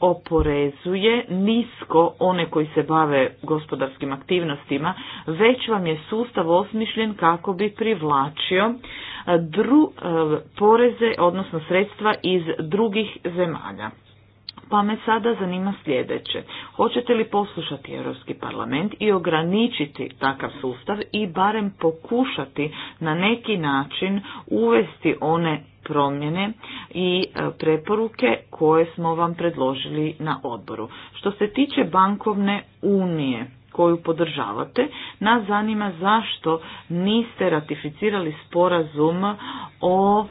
oporezuje nisko one koji se bave gospodarskim aktivnostima, već vam je sustav osmišljen kako bi privlačio eh, poreze, odnosno sredstva iz drugih zemalja. Pa me sada zanima sljedeće. Hoćete li poslušati Europski parlament i ograničiti takav sustav i barem pokušati na neki način uvesti one promjene i e, preporuke koje smo vam predložili na odboru. Što se tiče bankovne unije koju podržavate, nas zanima zašto niste ratificirali sporazum o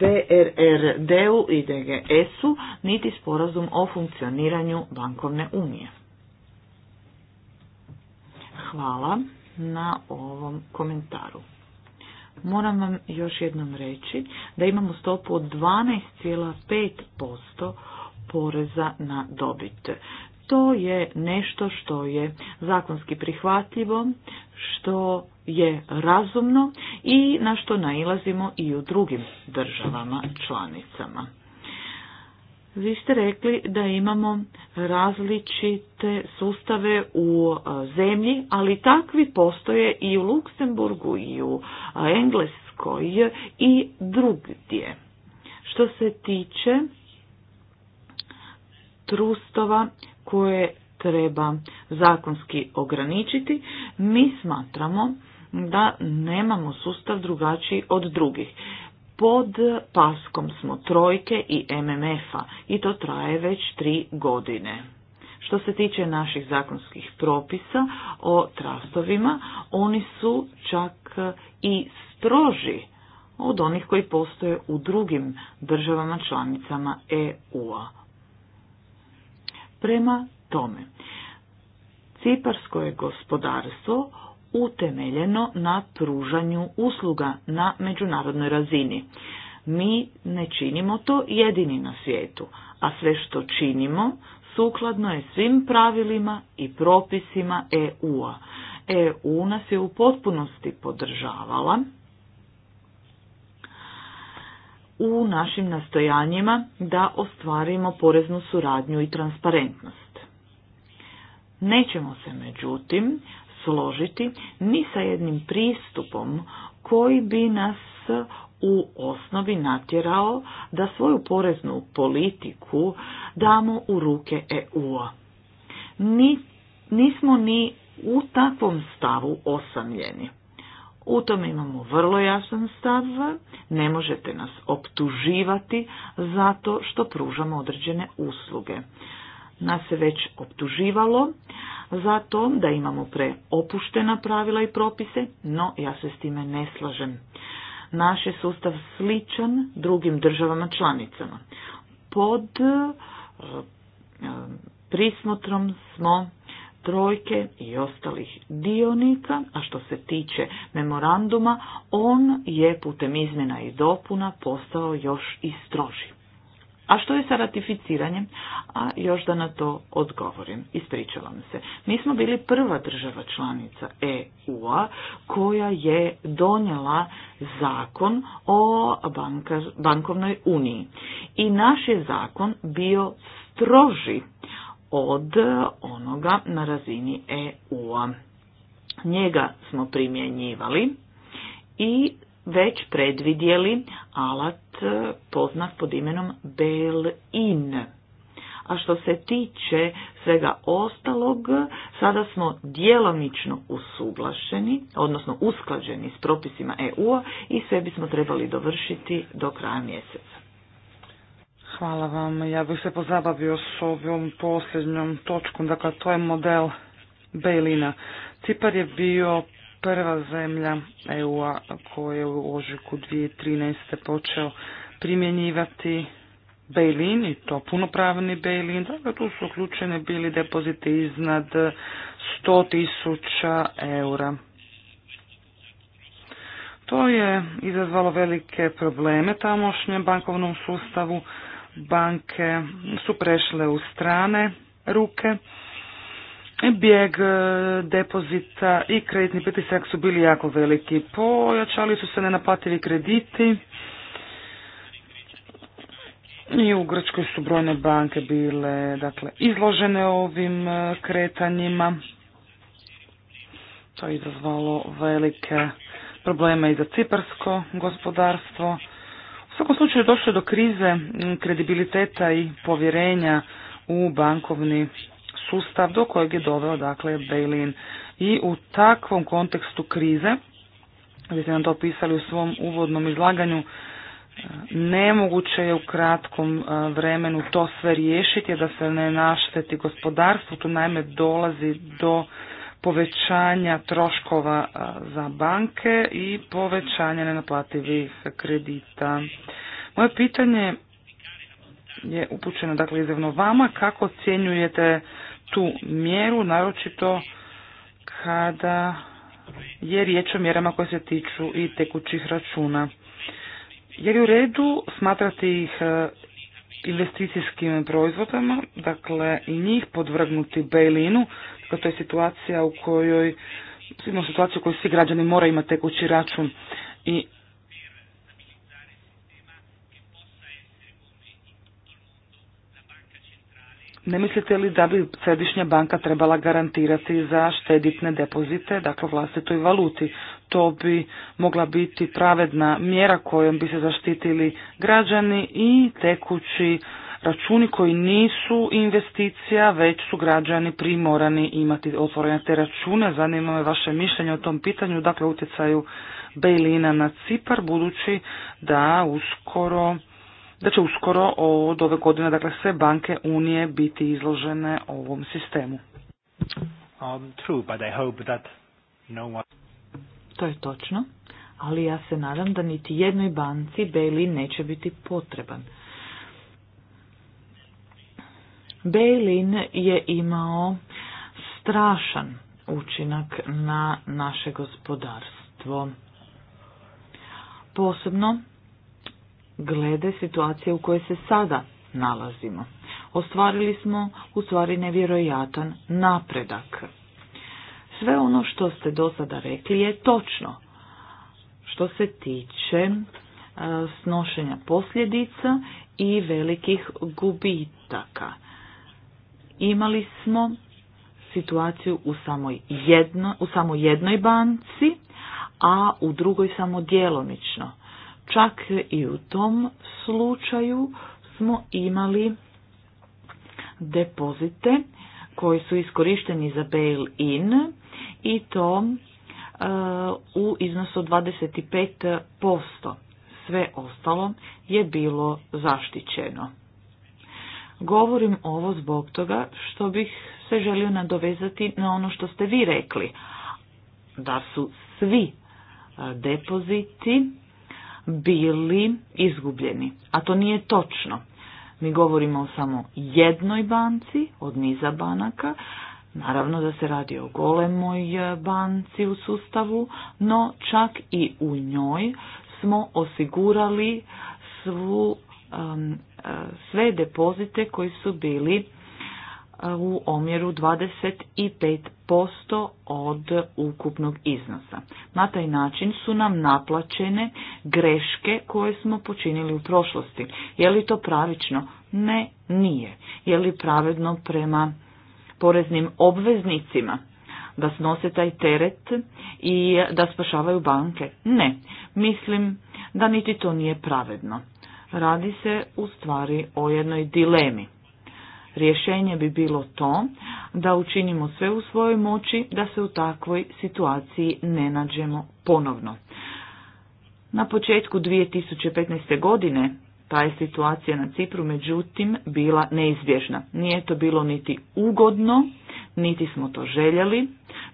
DRRD-u i DGS-u, niti sporazum o funkcioniranju bankovne unije. Hvala na ovom komentaru. Moram vam još jednom reći da imamo stopu od 12,5% poreza na dobit. To je nešto što je zakonski prihvatljivo, što je razumno i na što nailazimo i u drugim državama članicama. Vi ste rekli da imamo različite sustave u e, zemlji, ali takvi postoje i u Luksemburgu i u e, Engleskoj i drugdje. Što se tiče trustova, koje treba zakonski ograničiti, mi smatramo da nemamo sustav drugačiji od drugih. Pod paskom smo trojke i MMF-a i to traje već tri godine. Što se tiče naših zakonskih propisa o trastovima, oni su čak i stroži od onih koji postoje u drugim državama članicama EU-a. Prema tome, ciparsko je gospodarstvo utemeljeno na pružanju usluga na međunarodnoj razini. Mi ne činimo to jedini na svijetu, a sve što činimo sukladno je svim pravilima i propisima EU-a. EU nas je u potpunosti podržavala u našim nastojanjima da ostvarimo poreznu suradnju i transparentnost. Nećemo se međutim složiti ni sa jednim pristupom koji bi nas u osnovi natjerao da svoju poreznu politiku damo u ruke EU-a. Ni, nismo ni u takvom stavu osamljeni. U tom imamo vrlo jasan stav, ne možete nas optuživati zato što pružamo određene usluge. Nas se već optuživalo zato da imamo preopuštena pravila i propise, no ja se s time ne slažem. Naš je sustav sličan drugim državama članicama. Pod eh, eh, prismotrom smo trojke i ostalih dionika, a što se tiče memoranduma, on je putem izmjena i dopuna postao još i stroži. A što je sa ratificiranjem? A još da na to odgovorim. Ispričavam se. Mi smo bili prva država članica EU-a koja je donijela zakon o bankovnoj uniji. I naš je zakon bio stroži od onoga na razini EU-a. Njega smo primjenjivali i već predvidjeli alat poznat pod imenom Bail-in. A što se tiče svega ostalog, sada smo djelomično usuglašeni, odnosno usklađeni s propisima EU-a i sve bismo trebali dovršiti do kraja mjeseca. Hvala vam. Ja bih se pozabavio s ovom posljednjom točkom. Dakle, to je model Bejlina. Cipar je bio prva zemlja EU-a koja je u ožujku 2013. počeo primjenjivati Bejlin i to punopravni Bejlin. Dakle, tu su uključene bili depoziti iznad 100.000 eura. To je izazvalo velike probleme tamošnjem bankovnom sustavu banke su prešle u strane ruke. Bijeg e, depozita i kreditni pritisak su bili jako veliki. Pojačali su se nenaplativi krediti i u Grčkoj su brojne banke bile dakle, izložene ovim e, kretanjima. To je izazvalo velike probleme i za ciparsko gospodarstvo. U svakom slučaju došlo do krize kredibiliteta i povjerenja u bankovni sustav do kojeg je doveo dakle Bailin. I u takvom kontekstu krize, vi ste nam to opisali u svom uvodnom izlaganju, e, nemoguće je u kratkom e, vremenu to sve riješiti, da se ne našteti gospodarstvu, tu naime dolazi do povećanja troškova za banke i povećanja nenaplativih kredita. Moje pitanje je upućeno dakle izravno vama kako ocjenjujete tu mjeru naročito kada je riječ o mjerama koje se tiču i tekućih računa. Je u redu smatrati ih investicijskim proizvodama, dakle i njih podvrgnuti bailinu Dakle, to je situacija u kojoj, imamo situaciju u kojoj svi građani moraju imati tekući račun i Ne mislite li da bi središnja banka trebala garantirati za šteditne depozite, dakle vlastitoj valuti? To bi mogla biti pravedna mjera kojom bi se zaštitili građani i tekući računi koji nisu investicija, već su građani primorani imati otvorene te račune. Zanima me vaše mišljenje o tom pitanju, dakle utjecaju Bejlina na Cipar, budući da uskoro da će uskoro od ove godine dakle, sve banke Unije biti izložene ovom sistemu. Um, true, but I hope that no one... To je točno, ali ja se nadam da niti jednoj banci Bailey neće biti potreban. Bejlin je imao strašan učinak na naše gospodarstvo. Posebno glede situacije u kojoj se sada nalazimo. Ostvarili smo u stvari nevjerojatan napredak. Sve ono što ste do sada rekli je točno. Što se tiče e, snošenja posljedica i velikih gubitaka imali smo situaciju u samo, u samo jednoj banci, a u drugoj samo djelomično. Čak i u tom slučaju smo imali depozite koji su iskorišteni za bail-in i to e, u iznosu 25%. Sve ostalo je bilo zaštićeno. Govorim ovo zbog toga što bih se želio nadovezati na ono što ste vi rekli, da su svi e, depoziti bili izgubljeni, a to nije točno. Mi govorimo o samo jednoj banci od niza banaka, naravno da se radi o golemoj e, banci u sustavu, no čak i u njoj smo osigurali svu Um, sve depozite koji su bili uh, u omjeru 25% od ukupnog iznosa. Na taj način su nam naplaćene greške koje smo počinili u prošlosti. Je li to pravično? Ne, nije. Je li pravedno prema poreznim obveznicima? da snose taj teret i da spašavaju banke. Ne, mislim da niti to nije pravedno. Radi se u stvari o jednoj dilemi. Rješenje bi bilo to da učinimo sve u svojoj moći da se u takvoj situaciji ne nađemo ponovno. Na početku 2015. godine ta je situacija na Cipru međutim bila neizbježna. Nije to bilo niti ugodno, niti smo to željeli,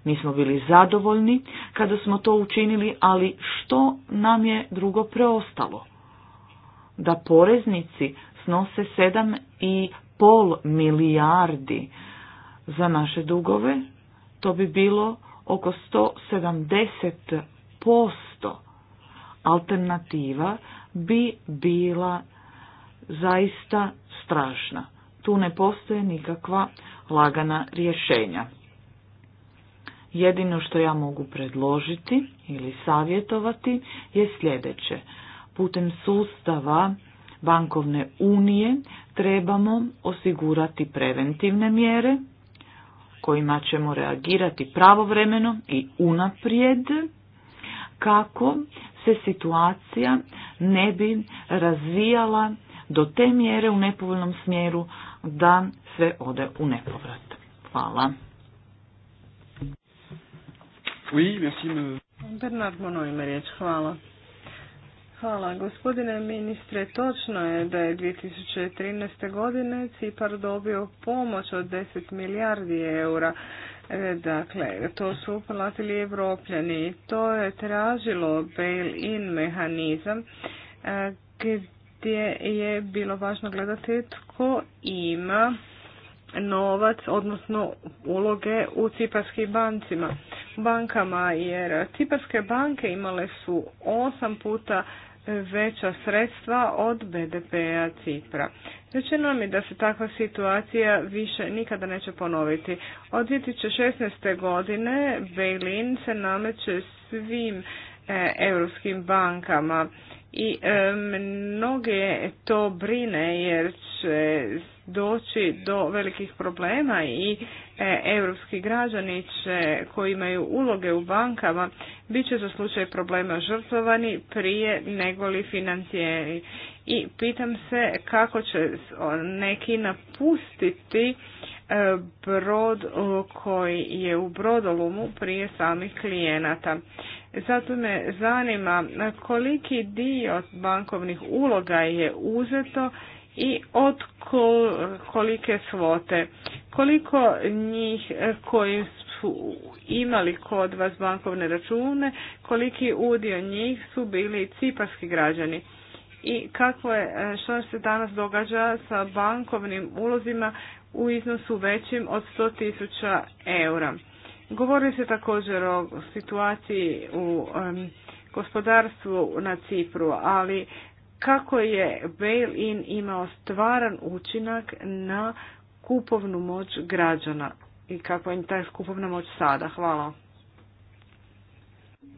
nismo bili zadovoljni kada smo to učinili, ali što nam je drugo preostalo? da poreznici snose 7,5 i pol milijardi za naše dugove, to bi bilo oko 170%. Alternativa bi bila zaista strašna. Tu ne postoje nikakva lagana rješenja. Jedino što ja mogu predložiti ili savjetovati je sljedeće putem sustava bankovne unije trebamo osigurati preventivne mjere kojima ćemo reagirati pravovremeno i unaprijed kako se situacija ne bi razvijala do te mjere u nepovoljnom smjeru da sve ode u nepovrat. Hvala. Oui, merci. Bernard hvala. Hvala. Gospodine ministre, točno je da je 2013. godine Cipar dobio pomoć od 10 milijardi eura. E, dakle, to su uplatili evropljani i to je tražilo bail-in mehanizam e, gdje je bilo važno gledati tko ima novac, odnosno uloge u ciparskim bancima, bankama, jer ciparske banke imale su osam puta veća sredstva od BDP-a Cipra. Rečeno mi da se takva situacija više nikada neće ponoviti. Od 2016. godine Bejlin se nameće svim e, europskim bankama i e, mnoge to brine jer će doći do velikih problema i E, europski građani će, koji imaju uloge u bankama bit će za slučaj problema žrtvovani prije negoli financijeri. I pitam se kako će neki napustiti e, brod koji je u brodolumu prije samih klijenata. Zato me zanima koliki dio bankovnih uloga je uzeto i od kolike svote. Koliko njih koji su imali kod vas bankovne račune, koliki udio njih su bili ciparski građani i kako je, e, što se danas događa sa bankovnim ulozima u iznosu većim od 100.000 eura. Govori se također o situaciji u gospodarstvu na Cipru, ali kako je bail-in imao stvaran učinak na kupovnu moć građana i kako je ta kupovna moć sada. Hvala.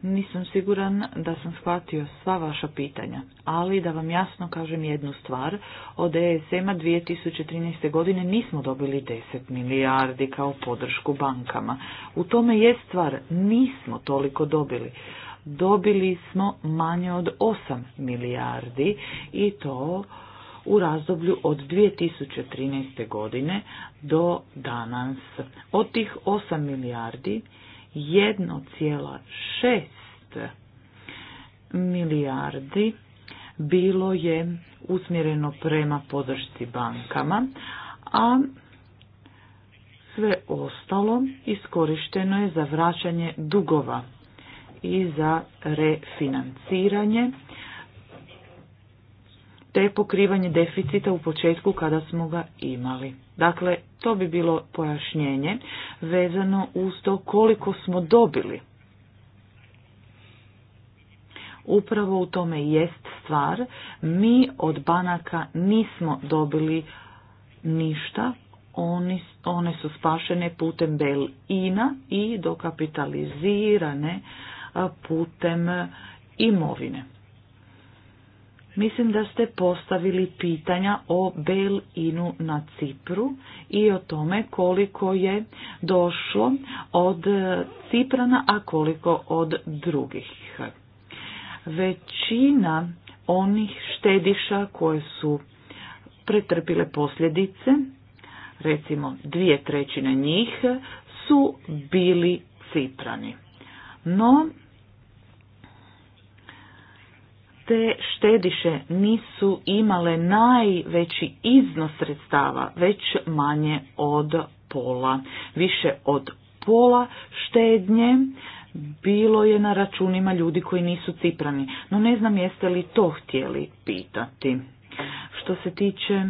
Nisam siguran da sam shvatio sva vaša pitanja, ali da vam jasno kažem jednu stvar, od ESM-a 2013. godine nismo dobili 10 milijardi kao podršku bankama. U tome je stvar, nismo toliko dobili dobili smo manje od 8 milijardi i to u razdoblju od 2013. godine do danas. Od tih 8 milijardi 1,6 milijardi bilo je usmjereno prema podršci bankama, a sve ostalo iskorišteno je za vraćanje dugova i za refinanciranje te pokrivanje deficita u početku kada smo ga imali. Dakle, to bi bilo pojašnjenje vezano uz to koliko smo dobili. Upravo u tome jest stvar. Mi od banaka nismo dobili ništa. Oni, one su spašene putem Bel-ina i dokapitalizirane putem imovine. Mislim da ste postavili pitanja o Belinu na Cipru i o tome koliko je došlo od Ciprana, a koliko od drugih. Većina onih štediša koje su pretrpile posljedice, recimo dvije trećine njih, su bili Ciprani. No, te štediše nisu imale najveći iznos sredstava, već manje od pola. Više od pola štednje bilo je na računima ljudi koji nisu ciprani, no ne znam jeste li to htjeli pitati. Što se tiče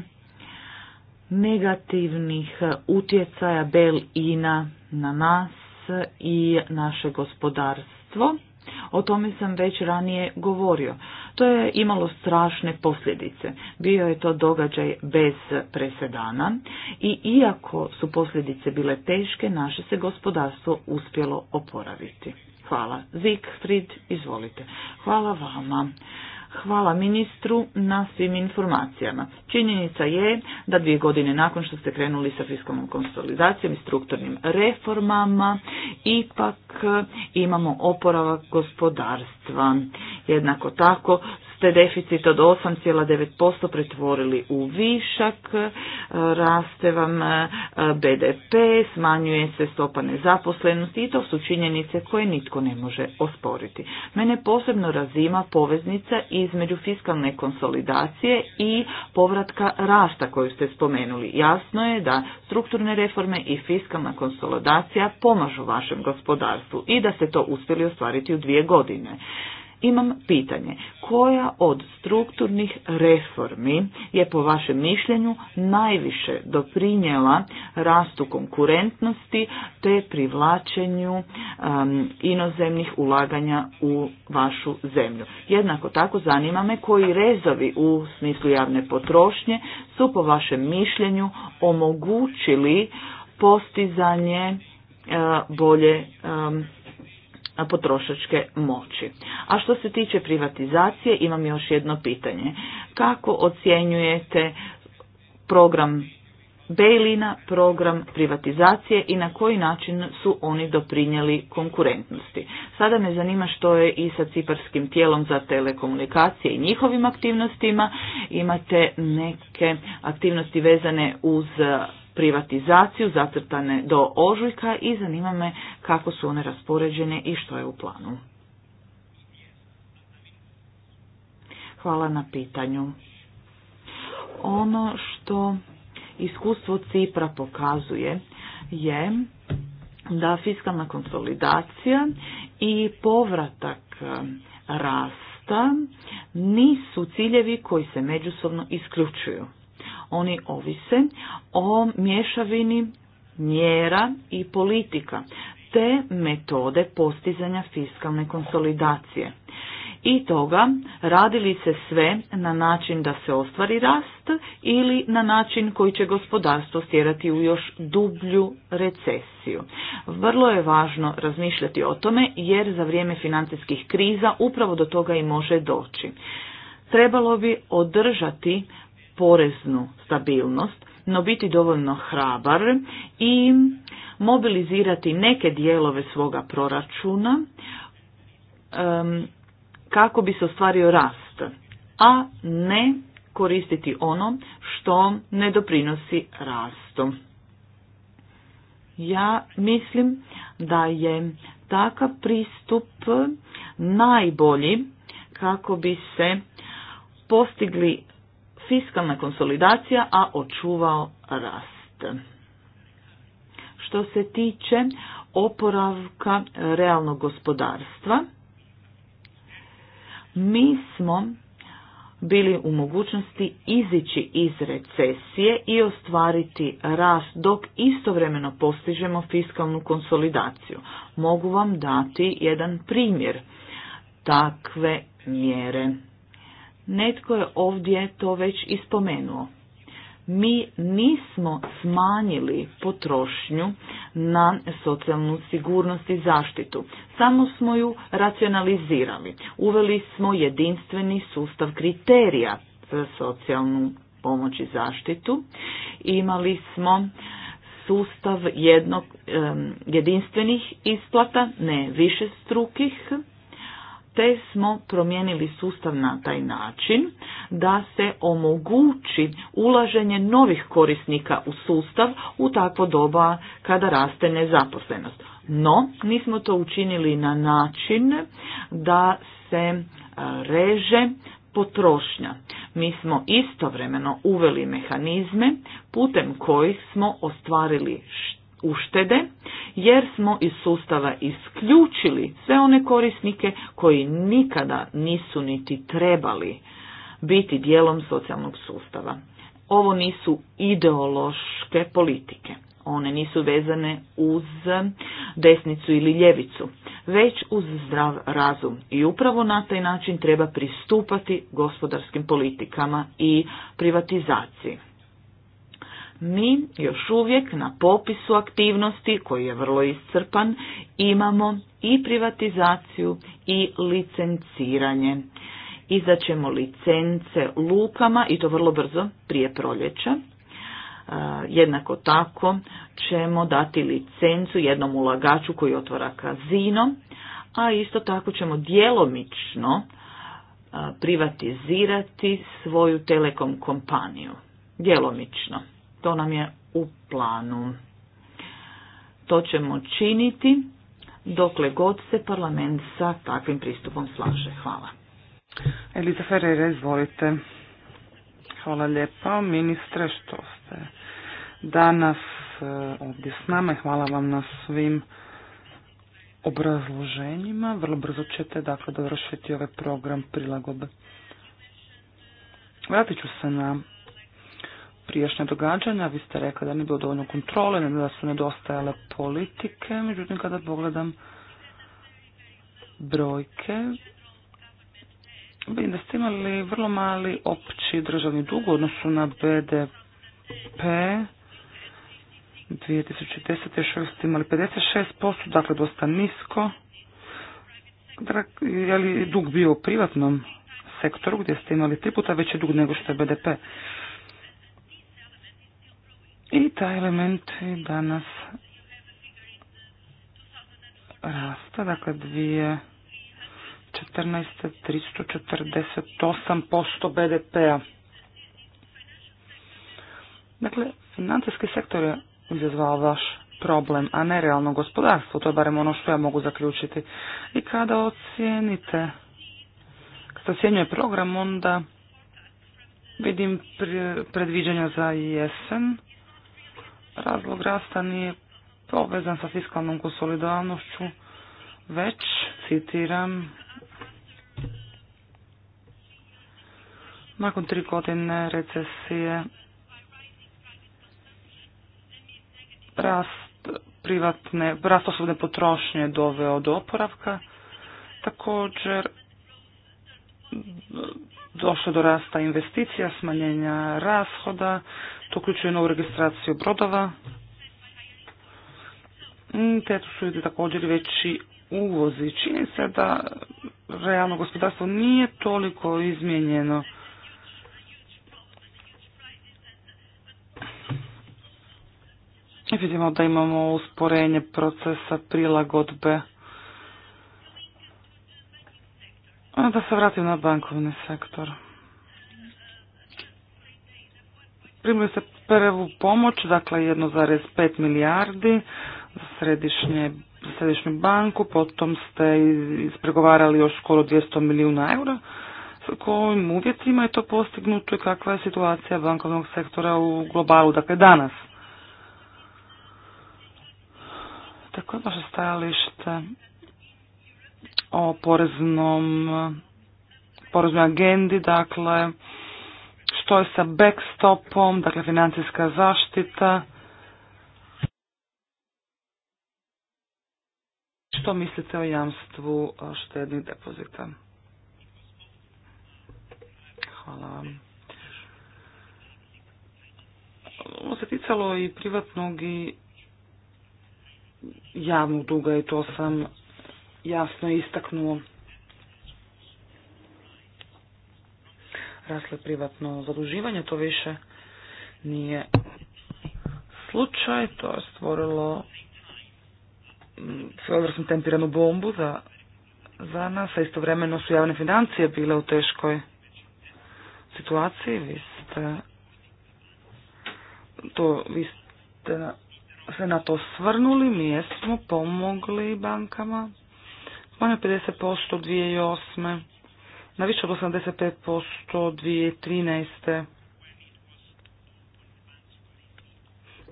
negativnih utjecaja Bel Ina na nas i naše gospodarstvo, o tome sam već ranije govorio. To je imalo strašne posljedice. Bio je to događaj bez presedana i iako su posljedice bile teške, naše se gospodarstvo uspjelo oporaviti. Hvala. Zikfrid, izvolite. Hvala vama. Hvala ministru na svim informacijama. Činjenica je da dvije godine nakon što ste krenuli sa fiskalnom konsolidacijom i strukturnim reformama, ipak imamo oporavak gospodarstva. Jednako tako deficit od 8,9% pretvorili u višak, e, raste vam e, BDP, smanjuje se stopa nezaposlenosti i to su činjenice koje nitko ne može osporiti. Mene posebno razima poveznica između fiskalne konsolidacije i povratka rasta koju ste spomenuli. Jasno je da strukturne reforme i fiskalna konsolidacija pomažu vašem gospodarstvu i da ste to uspjeli ostvariti u dvije godine. Imam pitanje, koja od strukturnih reformi je po vašem mišljenju najviše doprinjela rastu konkurentnosti te privlačenju um, inozemnih ulaganja u vašu zemlju? Jednako tako zanima me koji rezovi u smislu javne potrošnje su po vašem mišljenju omogućili postizanje uh, bolje um, potrošačke moći. A što se tiče privatizacije, imam još jedno pitanje. Kako ocjenjujete program Bejlina, program privatizacije i na koji način su oni doprinijeli konkurentnosti. Sada me zanima što je i sa ciparskim tijelom za telekomunikacije i njihovim aktivnostima. Imate neke aktivnosti vezane uz privatizaciju zacrtane do ožujka i zanima me kako su one raspoređene i što je u planu. Hvala na pitanju. Ono što iskustvo Cipra pokazuje je da fiskalna konsolidacija i povratak e, rasta nisu ciljevi koji se međusobno isključuju. Oni ovise o mješavini mjera i politika te metode postizanja fiskalne konsolidacije. I toga radili se sve na način da se ostvari rast ili na način koji će gospodarstvo stjerati u još dublju recesiju. Vrlo je važno razmišljati o tome jer za vrijeme financijskih kriza upravo do toga i može doći. Trebalo bi održati poreznu stabilnost, no biti dovoljno hrabar i mobilizirati neke dijelove svoga proračuna kako bi se ostvario rast, a ne koristiti ono što ne doprinosi rastu. Ja mislim da je takav pristup najbolji kako bi se postigli fiskalna konsolidacija, a očuvao rast. Što se tiče oporavka realnog gospodarstva, mi smo bili u mogućnosti izići iz recesije i ostvariti rast dok istovremeno postižemo fiskalnu konsolidaciju. Mogu vam dati jedan primjer takve mjere. Netko je ovdje to već ispomenuo. Mi nismo smanjili potrošnju na socijalnu sigurnost i zaštitu. Samo smo ju racionalizirali. Uveli smo jedinstveni sustav kriterija za socijalnu pomoć i zaštitu. Imali smo sustav jednog, jedinstvenih isplata, ne više strukih te smo promijenili sustav na taj način da se omogući ulaženje novih korisnika u sustav u takvo doba kada raste nezaposlenost. No, nismo to učinili na način da se e, reže potrošnja. Mi smo istovremeno uveli mehanizme putem kojih smo ostvarili uštede jer smo iz sustava isključili sve one korisnike koji nikada nisu niti trebali biti dijelom socijalnog sustava. Ovo nisu ideološke politike. One nisu vezane uz desnicu ili ljevicu, već uz zdrav razum. I upravo na taj način treba pristupati gospodarskim politikama i privatizaciji mi još uvijek na popisu aktivnosti koji je vrlo iscrpan imamo i privatizaciju i licenciranje. Izaćemo licence lukama i to vrlo brzo prije proljeća. E, jednako tako ćemo dati licencu jednom ulagaču koji otvara kazino, a isto tako ćemo djelomično e, privatizirati svoju telekom kompaniju. Djelomično to nam je u planu. To ćemo činiti dokle god se parlament sa takvim pristupom slaže. Hvala. Eliza Ferreira, izvolite. Hvala lijepa ministre što ste danas eh, ovdje s nama hvala vam na svim obrazloženjima. Vrlo brzo ćete dakle dovršiti ovaj program prilagodbe. Vratit ću se na prijašnja događanja, vi ste rekli da nije bilo dovoljno kontrole, da su nedostajale politike, međutim kada pogledam brojke, vidim da ste imali vrlo mali opći državni dug u odnosu na BDP 2010. još ste imali 56%, dakle dosta nisko. Je li dug bio u privatnom sektoru gdje ste imali tri puta veći dug nego što je BDP? I taj element je danas rasta, dakle 2014. 348% BDP-a. Dakle, financijski sektor je izazvao vaš problem, a ne realno gospodarstvo, to je barem ono što ja mogu zaključiti. I kada ocijenite, kada ocjenjuje program, onda vidim predviđanja za jesen, razlog rasta nije povezan sa fiskalnom konsolidarnošću, već, citiram, nakon tri godine recesije rast privatne, rast osobne potrošnje doveo do oporavka. Također došlo do rasta investicija, smanjenja rashoda, to uključuje novu registraciju brodova, mm, te su i također veći uvozi. Čini se da realno gospodarstvo nije toliko izmijenjeno. Vidimo da imamo usporenje procesa prilagodbe Da se vratim na bankovni sektor. Primili se prvu pomoć, dakle 1,5 milijardi za središnje, središnju banku, potom ste ispregovarali još skoro 200 milijuna eura. S kojim uvjetima je to postignuto i kakva je situacija bankovnog sektora u globalu, dakle danas? Tako je vaše stajalište o poreznom, poreznoj agendi, dakle, što je sa backstopom, dakle, financijska zaštita, Što mislite o jamstvu štednih depozita? Hvala vam. Ovo se ticalo i privatnog i javnog duga i to sam jasno istaknuo. Rasle privatno zaduživanje, to više nije slučaj, to je stvorilo mm, svojevrsnu tempiranu bombu za, za nas, a istovremeno su javne financije bile u teškoj situaciji, vi ste to, vi ste se na to svrnuli, mi jesmo pomogli bankama, manje 50% 2008. na više od 85% 2013.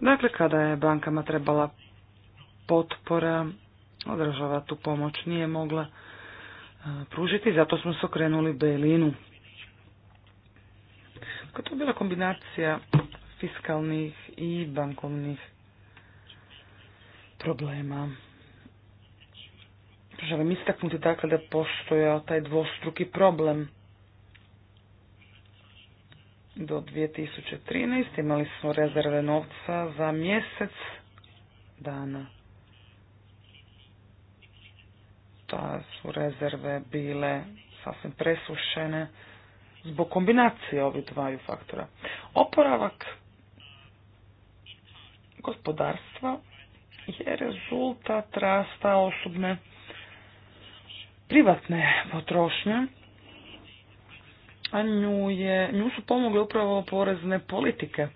Dakle, kada je bankama trebala potpora, država tu pomoć nije mogla e, pružiti, zato smo se okrenuli belinu Kada to je bila kombinacija fiskalnih i bankovnih problema. Želim istaknuti dakle da postoja taj dvostruki problem. Do 2013 imali smo rezerve novca za mjesec dana. Ta su rezerve bile sasvim presušene zbog kombinacije ovih dvaju faktora. Oporavak gospodarstva je rezultat rasta osobne privatne potrošnje, a nju, je, nju su pomogle upravo porezne politike.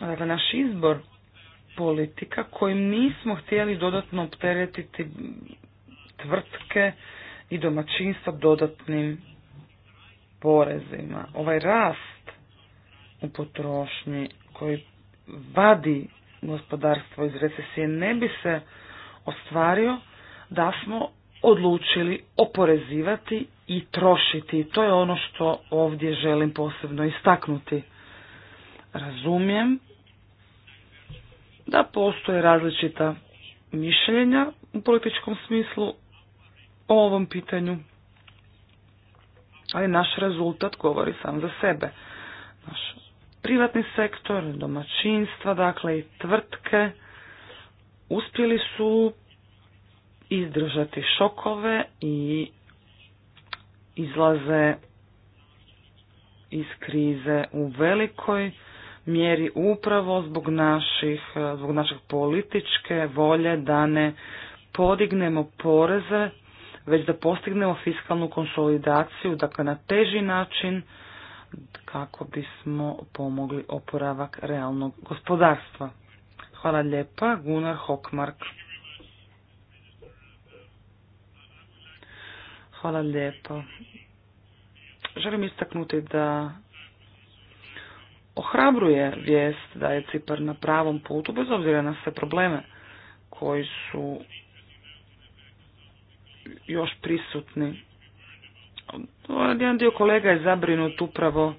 Dakle, naš izbor politika kojim nismo htjeli dodatno opteretiti tvrtke i domaćinstva dodatnim porezima. Ovaj rast u potrošnji koji vadi gospodarstvo iz recesije ne bi se ostvario da smo odlučili oporezivati i trošiti. To je ono što ovdje želim posebno istaknuti. Razumijem da postoje različita mišljenja u političkom smislu o ovom pitanju, ali naš rezultat govori sam za sebe. Naš privatni sektor, domaćinstva, dakle i tvrtke uspjeli su izdržati šokove i izlaze iz krize u velikoj mjeri upravo zbog naših, zbog našeg političke volje da ne podignemo poreze, već da postignemo fiskalnu konsolidaciju, dakle na teži način kako bismo pomogli oporavak realnog gospodarstva. Hvala lijepa, Gunnar Hokmark. Hvala lijepo. Želim istaknuti da ohrabruje vijest da je Cipar na pravom putu, bez obzira na sve probleme koji su još prisutni. Jedan dio kolega je zabrinut upravo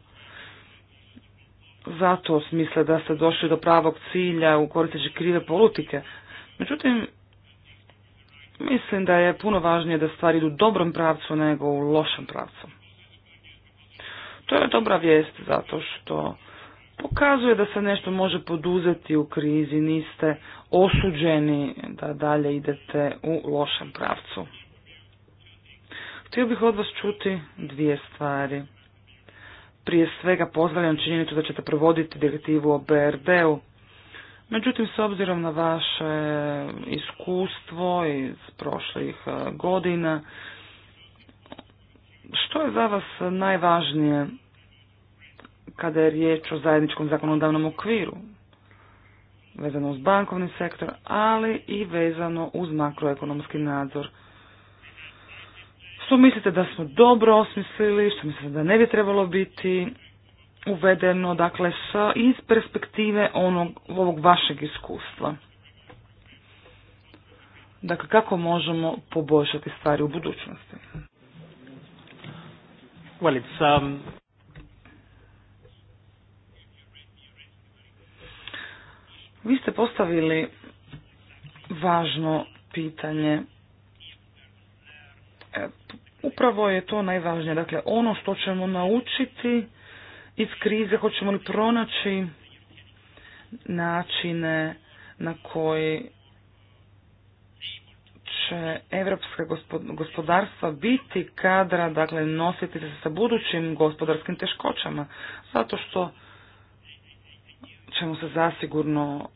zato smisle da ste došli do pravog cilja u koristeći krive politike. Međutim, Mislim da je puno važnije da stvari idu u dobrom pravcu nego u lošem pravcu. To je dobra vijest zato što pokazuje da se nešto može poduzeti u krizi, niste osuđeni da dalje idete u lošem pravcu. Htio bih od vas čuti dvije stvari. Prije svega pozdravljam činjenicu da ćete provoditi direktivu o BRD-u Međutim, s obzirom na vaše iskustvo iz prošlih e, godina, što je za vas najvažnije kada je riječ o zajedničkom zakonodavnom okviru, vezano uz bankovni sektor, ali i vezano uz makroekonomski nadzor? Što mislite da smo dobro osmislili, što mislite da ne bi trebalo biti uvedeno dakle s iz perspektive onog, ovog vašeg iskustva. Dakle, kako možemo poboljšati stvari u budućnosti? Well, um, Vi ste postavili važno pitanje. E, upravo je to najvažnije. Dakle, ono što ćemo naučiti iz krize, hoćemo li pronaći načine na koji će evropska gospodarstva biti kadra, dakle, nositi se sa budućim gospodarskim teškoćama, zato što ćemo se zasigurno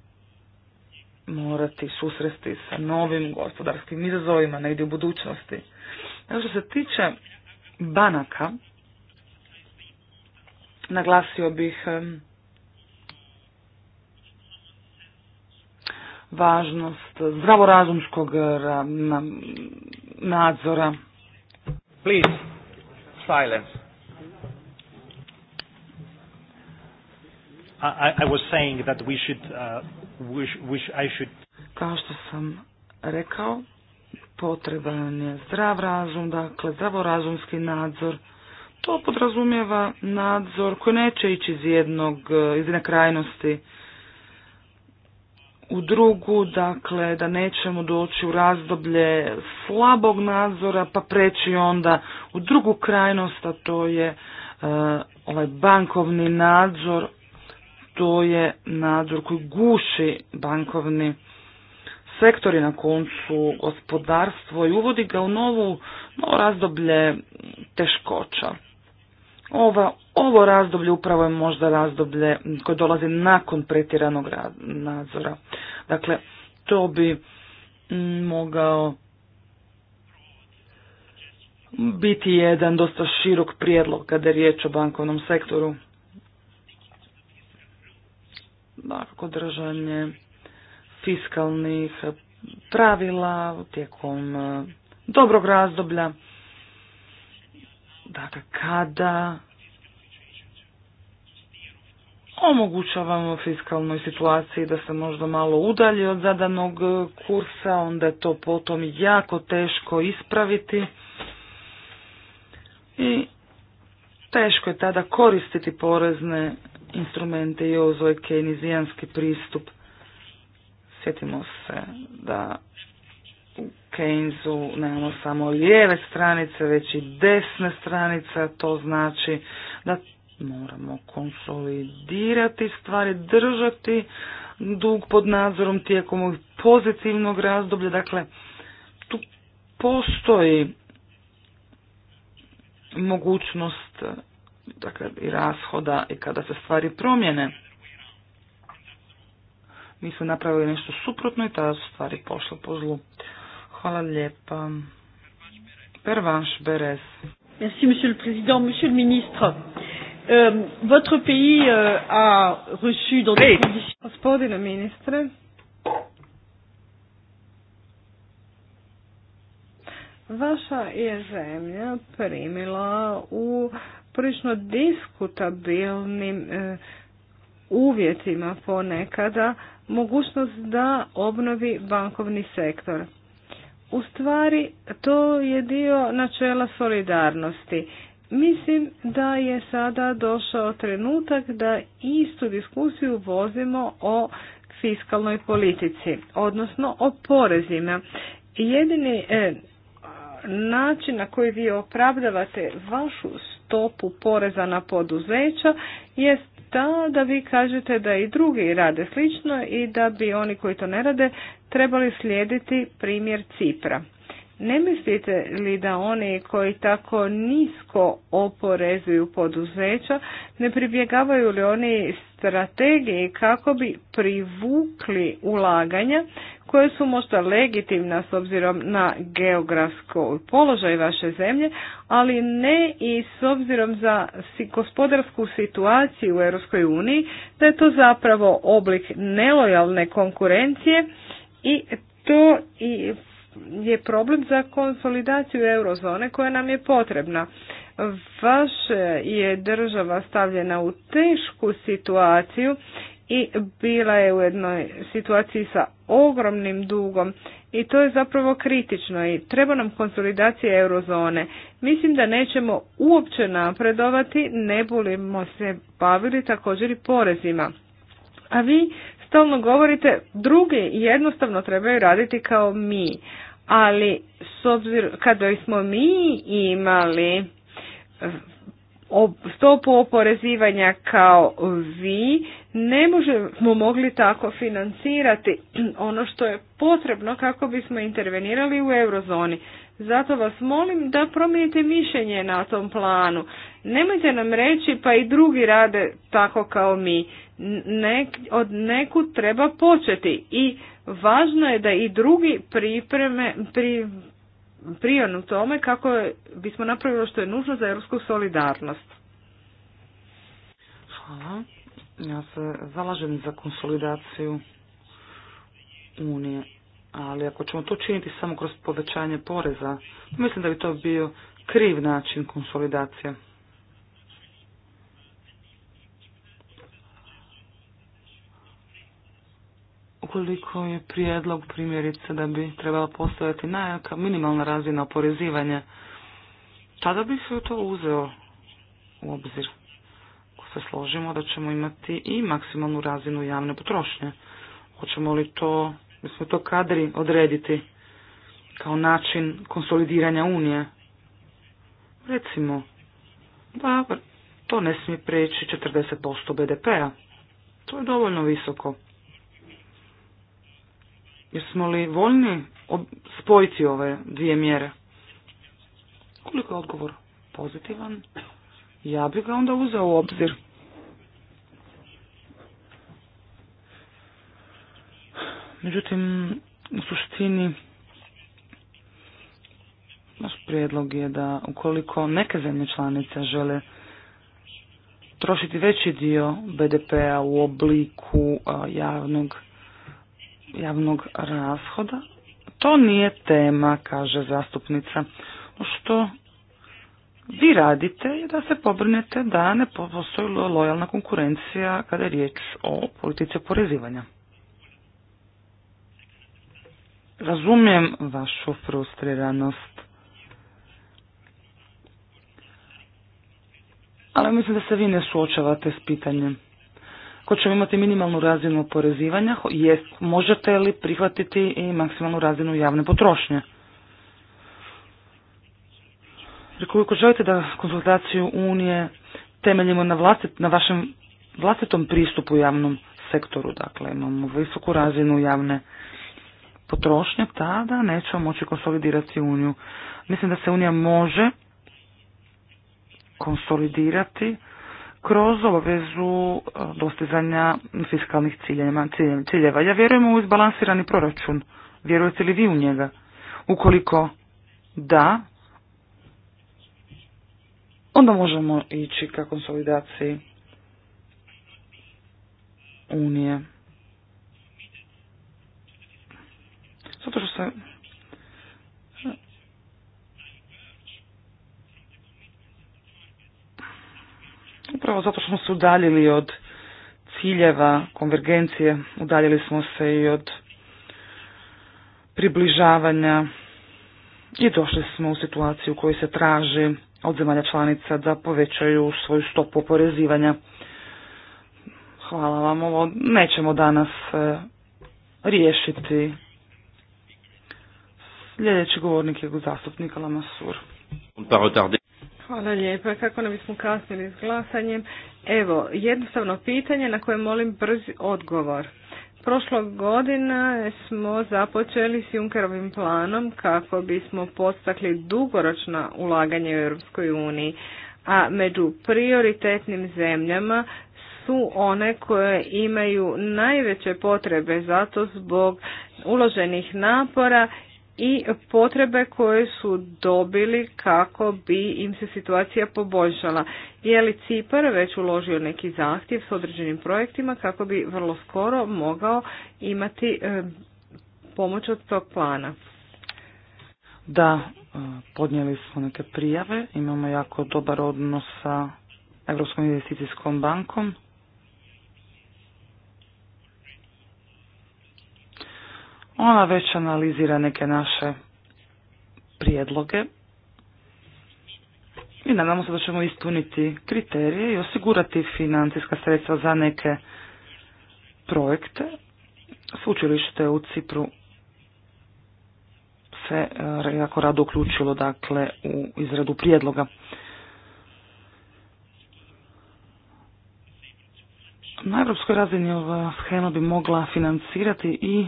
morati susresti sa novim gospodarskim izazovima negdje u budućnosti. Evo što se tiče banaka, Naglasio bih važnost zdravorazumskog nadzora. Please, silence. I, was saying that we should, uh, I should... Kao što sam rekao, potreban je zdrav razum, dakle zdravorazumski nadzor. To podrazumijeva nadzor koji neće ići iz jednog, eh, iz jedne krajnosti u drugu, dakle da nećemo doći u razdoblje slabog nadzora pa preći onda u drugu krajnost, a to je eh, ovaj bankovni nadzor, to je nadzor koji guši bankovni sektor i na koncu gospodarstvo i uvodi ga u novu, novo razdoblje teškoća. Ova, ovo razdoblje upravo je možda razdoblje koje dolazi nakon pretjeranog nadzora. Dakle, to bi mogao biti jedan dosta širok prijedlog kada je riječ o bankovnom sektoru. Dakle, fiskalnih pravila tijekom eh, dobrog razdoblja Dakle, kada omogućavamo fiskalnoj situaciji da se možda malo udalje od zadanog kursa, onda je to potom jako teško ispraviti i teško je tada koristiti porezne instrumente i ovo zove kenizijanski pristup. Sjetimo se da u Keynesu nemamo samo lijeve stranice, već i desne stranice, to znači da moramo konsolidirati stvari, držati dug pod nadzorom tijekom ovog pozitivnog razdoblja, dakle tu postoji mogućnost dakle, i rashoda i kada se stvari promjene. Mi smo napravili nešto suprotno i tada su stvari pošle po zlu. Hvala lijepa. Pervanš Beres. Merci, monsieur le président, monsieur le ministre. Euh, votre pays euh, a reçu dans des conditions... Gospodine ministre, vaša je zemlja primila u prično diskutabilnim e, uvjetima ponekada mogućnost da obnovi bankovni sektor. U stvari, to je dio načela solidarnosti. Mislim da je sada došao trenutak da istu diskusiju vozimo o fiskalnoj politici, odnosno o porezima. Jedini e, način na koji vi opravdavate vašu stopu poreza na poduzeća jest ta da vi kažete da i drugi rade slično i da bi oni koji to ne rade trebali slijediti primjer Cipra. Ne mislite li da oni koji tako nisko oporezuju poduzeća, ne pribjegavaju li oni strategiji kako bi privukli ulaganja koje su možda legitimna s obzirom na geografsko položaj vaše zemlje, ali ne i s obzirom za gospodarsku situaciju u Europskoj uniji, da je to zapravo oblik nelojalne konkurencije i to i je problem za konsolidaciju eurozone koja nam je potrebna. Vaša je država stavljena u tešku situaciju i bila je u jednoj situaciji sa ogromnim dugom i to je zapravo kritično i treba nam konsolidacija eurozone. Mislim da nećemo uopće napredovati, ne budemo se bavili također i porezima. A vi stalno govorite, drugi jednostavno trebaju raditi kao mi, ali s obzirom kada smo mi imali stopu oporezivanja kao vi, ne možemo mogli tako financirati ono što je potrebno kako bismo intervenirali u eurozoni. Zato vas molim da promijenite mišljenje na tom planu. Nemojte nam reći pa i drugi rade tako kao mi. Nek, od neku treba početi i važno je da i drugi pripreme, pri, prion u tome kako bismo napravili ono što je nužno za europsku solidarnost. Hvala. Ja se zalažem za konsolidaciju Unije, ali ako ćemo to činiti samo kroz povećanje poreza, mislim da bi to bio kriv način konsolidacije. ukoliko je prijedlog primjerice da bi trebala postojati najjaka minimalna razina oporezivanja, tada bi se to uzeo u obzir. Ako se složimo da ćemo imati i maksimalnu razinu javne potrošnje, hoćemo li to, mi smo to kadri odrediti kao način konsolidiranja Unije. Recimo, da to ne smije preći 40% BDP-a. To je dovoljno visoko. Jesmo li voljni spojiti ove dvije mjere? Koliko je odgovor pozitivan, ja bih ga onda uzeo u obzir. Međutim, u suštini, naš prijedlog je da ukoliko neke zemlje članice žele trošiti veći dio BDP-a u obliku javnog javnog rashoda. To nije tema, kaže zastupnica. Ono što vi radite je da se pobrinete da ne postoji lojalna konkurencija kada je riječ o politici oporezivanja. Razumijem vašu frustriranost. Ali mislim da se vi ne suočavate s pitanjem. Ko ćemo imati minimalnu razinu oporezivanja, jest, možete li prihvatiti i maksimalnu razinu javne potrošnje? Ukoliko želite da konsultaciju Unije temeljimo na, vlastit, na vašem vlastitom pristupu u javnom sektoru, dakle imamo visoku razinu javne potrošnje, tada nećemo moći konsolidirati Uniju. Mislim da se Unija može konsolidirati kroz obavezu e, dostizanja fiskalnih ciljeva. Ja vjerujem u izbalansirani proračun. Vjerujete li vi u njega? Ukoliko da, onda možemo ići ka konsolidaciji Unije. Zato što se Upravo zato što smo se udaljili od ciljeva konvergencije, udaljili smo se i od približavanja i došli smo u situaciju u kojoj se traži od zemalja članica da povećaju svoju stopu oporezivanja. Hvala vam, ovo nećemo danas e, riješiti. Sljedeći govornik je zastupnik Lamasur. Hvala lijepa. Kako ne bismo kasnili s glasanjem? Evo, jednostavno pitanje na koje molim brzi odgovor. Prošlo godina smo započeli s Junkerovim planom kako bismo postakli dugoročna ulaganja u Europskoj uniji, a među prioritetnim zemljama su one koje imaju najveće potrebe zato zbog uloženih napora i potrebe koje su dobili kako bi im se situacija poboljšala. Je li Cipar već uložio neki zahtjev s određenim projektima kako bi vrlo skoro mogao imati e, pomoć od tog plana? Da, e, podnijeli smo neke prijave, imamo jako dobar odnos sa Europskom investicijskom bankom. Ona već analizira neke naše prijedloge i nadamo se da ćemo ispuniti kriterije i osigurati financijska sredstva za neke projekte. Sveučilište u Cipru se e, jako rado uključilo dakle u izradu prijedloga. Na europskoj razini ova schema bi mogla financirati i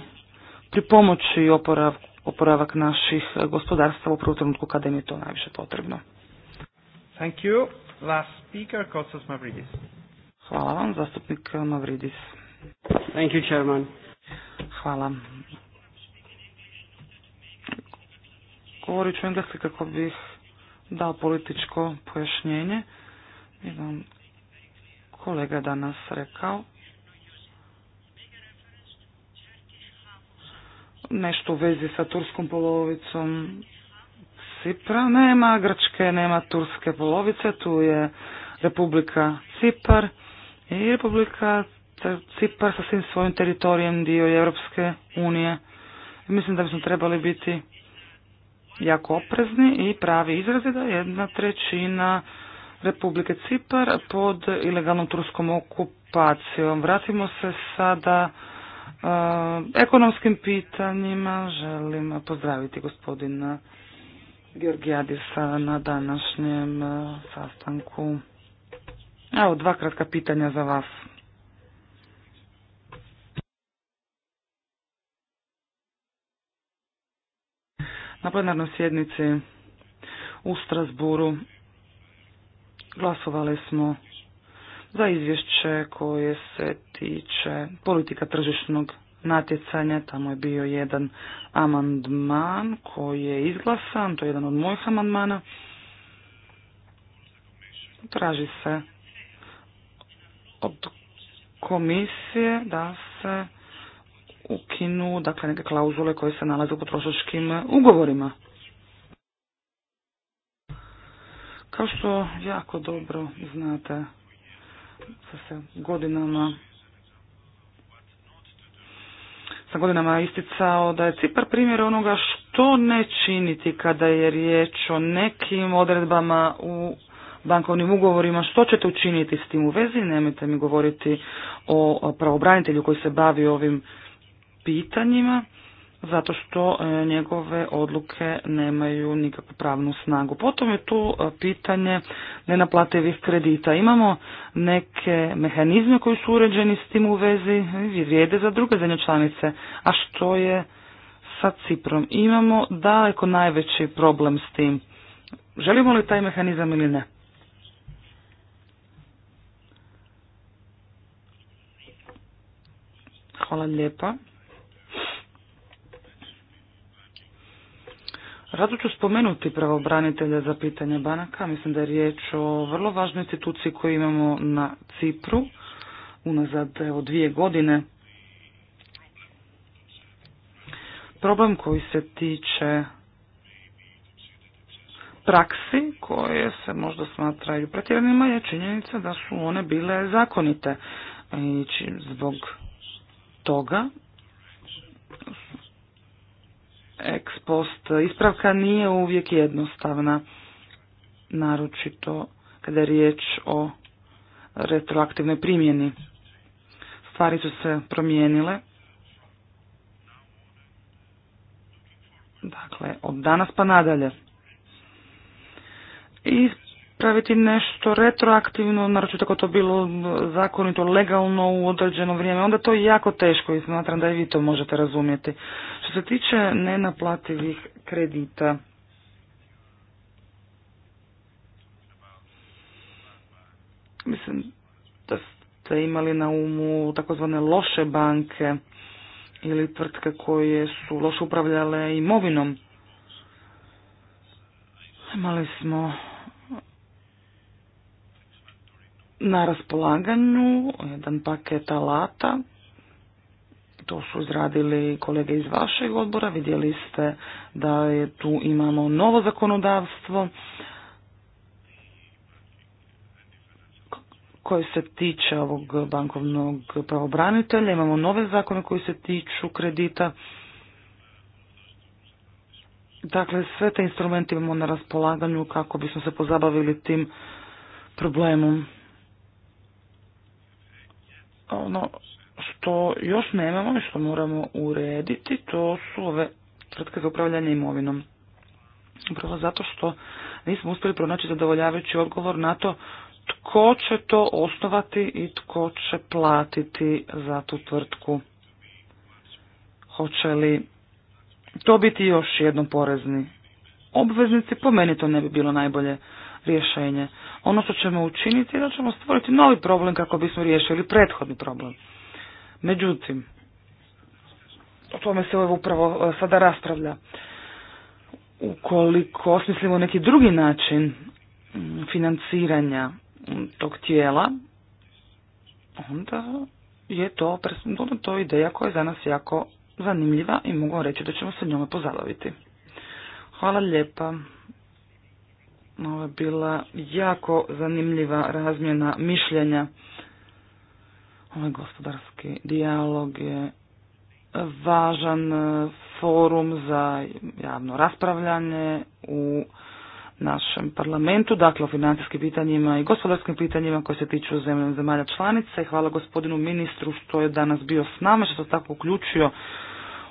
pripomoći oporav, oporavak naših gospodarstva u prvom trenutku kada im je to najviše potrebno. Thank you. Last speaker, Kostas Mavridis. Hvala vam, zastupnik Mavridis. Thank you, Chairman. Hvala. Govorit ću engleski kako bih dao političko pojašnjenje. Jedan kolega danas rekao nešto u vezi sa turskom polovicom Cipra. Nema Grčke, nema turske polovice, tu je Republika Cipar i Republika Cipar sa svim svojim teritorijem dio je Europske unije. Mislim da bismo trebali biti jako oprezni i pravi izrazi da jedna trećina Republike Cipar pod ilegalnom turskom okupacijom. Vratimo se sada Eh, ekonomskim pitanjima. Želim pozdraviti gospodina Georgijadisa na današnjem eh, sastanku. Evo, dva kratka pitanja za vas. Na plenarnoj sjednici u Strasburu glasovali smo za izvješće koje se tiče politika tržišnog natjecanja. Tamo je bio jedan amandman koji je izglasan, to je jedan od mojih amandmana. Traži se od komisije da se ukinu dakle, neke klauzule koje se nalaze u potrošačkim ugovorima. Kao što jako dobro znate, sa se godinama sa godinama isticao da je Cipar primjer onoga što ne činiti kada je riječ o nekim odredbama u bankovnim ugovorima, što ćete učiniti s tim u vezi, nemojte mi govoriti o pravobranitelju koji se bavi ovim pitanjima zato što e, njegove odluke nemaju nikakvu pravnu snagu. Potom je tu e, pitanje nenaplativih kredita. Imamo neke mehanizme koji su uređeni s tim u vezi i vrijede za druge zemlje članice. A što je sa Ciprom? Imamo daleko najveći problem s tim. Želimo li taj mehanizam ili ne? Hvala lijepa. Rado ću spomenuti pravobranitelja za pitanje banaka. Mislim da je riječ o vrlo važnoj instituciji koju imamo na Cipru unazad evo, dvije godine. Problem koji se tiče praksi koje se možda smatraju pretjeranima je činjenica da su one bile zakonite. I zbog toga ex post ispravka nije uvijek jednostavna, naročito kada je riječ o retroaktivnoj primjeni. Stvari su se promijenile. Dakle, od danas pa nadalje. I praviti nešto retroaktivno, naročito ako to bilo zakonito, legalno u određeno vrijeme, onda to je jako teško i smatram da i vi to možete razumjeti. Što se tiče nenaplativih kredita, mislim da ste imali na umu takozvane loše banke ili tvrtke koje su loše upravljale imovinom. Imali smo na raspolaganju jedan paket alata. To su izradili kolege iz vašeg odbora. Vidjeli ste da je tu imamo novo zakonodavstvo koje se tiče ovog bankovnog pravobranitelja. Imamo nove zakone koji se tiču kredita. Dakle, sve te instrumente imamo na raspolaganju kako bismo se pozabavili tim problemom ono što još nemamo i što moramo urediti, to su ove tvrtke za upravljanje imovinom. Upravo zato što nismo uspjeli pronaći zadovoljavajući odgovor na to tko će to osnovati i tko će platiti za tu tvrtku. Hoće li to biti još jednom porezni obveznici? Po meni to ne bi bilo najbolje rješenje. Ono što ćemo učiniti je da ćemo stvoriti novi problem kako bismo riješili prethodni problem. Međutim, o tome se ovo upravo e, sada raspravlja. Ukoliko osmislimo neki drugi način mm, financiranja mm, tog tijela, onda je to, onda to ideja koja je za nas jako zanimljiva i mogu reći da ćemo se njome pozabaviti. Hvala lijepa. Ovo je bila jako zanimljiva razmjena mišljenja. Ovaj gospodarski dijalog je važan e, forum za javno raspravljanje u našem parlamentu, dakle o financijskim pitanjima i gospodarskim pitanjima koje se tiču zemlje zemalja članica i hvala gospodinu ministru što je danas bio s nama, što se tako uključio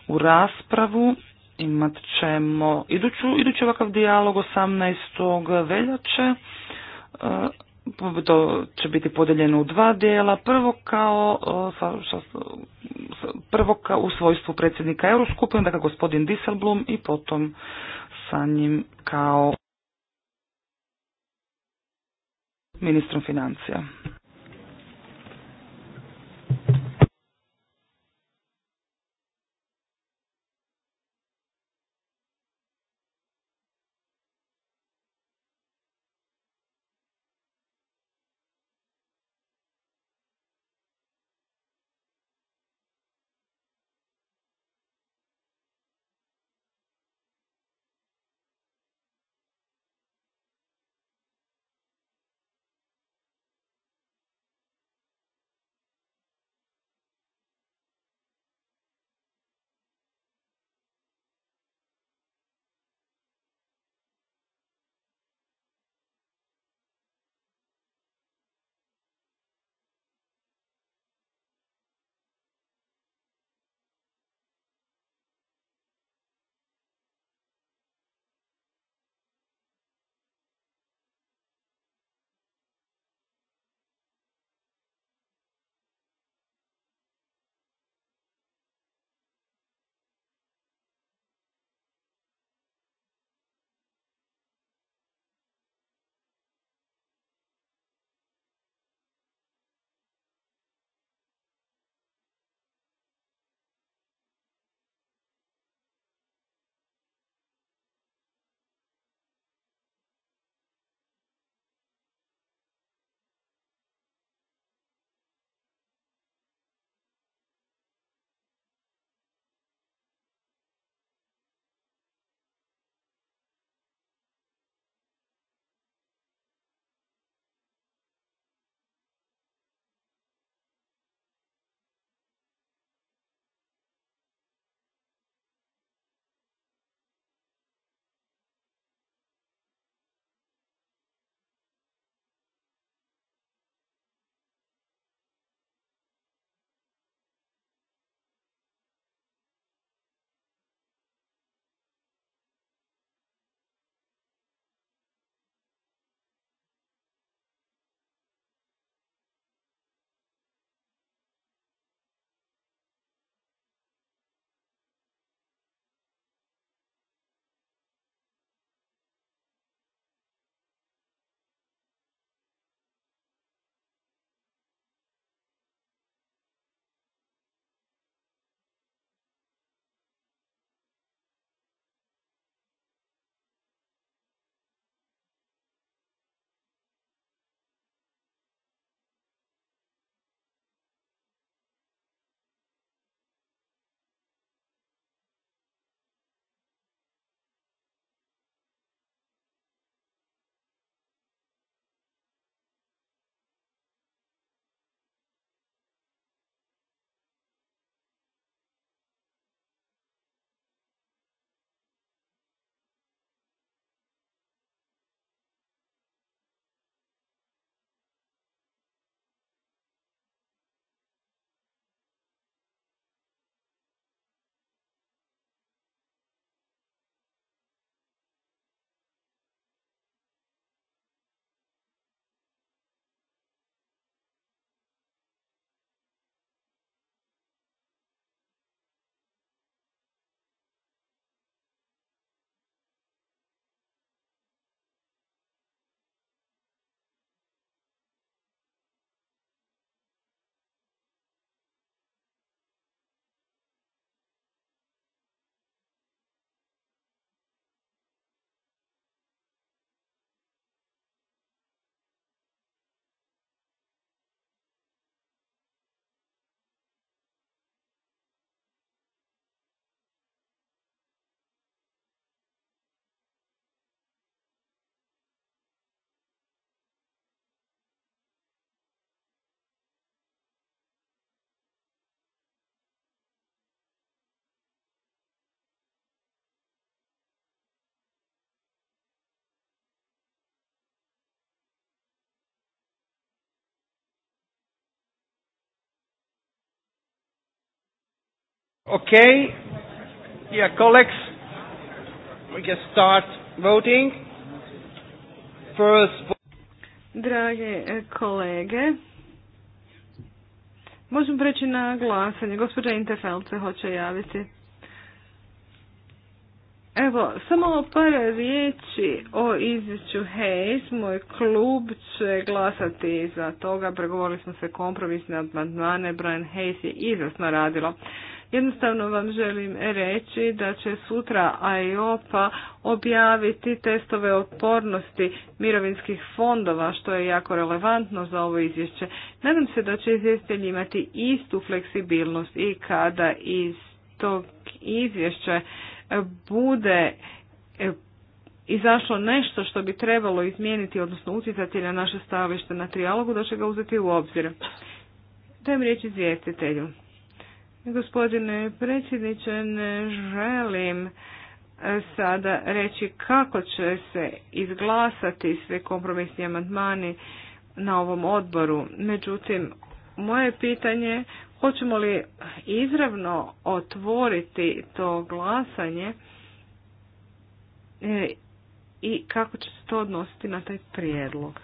u raspravu imat ćemo iduću, idući ovakav dijalog 18. veljače. E, to će biti podeljeno u dva dijela. Prvo kao, e, prvo kao u svojstvu predsjednika Euroskupina, dakle gospodin Disselblum i potom sa njim kao ministrom financija. Okay. Yeah, colleagues, we can start voting. First. Drage kolege, možemo preći na glasanje. Gospođa Interfeld se hoće javiti. Evo, samo par riječi o izvješću Hayes. Moj klub će glasati za toga. Pregovorili smo se kompromisne amandmane. Brian Hayes je izvrsno radilo. Jednostavno vam želim reći da će sutra AIOPA e objaviti testove otpornosti mirovinskih fondova, što je jako relevantno za ovo izvješće. Nadam se da će izvjestitelj imati istu fleksibilnost i kada iz tog izvješća bude e, izašlo nešto što bi trebalo izmijeniti, odnosno utjecati na naše stavište na trijalogu, da će ga uzeti u obzir. Dajem riječ izvjestitelju. Gospodine predsjedniče, ne želim e, sada reći kako će se izglasati sve kompromisni amandmani na ovom odboru. Međutim, moje pitanje hoćemo li izravno otvoriti to glasanje e, i kako će se to odnositi na taj prijedlog.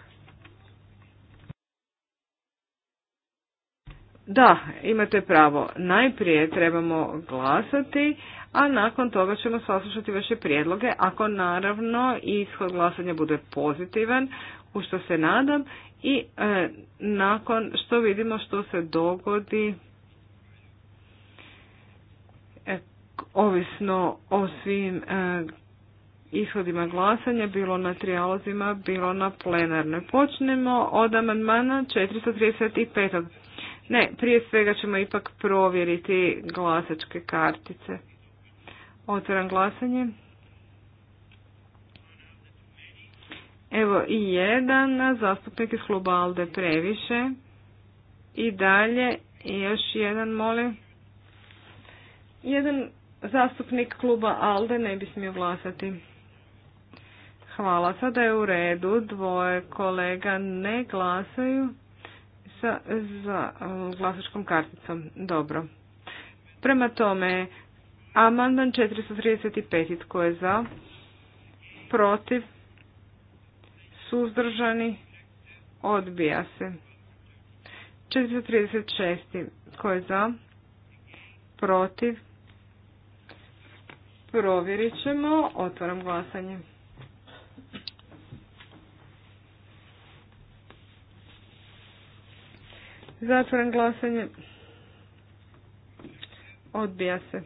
Da, imate pravo. Najprije trebamo glasati, a nakon toga ćemo saslušati vaše prijedloge. Ako naravno ishod glasanja bude pozitivan, u što se nadam, i e, nakon što vidimo što se dogodi e, ovisno o svim e, ishodima glasanja, bilo na trijalozima, bilo na plenarnoj. Počnemo od amandmana 435. Ne, prije svega ćemo ipak provjeriti glasačke kartice. Otvaram glasanje. Evo i jedan zastupnik iz kluba Alde previše. I dalje i još jedan molim. Jedan zastupnik kluba Alde ne bi smio glasati. Hvala, sada je u redu, dvoje kolega ne glasaju za glasačkom karticom. Dobro. Prema tome, amandman 435. Tko je za? Protiv? Suzdržani? Odbija se. 436. Tko je za? Protiv? Provjerit ćemo. Otvaram glasanje. Zatvoren glasanje. Odbija se.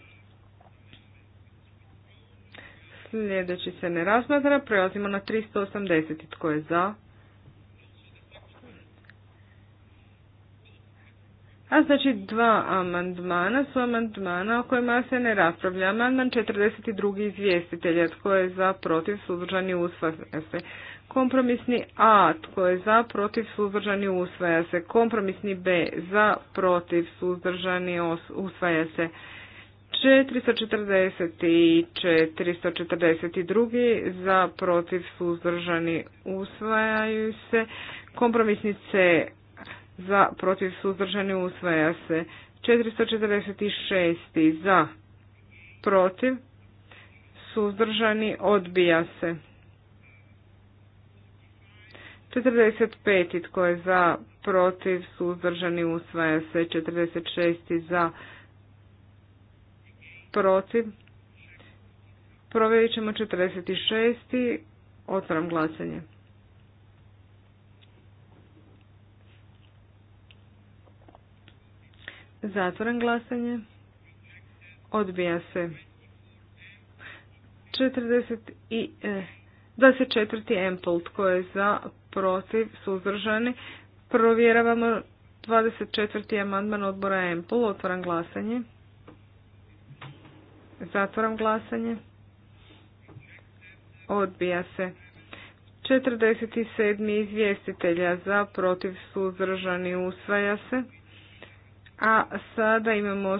Sljedeći se ne razmatra. Prelazimo na 380. Tko je za? A znači dva amandmana su amandmana o kojima se ne raspravlja. Amandman 42. izvjestitelja tko je za protiv sudržani usvaja se. Kompromisni A, tko je za, protiv, suzdržani, usvaja se. Kompromisni B, za, protiv, suzdržani, usvaja se. 440 i 442 za, protiv, suzdržani, usvajaju se. Kompromisni C, za, protiv, suzdržani, usvaja se. 446 za, protiv, suzdržani, odbija se. 45. Tko je za? Protiv? Suzdržani? Usvaja se. 46. Za? Protiv? Provjerit ćemo 46. Otvaram glasanje. Zatvaram glasanje. Odbija se. 40 i... Eh, 24. Empl, tko je za, protiv, suzdržani. Provjeravamo 24. amandman odbora Empl, otvaram glasanje. Zatvaram glasanje. Odbija se. 47. izvjestitelja za, protiv, suzdržani, usvaja se. A sada imamo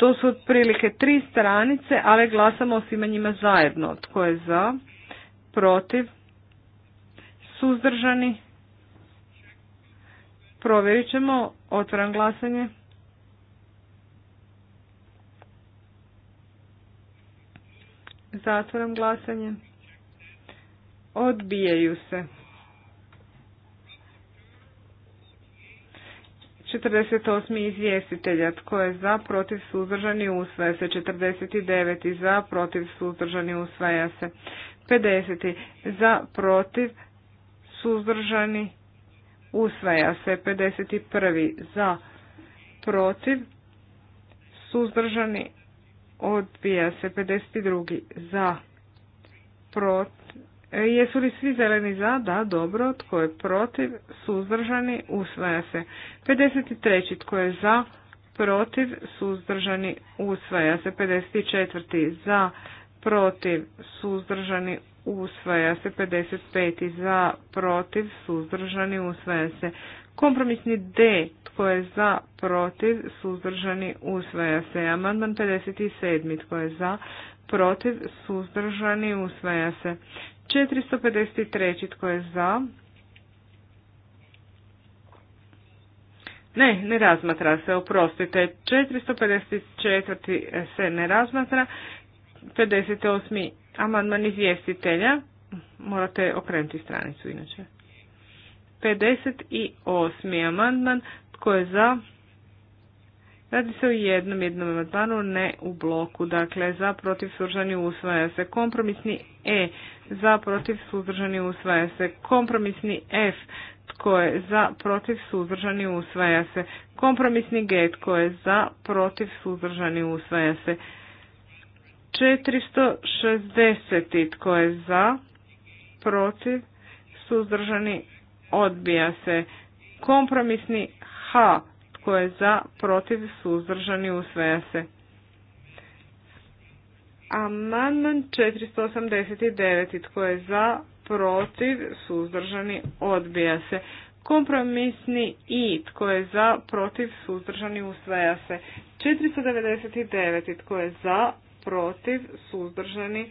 To su otprilike tri stranice, ali glasamo o svima njima zajedno. Tko je za, protiv, suzdržani? Provjerit ćemo. Otvaram glasanje. Zatvoram glasanje. Odbijaju se. 48. izvjestitelja tko je za, protiv, suzdržani, usvaja se. 49. za, protiv, suzdržani, usvaja se. 50. za, protiv, suzdržani, usvaja se. 51. za, protiv, suzdržani, odbija se. 52. za, protiv, E, jesu li svi zeleni za? Da, dobro. Tko je protiv? Suzdržani? Usvaja se. 53. Tko je za? Protiv? Suzdržani? Usvaja se. 54. Za? Protiv? Suzdržani? Usvaja se. 55. Za? Protiv? Suzdržani? Usvaja se. Kompromisni D. Tko je za? Protiv? Suzdržani? Usvaja se. Amandman 57. Tko je za? Protiv? Suzdržani? Usvaja se. 453. Tko je za? Ne, ne razmatra se, oprostite. 454. se ne razmatra. 58. amandman izvjestitelja. Morate okrenuti stranicu inače. 58. amandman. Tko je za? Radi se o jednom jednom amandmanu, ne u bloku. Dakle, za protiv suzdržani usvaja se kompromisni E. Za protiv suzdržani usvaja se kompromisni F. Tko je za protiv suzdržani usvaja se kompromisni G. Tko je za protiv suzdržani usvaja se 460. Tko je za protiv suzdržani odbija se kompromisni H tko je za, protiv, suzdržani, usvaja se. Amandman 489. Tko je za, protiv, suzdržani, odbija se. Kompromisni i tko je za, protiv, suzdržani, usvaja se. 499. Tko je za, protiv, suzdržani,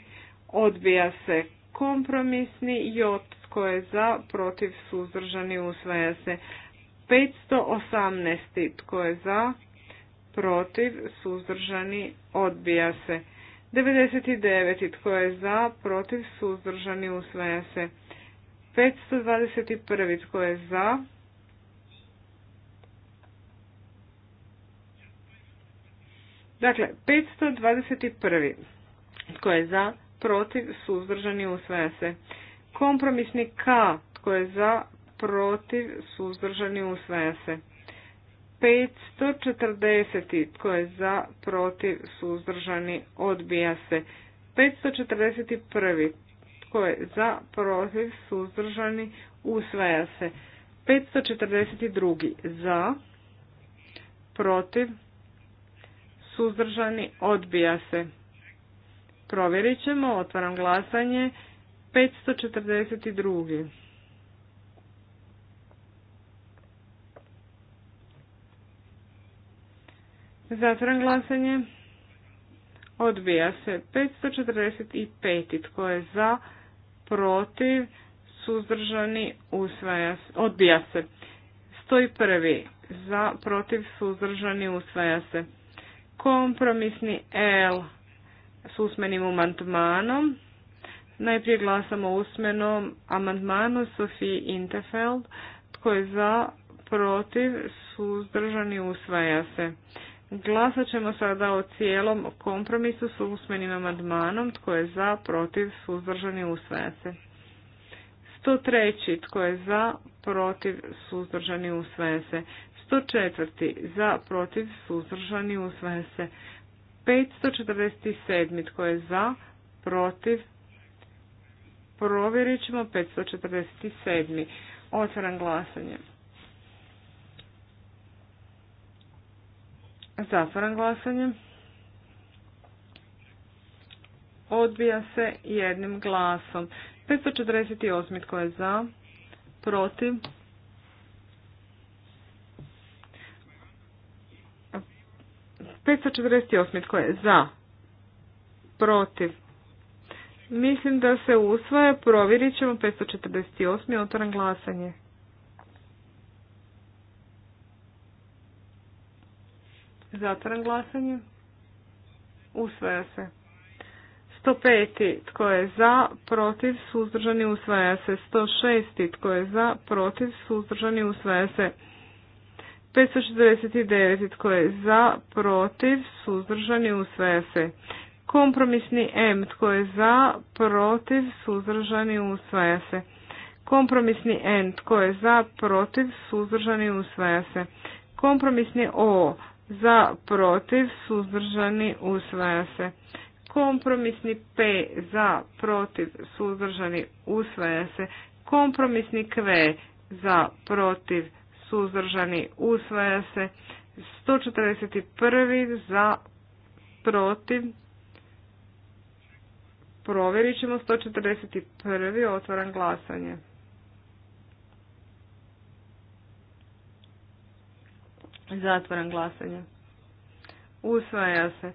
odbija se. Kompromisni j tko je za, protiv, suzdržani, usvaja se. 518. Tko je za? Protiv? Suzdržani? Odbija se. 99. Tko je za? Protiv? Suzdržani? Usvaja se. 521. Tko je za? Dakle, 521. Tko je za? Protiv? Suzdržani? Usvaja se. Kompromisni K. Tko je za? protiv, suzdržani, usvaja se. 540. Tko je za, protiv, suzdržani, odbija se. 541. Tko je za, protiv, suzdržani, usvaja se. 542. Za, protiv, suzdržani, odbija se. Provjerit ćemo, otvaram glasanje. 542. Zatvoren glasanje. Odbija se 545. Tko je za? Protiv? Suzdržani? Usvaja se. Odbija se. 101. Za? Protiv? Suzdržani? Usvaja se. Kompromisni L s usmenim amandmanom. Najprije glasamo usmenom amandmanu Sofie Interfeld. Tko je za? Protiv? Suzdržani? Usvaja se. Glasat ćemo sada o cijelom kompromisu s usmenim amandmanom. Tko je za, protiv, suzdržani, usvaja se. 103. Tko je za, protiv, suzdržani, usvaja se. 104. Za, protiv, suzdržani, usvaja se. 547. Tko je za, protiv, provjerit ćemo 547. Otvaram glasanje. Zatvoram glasanje. Odbija se jednim glasom. 548. Tko je za? Protiv? 548. tko je za? Protiv. Mislim da se usvaja. Provjerit ćemo 548. Otvoram glasanje. Zatvaram glasanje. Usvaja se. 105. Tko je za, protiv, suzdržani, usvaja se. 106. Tko je za, protiv, suzdržani, usvaja se. 549. Tko je za, protiv, suzdržani, usvaja se. Kompromisni M. Tko je za, protiv, suzdržani, usvaja se. Kompromisni N. Tko je za, protiv, suzdržani, usvaja se. Kompromisni O za protiv suzdržani usvaja se. Kompromisni P za protiv suzdržani usvaja se. Kompromisni Q za protiv suzdržani usvaja se. 141 za protiv provjerit ćemo 141. otvoran glasanje. Zatvaram glasanje. Usvaja se.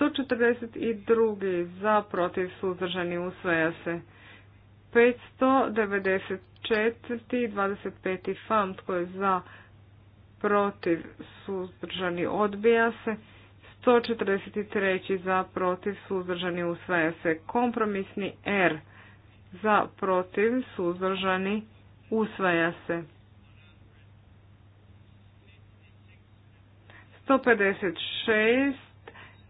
142. Za, protiv, suzdržani. Usvaja se. 594. 25. FAM. Tko je za, protiv, suzdržani. Odbija se. 143. Za, protiv, suzdržani. Usvaja se. Kompromisni R. Za, protiv, suzdržani. Usvaja se. 156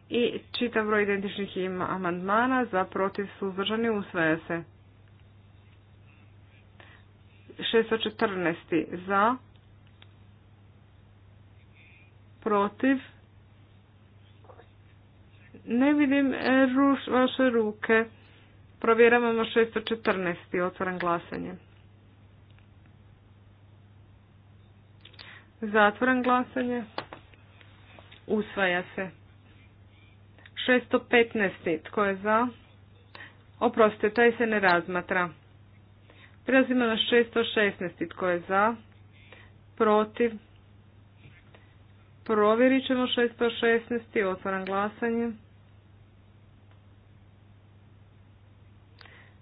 i čitav broj identičnih ima amandmana za protiv suzdržani usvaja se. 614. za protiv ne vidim e, vaše ruke. Provjeravamo 614. Otvaram glasanje. Zatvaram glasanje. Usvaja se. 615. Tko je za? Oprostite, taj se ne razmatra. Prelazimo na 616. Tko je za? Protiv? Provjerit ćemo 616. Otvaram glasanje.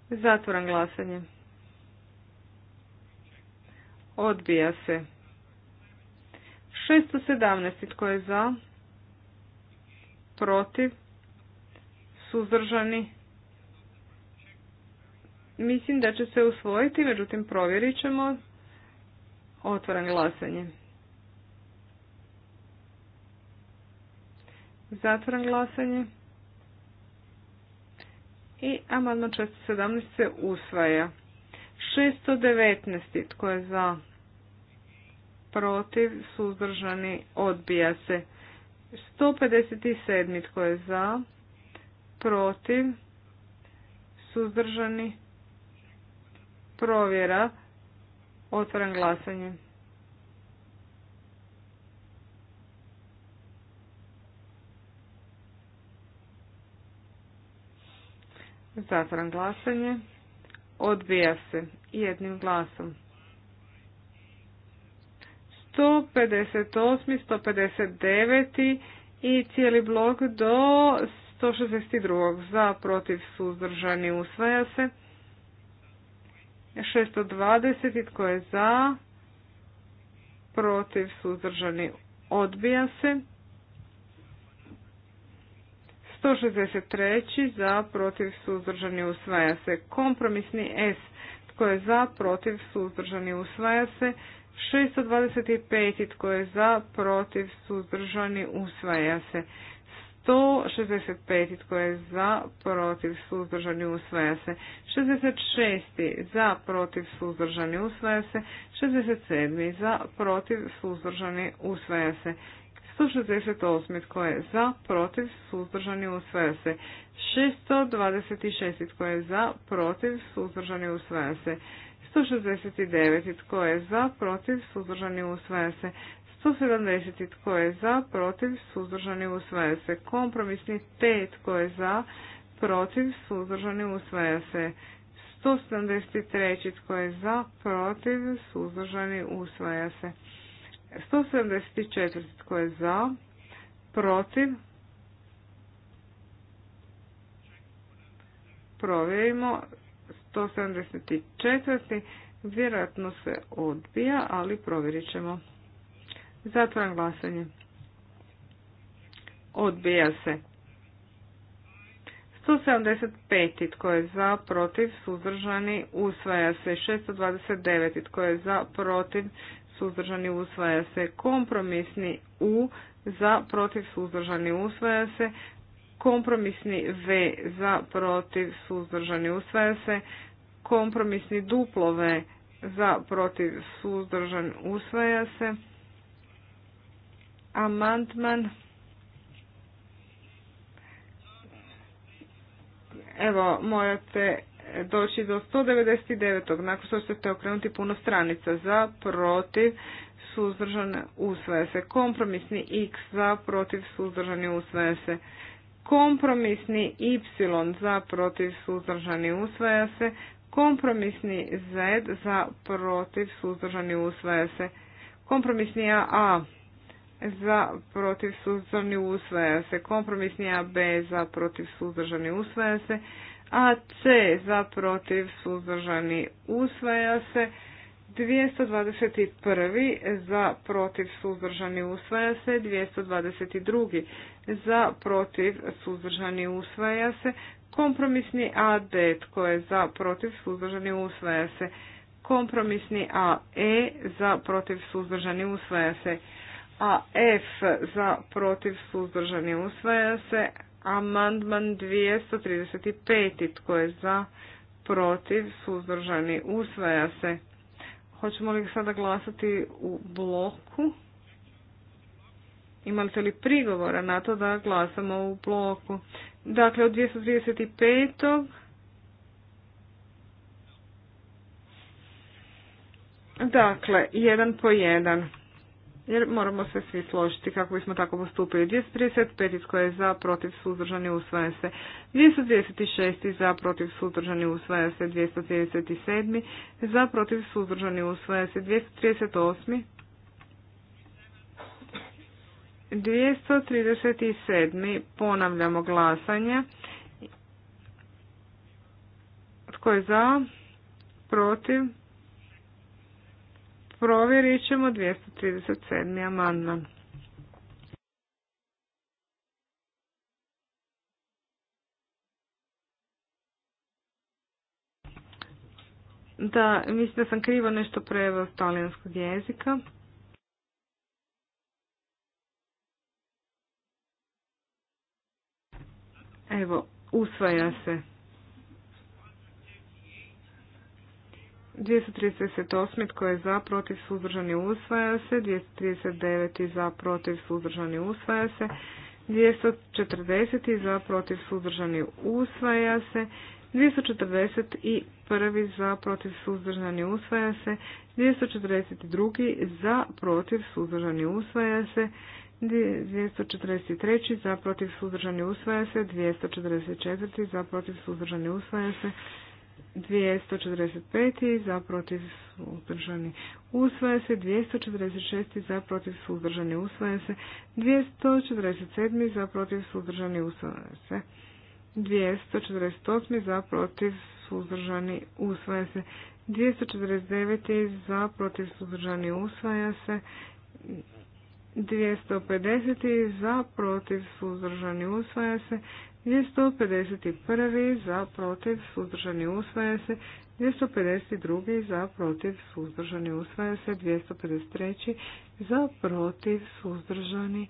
Zatvoram glasanje. Odbija se. 617. Tko je za? protiv, suzdržani. Mislim da će se usvojiti, međutim provjerit ćemo. Otvoren glasanje. Zatvoren glasanje. I amandman 417 se usvaja. 619. Tko je za? Protiv, suzdržani, odbija se. 157. Tko je za? Protiv? Suzdržani? Provjera. otvoren glasanje. Zatvoren glasanje. Odbija se jednim glasom. 158, 159 i cijeli blok do 162. Za, protiv, suzdržani, usvaja se. 620. Tko je za? Protiv, suzdržani, odbija se. 163. Za, protiv, suzdržani, usvaja se. Kompromisni S. Tko je za, protiv, suzdržani, usvaja se. 625. Tko je za, protiv, suzdržani, usvaja se. 165. Tko je za, protiv, suzdržani, usvaja se. 66. Za, protiv, suzdržani, usvaja se. 67. Za, protiv, suzdržani, usvaja se. 168. Tko je za, protiv, suzdržani, usvaja se. 626. Tko je za, protiv, suzdržani, usvaja se. 169. Tko je za? Protiv? Suzdržani usvaja se. 170. Tko je za? Protiv? Suzdržani usvaja se. Kompromisni 5. Tko je za? Protiv? Suzdržani usvaja se. 173. Tko je za? Protiv? Suzdržani usvaja se. 174. Tko je za? Protiv? Provjerimo. 174. Vjerojatno se odbija, ali provjerit ćemo. Zatvaram glasanje. Odbija se. 175. Tko je za, protiv, suzdržani, usvaja se. 629. Tko je za, protiv, suzdržani, usvaja se. Kompromisni U za, protiv, suzdržani, usvaja se kompromisni V za protiv suzdržani usvaja se, kompromisni duplo V za protiv suzdržan usvaja se, amandman Evo, morate doći do 199. Nakon što ćete okrenuti puno stranica za, protiv, suzdržan usvaja se. Kompromisni x za, protiv, suzdržani usvaja se kompromisni y za protiv suzdržani usvaja se, kompromisni z za protiv suzdržani usvaja se, kompromisni a za protiv suzdržani usvaja se, kompromisni b za protiv suzdržani usvaja se, a c za protiv suzdržani usvaja se, 221. za protiv suzdržani usvaja se, 222. za protiv suzdržani usvaja se, kompromisni AD tko je za protiv suzdržani usvaja se, kompromisni A E za protiv suzdržani usvaja se, A F za protiv suzdržani usvaja se, amandman 235. tko je za protiv suzdržani usvaja se. Hoćemo li sada glasati u bloku? Imate li prigovora na to da glasamo u bloku? Dakle, od 235. Dakle, jedan po jedan jer moramo se svi složiti kako bismo tako postupili. 235 iz koje je za, protiv, suzdržani, usvaja se. 236 za, protiv, suzdržani, usvaja se. 237 za, protiv, suzdržani, usvaja se. 238 237. Ponavljamo glasanje. Tko je za? Protiv? provjerit ćemo 237. amandman. Da, mislim da sam krivo nešto preveo talijanskog jezika. Evo, usvaja se. 238. tko je za, protiv, suzdržani, usvaja se. 239. za, protiv, suzdržani, usvaja se. 240. za, protiv, suzdržani, usvaja se. 241. za, protiv, suzdržani, usvaja se. 242. za, protiv, suzdržani, usvaja se. 243. za, protiv, suzdržani, usvaja se. 244. za, protiv, suzdržani, usvaja se. 245 za protiv suzdržani usvaja se, 246 za protiv suzdržani usvaja se, 247 za protiv suzdržani usvaja se, 248 za protiv suzdržani usvaja se, 249 za protiv suzdržani usvaja se, 250 za protiv suzdržani usvaja se, 251. za protiv suzdržani usvaja se, 252. za protiv suzdržani usvaja se, 253. za protiv suzdržani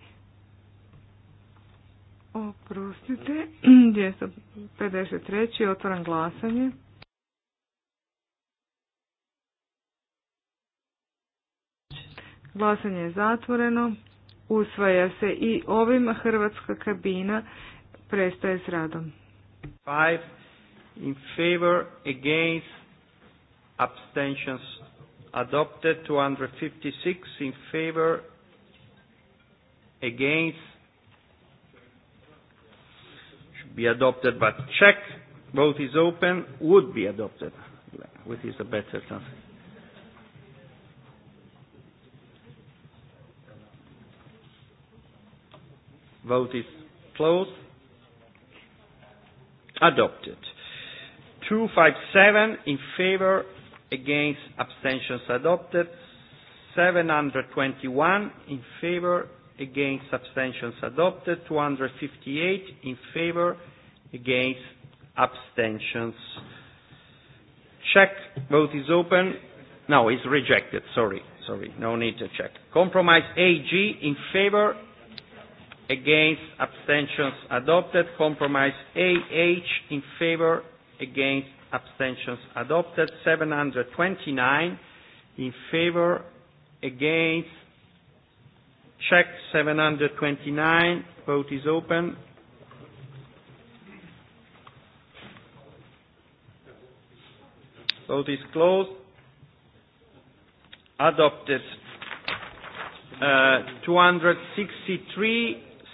oprostite, 253. otvoran glasanje. Glasanje je zatvoreno. Usvaja se i ovim hrvatska kabina prestaje s radom. Five in favor against abstentions adopted 256 in favor against should be adopted but check vote is open would be adopted which is a better chance vote is closed Adopted. 257 in favor, against abstentions adopted. 721 in favor, against abstentions adopted. 258 in favor, against abstentions. Check. Vote is open. No, it's rejected. Sorry. Sorry. No need to check. Compromise AG in favor, against abstentions adopted compromise AH in favor against abstentions adopted 729 in favor against check 729 vote is open vote is closed adopted uh, 263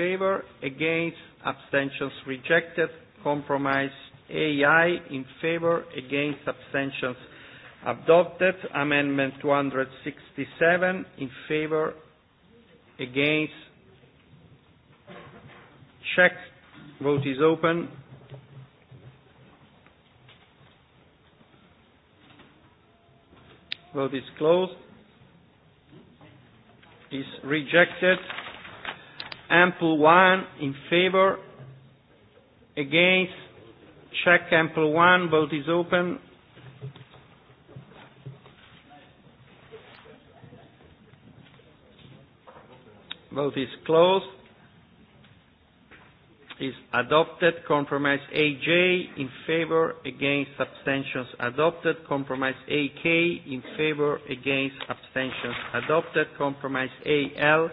favor, against, abstentions rejected. Compromise AI in favor, against, abstentions adopted. Amendment 267 in favor, against, check. Vote is open. Vote is closed. Is rejected ample one in favor against check ample one vote is open vote is closed is adopted compromise AJ in favor against abstentions adopted compromise AK in favor against abstentions adopted compromise AL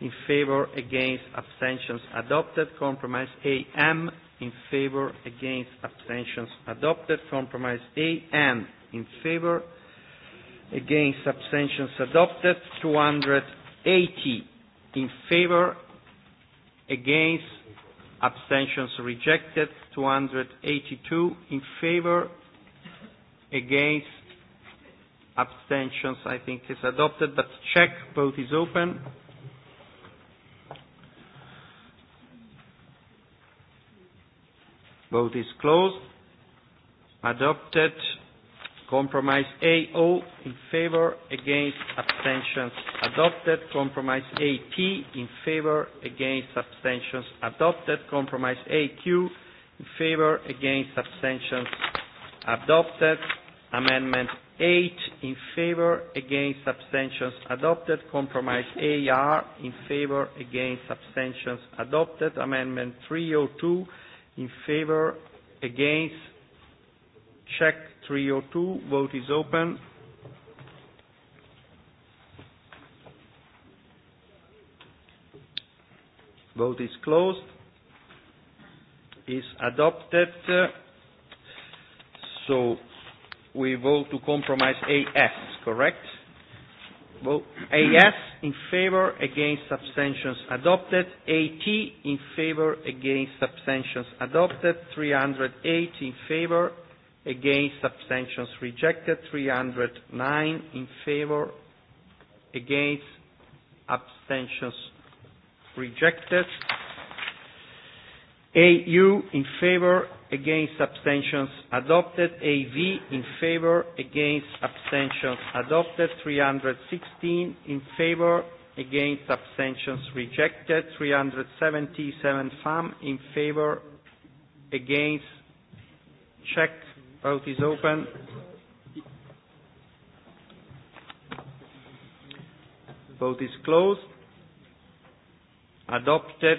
in favor against abstentions adopted compromise am in favor against abstentions adopted compromise am in favor against abstentions adopted 280 in favor against abstentions rejected 282 in favor against abstentions I think is adopted but check vote is open Vote is closed. Adopted. Compromise AO in favor, against, abstentions adopted. Compromise AP in favor, against, abstentions adopted. Compromise AQ in favor, against, abstentions adopted. Amendment 8 in favor, against, abstentions adopted. Compromise AR in favor, against, abstentions adopted. Amendment 302 in favor, against, check 302, vote is open. Vote is closed. Is adopted. So we vote to compromise AS, correct? Well, a in favor against abstentions adopted. AT in favor against abstentions adopted. 308 in favor against abstentions rejected. 309 in favor against abstentions rejected. AU in favor against abstentions adopted. AV in favor against abstentions adopted. 316 in favor against abstentions rejected. 377 FAM in favor against check. Vote is open. Vote is closed. Adopted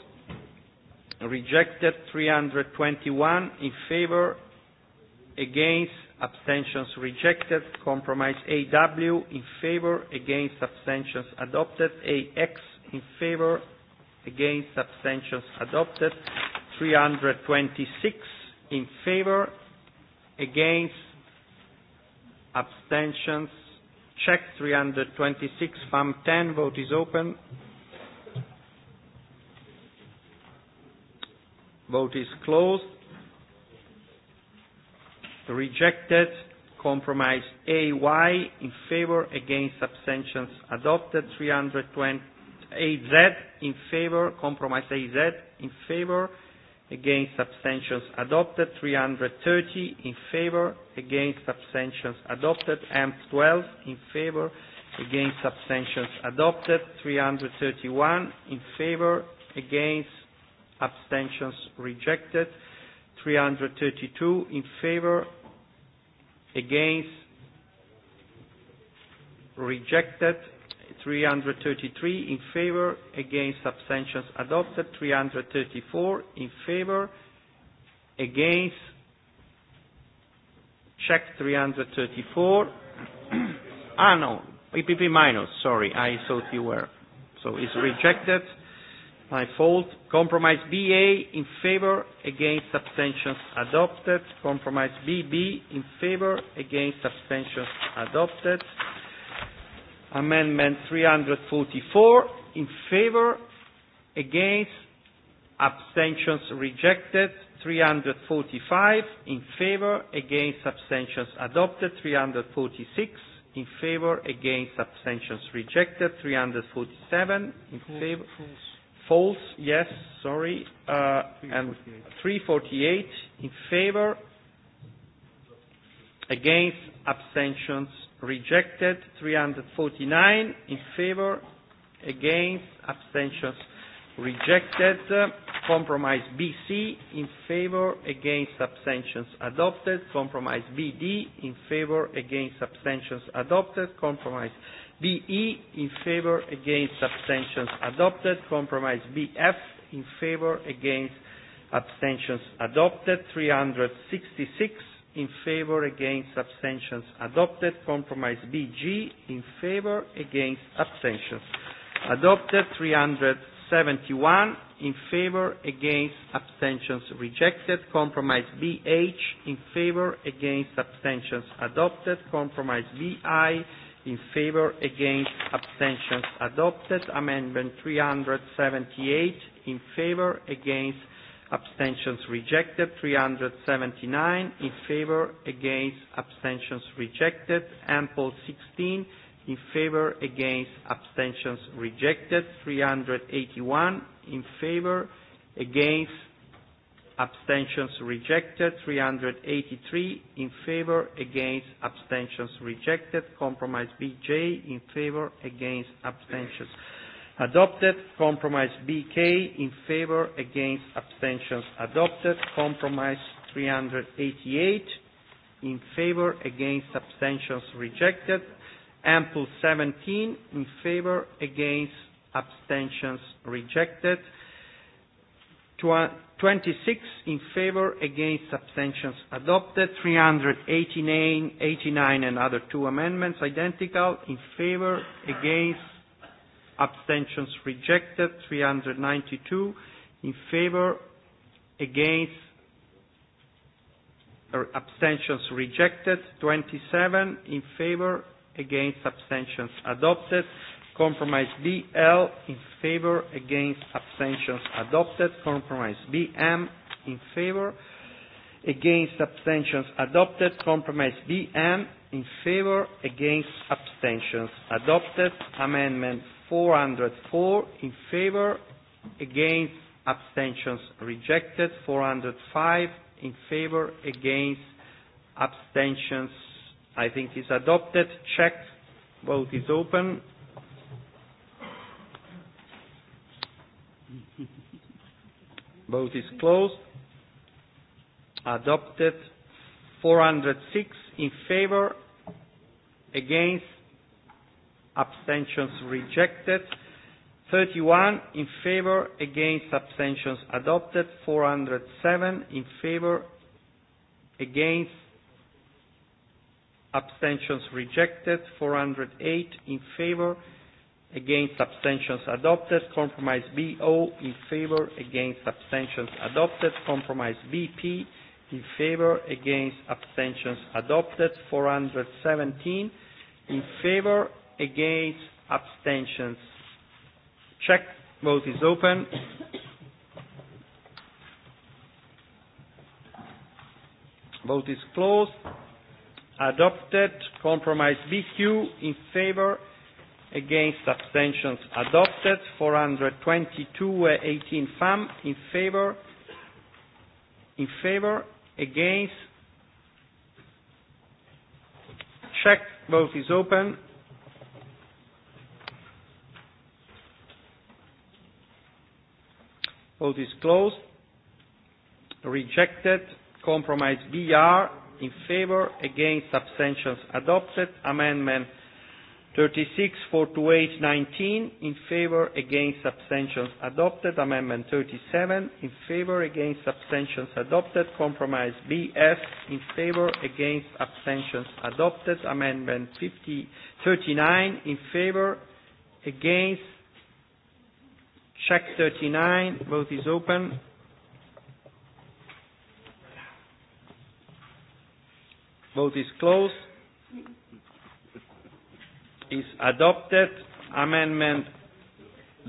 rejected 321 in favor against abstentions rejected compromise AW in favor against abstentions adopted AX in favor against abstentions adopted 326 in favor against abstentions check 326 FAM 10 vote is open Vote is closed. Rejected. Compromise AY in favor against abstentions adopted. 320 Z in favor. Compromise AZ in favor against abstentions adopted. 330 in favor against abstentions adopted. M12 in favor against abstentions adopted. 331 in favor against abstentions rejected. 332 in favor, against, rejected. 333 in favor, against, abstentions adopted. 334 in favor, against, check 334. ah, no, PPP minus, sorry, I thought you were. So it's rejected fault. Compromise BA in favor against abstentions adopted. Compromise BB in favor against abstentions adopted. Amendment 344 in favor against abstentions rejected. 345 in favor against abstentions adopted. 346 in favor against abstentions rejected. 347 in favor. False, yes, sorry. Uh, and 348 in favor, against, abstentions rejected. 349 in favor, against, abstentions rejected. Compromise BC in favor, against, abstentions adopted. Compromise BD in favor, against, abstentions adopted. Compromise BE in favor against abstentions adopted. Compromise BF in favor against abstentions adopted. 366 in favor against abstentions adopted. Compromise BG in favor against abstentions adopted. 371 in favor against abstentions rejected. Compromise BH in favor against abstentions adopted. Compromise BI in favor against abstentions adopted amendment 378 in favor against abstentions rejected 379 in favor against abstentions rejected ample 16 in favor against abstentions rejected 381 in favor against abstentions rejected. 383 in favor, against, abstentions rejected. Compromise BJ in favor, against, abstentions adopted. Compromise BK in favor, against, abstentions adopted. Compromise 388 in favor, against, abstentions rejected. Ample 17 in favor, against, abstentions rejected. 26 in favor, against abstentions adopted. 389 89 and other two amendments identical in favor, against abstentions rejected. 392 in favor, against er, abstentions rejected. 27 in favor, against abstentions adopted. Compromise BL in favor against abstentions adopted. Compromise BM in favor against abstentions adopted. Compromise BM in favor against abstentions adopted. Amendment 404 in favor against abstentions rejected. 405 in favor against abstentions I think is adopted. Check. Vote is open. Vote is closed. Adopted 406 in favor, against, abstentions rejected. 31 in favor, against, abstentions adopted. 407 in favor, against, abstentions rejected. 408 in favor, against abstentions adopted. Compromise BO in favor against abstentions adopted. Compromise BP in favor against abstentions adopted. 417 in favor against abstentions. Check. Vote is open. Vote is closed. Adopted. Compromise BQ in favor against abstentions adopted 422 18 fam in favor in favor against check vote is open vote is closed rejected compromise BR in favor against abstentions adopted amendment 36, 428, 19 in favor against abstentions adopted. Amendment 37 in favor against abstentions adopted. Compromise BF in favor against abstentions adopted. Amendment 50, 39 in favor against. Check 39. Vote is open. Vote is closed is adopted. Amendment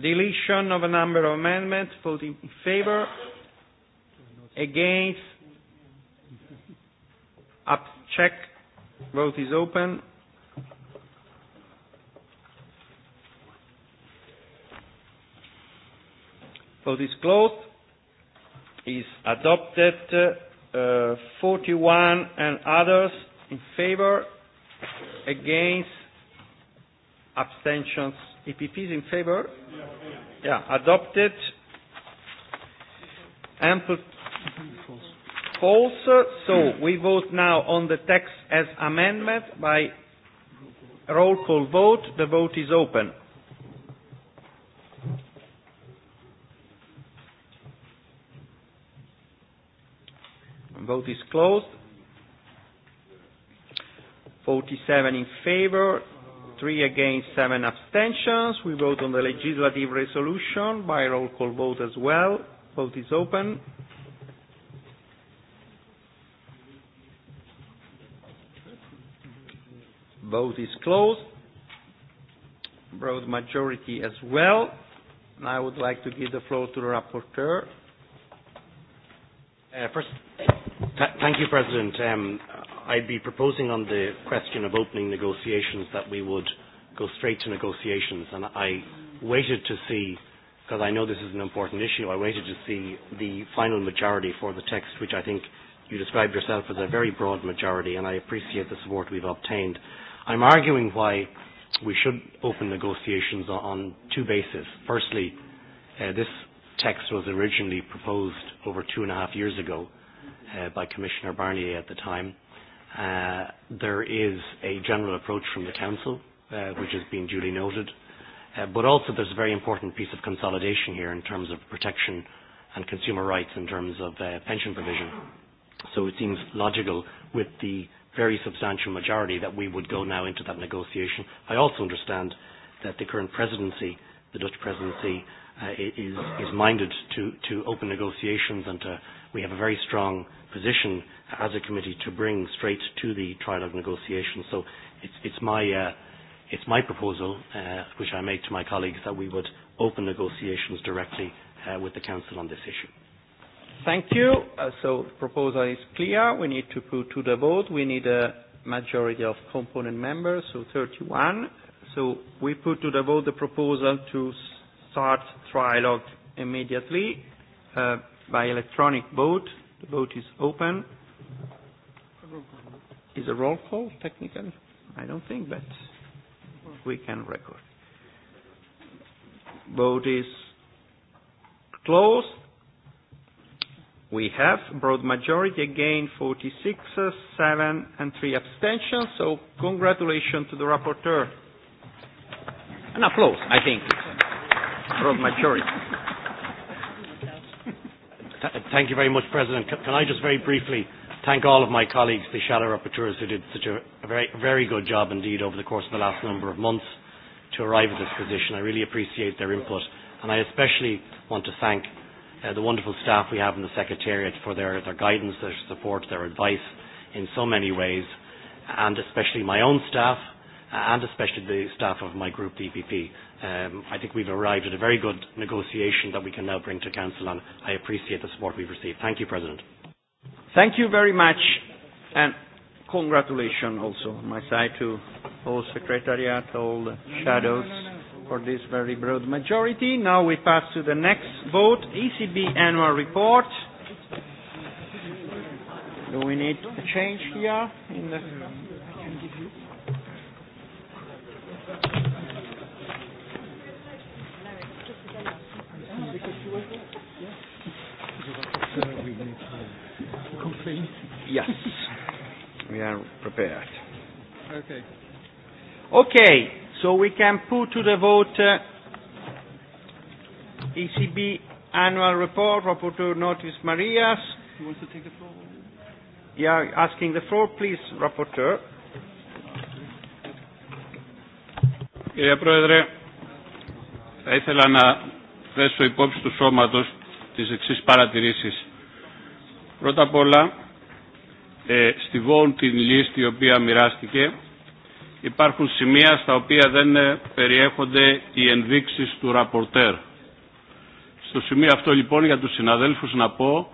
deletion of a number of amendments. Vote in favor. Against. Up check. Vote is open. Vote is closed. Is adopted. Uh, 41 and others in favor. Against abstentions. EPP is in favor? Yeah, adopted. Ample false. So we vote now on the text as amendment by roll call vote. The vote is open. Vote is closed. 47 in favor, three against, seven abstentions. We vote on the legislative resolution by roll call vote as well. Vote is open. Vote is closed. Broad majority as well. And I would like to give the floor to the rapporteur. Uh, first, thank you, President. Um, I'd be proposing on the question of opening negotiations that we would go straight to negotiations. And I waited to see, because I know this is an important issue, I waited to see the final majority for the text, which I think you described yourself as a very broad majority, and I appreciate the support we've obtained. I'm arguing why we should open negotiations on two bases. Firstly, uh, this text was originally proposed over two and a half years ago uh, by Commissioner Barnier at the time. Uh, there is a general approach from the Council, uh, which has been duly noted, uh, but also there's a very important piece of consolidation here in terms of protection and consumer rights in terms of uh, pension provision. So it seems logical with the very substantial majority that we would go now into that negotiation. I also understand that the current presidency, the Dutch presidency, uh, is, is minded to, to open negotiations and to we have a very strong position as a committee to bring straight to the trilogue negotiations. So it's, it's my uh, it's my proposal, uh, which I make to my colleagues, that we would open negotiations directly uh, with the Council on this issue. Thank you. Uh, so the proposal is clear. We need to put to the vote. We need a majority of component members, so 31. So we put to the vote the proposal to start trilogue immediately. Uh, by electronic vote. The vote is open. Is a roll call technically? I don't think, but we can record. Vote is closed. We have broad majority again, 46, 7 uh, and 3 abstentions. So congratulations to the rapporteur. An applause, I think. Broad majority. Thank you very much, President. Can I just very briefly thank all of my colleagues, the shadow rapporteurs, who did such a very, very good job indeed over the course of the last number of months to arrive at this position. I really appreciate their input, and I especially want to thank uh, the wonderful staff we have in the Secretariat for their, their guidance, their support, their advice in so many ways, and especially my own staff, and especially the staff of my group, the EPP. Um, I think we've arrived at a very good negotiation that we can now bring to Council, and I appreciate the support we've received. Thank you, President. Thank you very much, and congratulations also on my side to all Secretariat, all the shadows for this very broad majority. Now we pass to the next vote, ECB annual report. Do we need a change here in the Yes, we are prepared. Okay. Okay, so we can put to the vote uh, ECB annual report, Rapporteur Notice Marias. Who wants to take the floor? Yeah, asking the floor, please, Rapporteur. yeah Brother. θα μέσω υπόψη του σώματος τις εξής παρατηρήσεις. Πρώτα απ' όλα, ε, στη Βόουν την λίστη η οποία μοιράστηκε, υπάρχουν σημεία στα οποία δεν περιέχονται οι ενδείξεις του ραπορτέρ. Στο σημείο αυτό λοιπόν για τους συναδέλφους να πω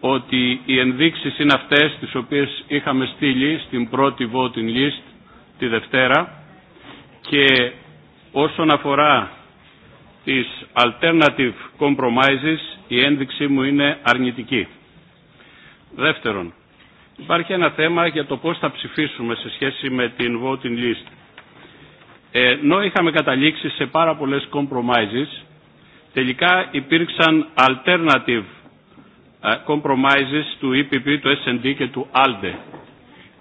ότι οι ενδείξεις είναι αυτές τις οποίες είχαμε στείλει στην πρώτη voting list τη Δευτέρα και όσον αφορά της alternative compromises η ένδειξή μου είναι αρνητική. Δεύτερον, υπάρχει ένα θέμα για το πώς θα ψηφίσουμε σε σχέση με την voting list. Ενώ είχαμε καταλήξει σε πάρα πολλές compromises, τελικά υπήρξαν alternative compromises του EPP, του S&D και του ALDE,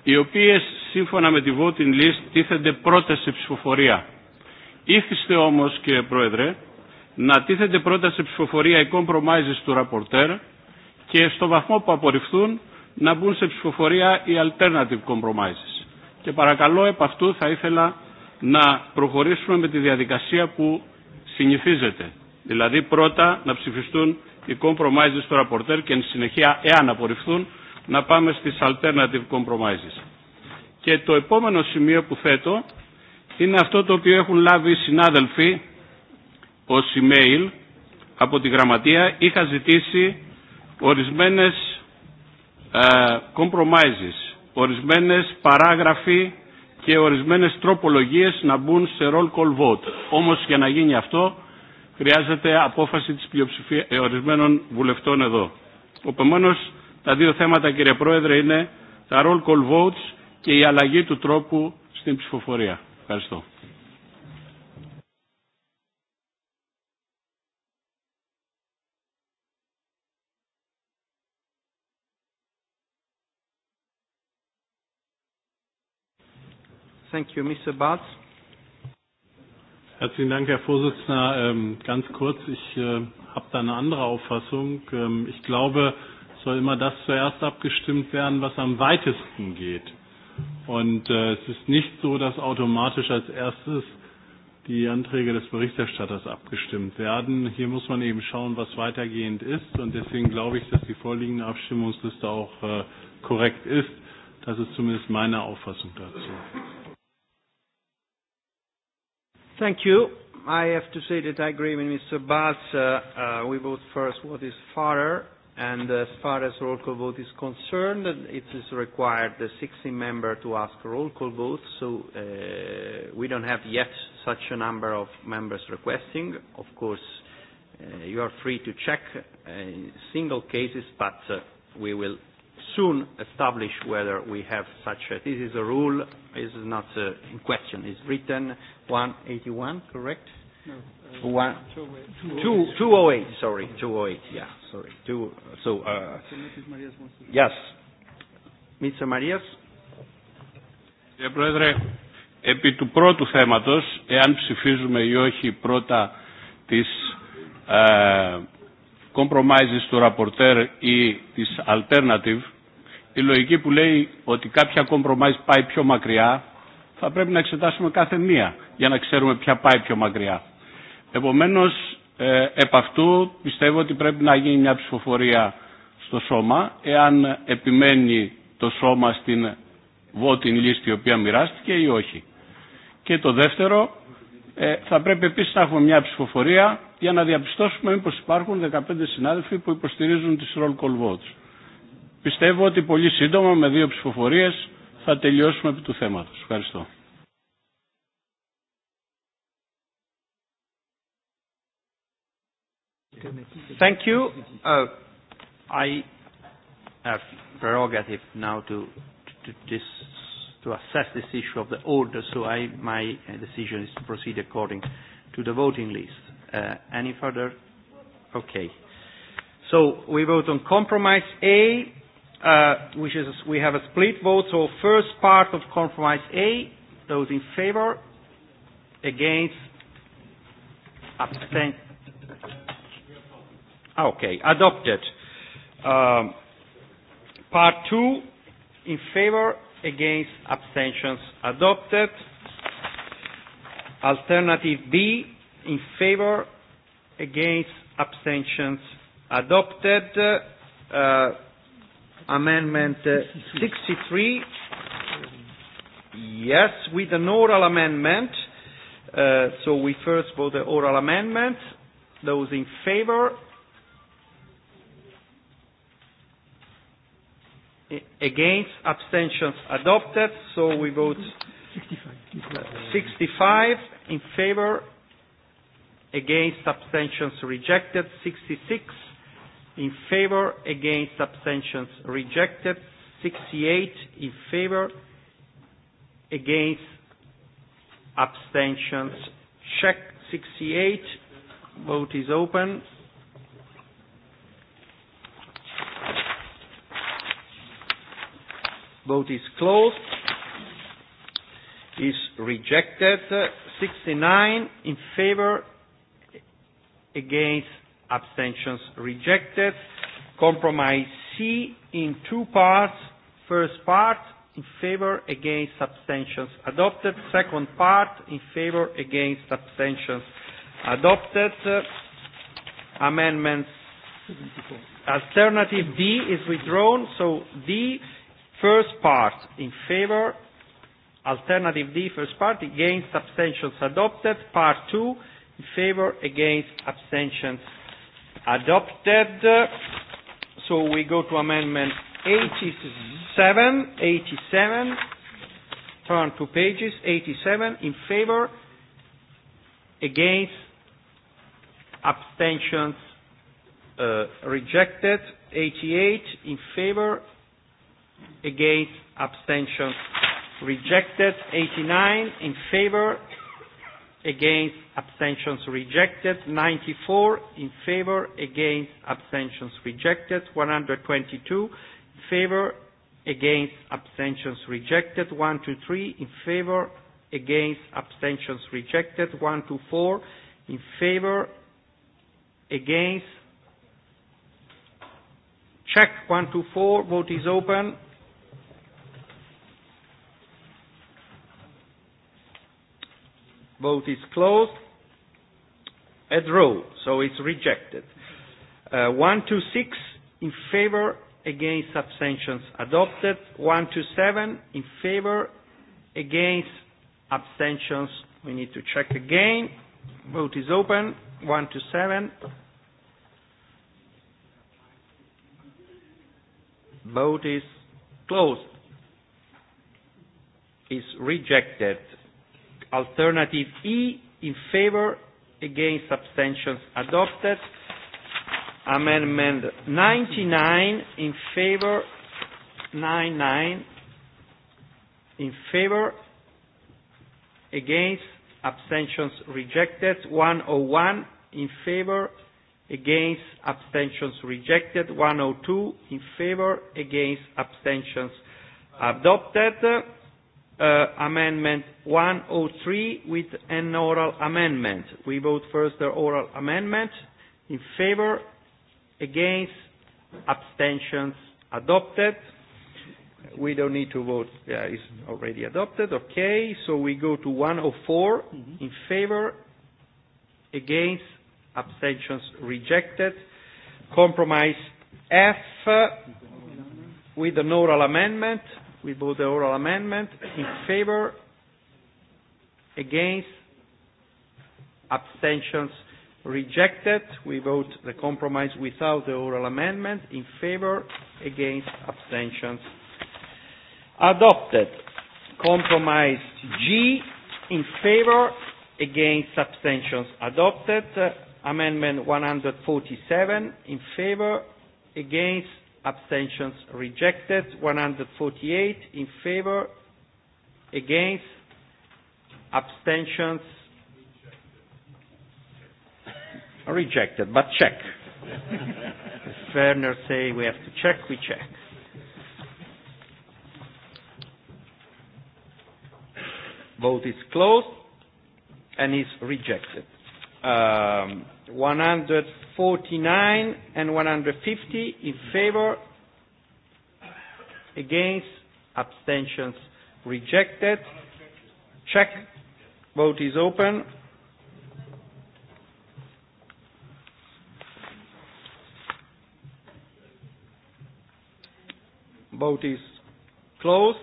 οι οποίες σύμφωνα με τη voting list τίθενται πρώτες σε ψηφοφορία. Ήθιστε όμως, κύριε Πρόεδρε, να τίθεται πρώτα σε ψηφοφορία οι compromises του ραπορτέρ και στο βαθμό που απορριφθούν να μπουν σε ψηφοφορία οι alternative compromises. Και παρακαλώ επ' αυτού θα ήθελα να προχωρήσουμε με τη διαδικασία που συνηθίζεται. Δηλαδή πρώτα να ψηφιστούν οι compromises του ραπορτέρ και εν συνεχεία εάν απορριφθούν να πάμε στις alternative compromises. Και το επόμενο σημείο που θέτω είναι αυτό το οποίο έχουν λάβει οι συνάδελφοι ως email από τη Γραμματεία είχα ζητήσει ορισμένες ε, compromises, ορισμένες παράγραφοι και ορισμένες τροπολογίες να μπουν σε roll call vote. Όμως για να γίνει αυτό χρειάζεται απόφαση της πλειοψηφίας ε, ορισμένων βουλευτών εδώ. Οπόμενο, τα δύο θέματα κύριε Πρόεδρε είναι τα roll call votes και η αλλαγή του τρόπου στην ψηφοφορία. Ευχαριστώ. Thank Mr. Herzlichen Dank, Herr Vorsitzender. Ähm, ganz kurz, ich äh, habe da eine andere Auffassung. Ähm, ich glaube, es soll immer das zuerst abgestimmt werden, was am weitesten geht. Und äh, es ist nicht so, dass automatisch als erstes die Anträge des Berichterstatters abgestimmt werden. Hier muss man eben schauen, was weitergehend ist. Und deswegen glaube ich, dass die vorliegende Abstimmungsliste auch äh, korrekt ist. Das ist zumindest meine Auffassung dazu. Thank you. I have to say that I agree with Mr. Bass. Uh, uh, we vote first what is fairer, and as far as roll call vote is concerned, it is required the 60 member to ask roll call vote, so uh, we don't have yet such a number of members requesting. Of course, uh, you are free to check uh, single cases, but uh, we will soon establish whether we have such a... This is a rule, this is not a uh, in question. It's written 181, correct? No. Uh, one, 208. 208, sorry. 208, yeah, sorry. Two, so, uh, yes. Mr. Marias. Κύριε Πρόεδρε, επί του πρώτου θέματος, εάν ψηφίζουμε ή όχι πρώτα τις ε, compromises του rapporteur ή της alternative, η λογική που λέει ότι κάποια compromise πάει πιο μακριά, θα πρέπει να εξετάσουμε κάθε μία για να ξέρουμε ποια πάει πιο μακριά. Επομένως, ε, επ' αυτού πιστεύω ότι πρέπει να γίνει μια ψηφοφορία στο σώμα, εάν επιμένει το σώμα στην voting list η οποία μοιράστηκε ή όχι. Και το δεύτερο, ε, θα πρέπει επίσης να έχουμε μια ψηφοφορία για να διαπιστώσουμε μήπως υπάρχουν 15 συνάδελφοι που υποστηρίζουν τις roll call votes. Πιστεύω ότι πολύ σύντομα με δύο ψηφοφορίες θα τελειώσουμε επί του θέματος. Ευχαριστώ. Thank you. Uh, I have prerogative now to, to, to, this, to assess this issue of the order, so I, my decision is to proceed according to the voting list. Uh, any further? Okay. So we vote on compromise A, uh, which is we have a split vote. So first part of compromise A, those in favor, against, abstain. Ah, okay, adopted. Um, part two, in favor, against, abstentions, adopted. Alternative B, in favor, against, abstentions adopted. Uh, uh amendment 63. Uh, yes, with an oral amendment. Uh, so we first vote the oral amendment. Those in favor? Against? Abstentions adopted. So we vote 65. 65 in favor? against abstentions rejected 66 in favor against abstentions rejected 68 in favor against abstentions check 68 vote is open vote is closed is rejected 69 in favor against abstentions rejected. Compromise C in two parts. First part in favor against abstentions adopted. Second part in favor against abstentions adopted. Uh, amendments alternative D is withdrawn. So D first part in favor alternative D first part against abstentions adopted. Part two in favor, against, abstentions adopted. So we go to amendment 87, 87, turn two pages, 87, in favor, against, abstentions uh, rejected, 88, in favor, against, abstentions rejected, 89, in favor, against abstentions rejected 94 in favor against abstentions rejected 122 in favor against abstentions rejected 123 in favor against abstentions rejected 124 in favor against check 124 vote is open Vote is closed. A draw, so it's rejected. Uh, six in favor, against abstentions adopted. seven in favor, against abstentions. We need to check again. Vote is open. to seven. Vote is closed. Is rejected. Alternative E in favor against abstentions adopted. Amendment 99 in favor 99 in favor against abstentions rejected 101 in favor against abstentions rejected 102 in favor against abstentions adopted Uh, amendment 103 with an oral amendment. We vote first the oral amendment. In favor, against, abstentions, adopted. We don't need to vote. Yeah, it's already adopted. Okay, so we go to 104. Mm-hmm. In favor, against, abstentions, rejected. Compromise F uh, with an oral amendment. We vote the oral amendment in favor, against, abstentions rejected. We vote the compromise without the oral amendment in favor, against, abstentions adopted. Compromise G in favor, against, abstentions adopted. amendment 147 in favor, against, abstentions rejected 148 in favor against abstentions rejected but check as Werner say we have to check we check vote is closed and is rejected um, 149 and 150 in favor, against, abstentions rejected. Check. Vote is open. Vote is closed.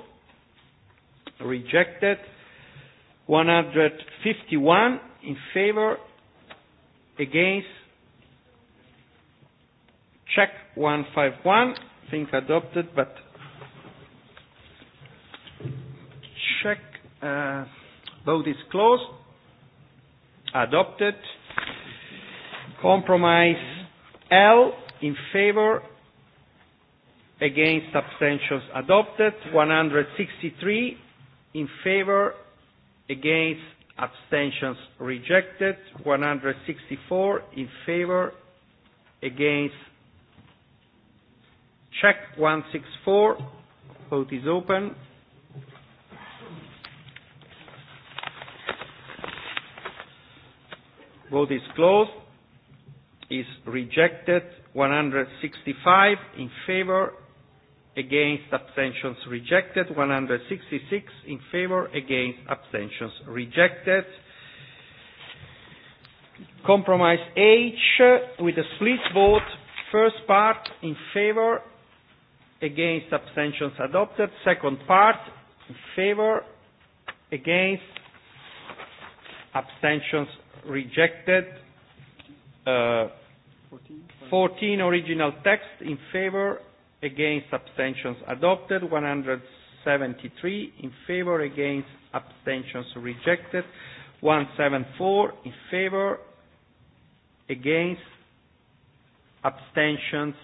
Rejected. 151 in favor, against check 151 think adopted but check uh, vote is closed adopted compromise L in favor against abstentions adopted 163 in favor against abstentions rejected 164 in favor against check 164 vote is open vote is closed is rejected 165 in favor against abstentions rejected 166 in favor against abstentions rejected compromise H with a split vote first part in favor against abstentions adopted second part in favor against abstentions rejected uh, 14 original text in favor against abstentions adopted 173 in favor against abstentions rejected 174 in favor against abstentions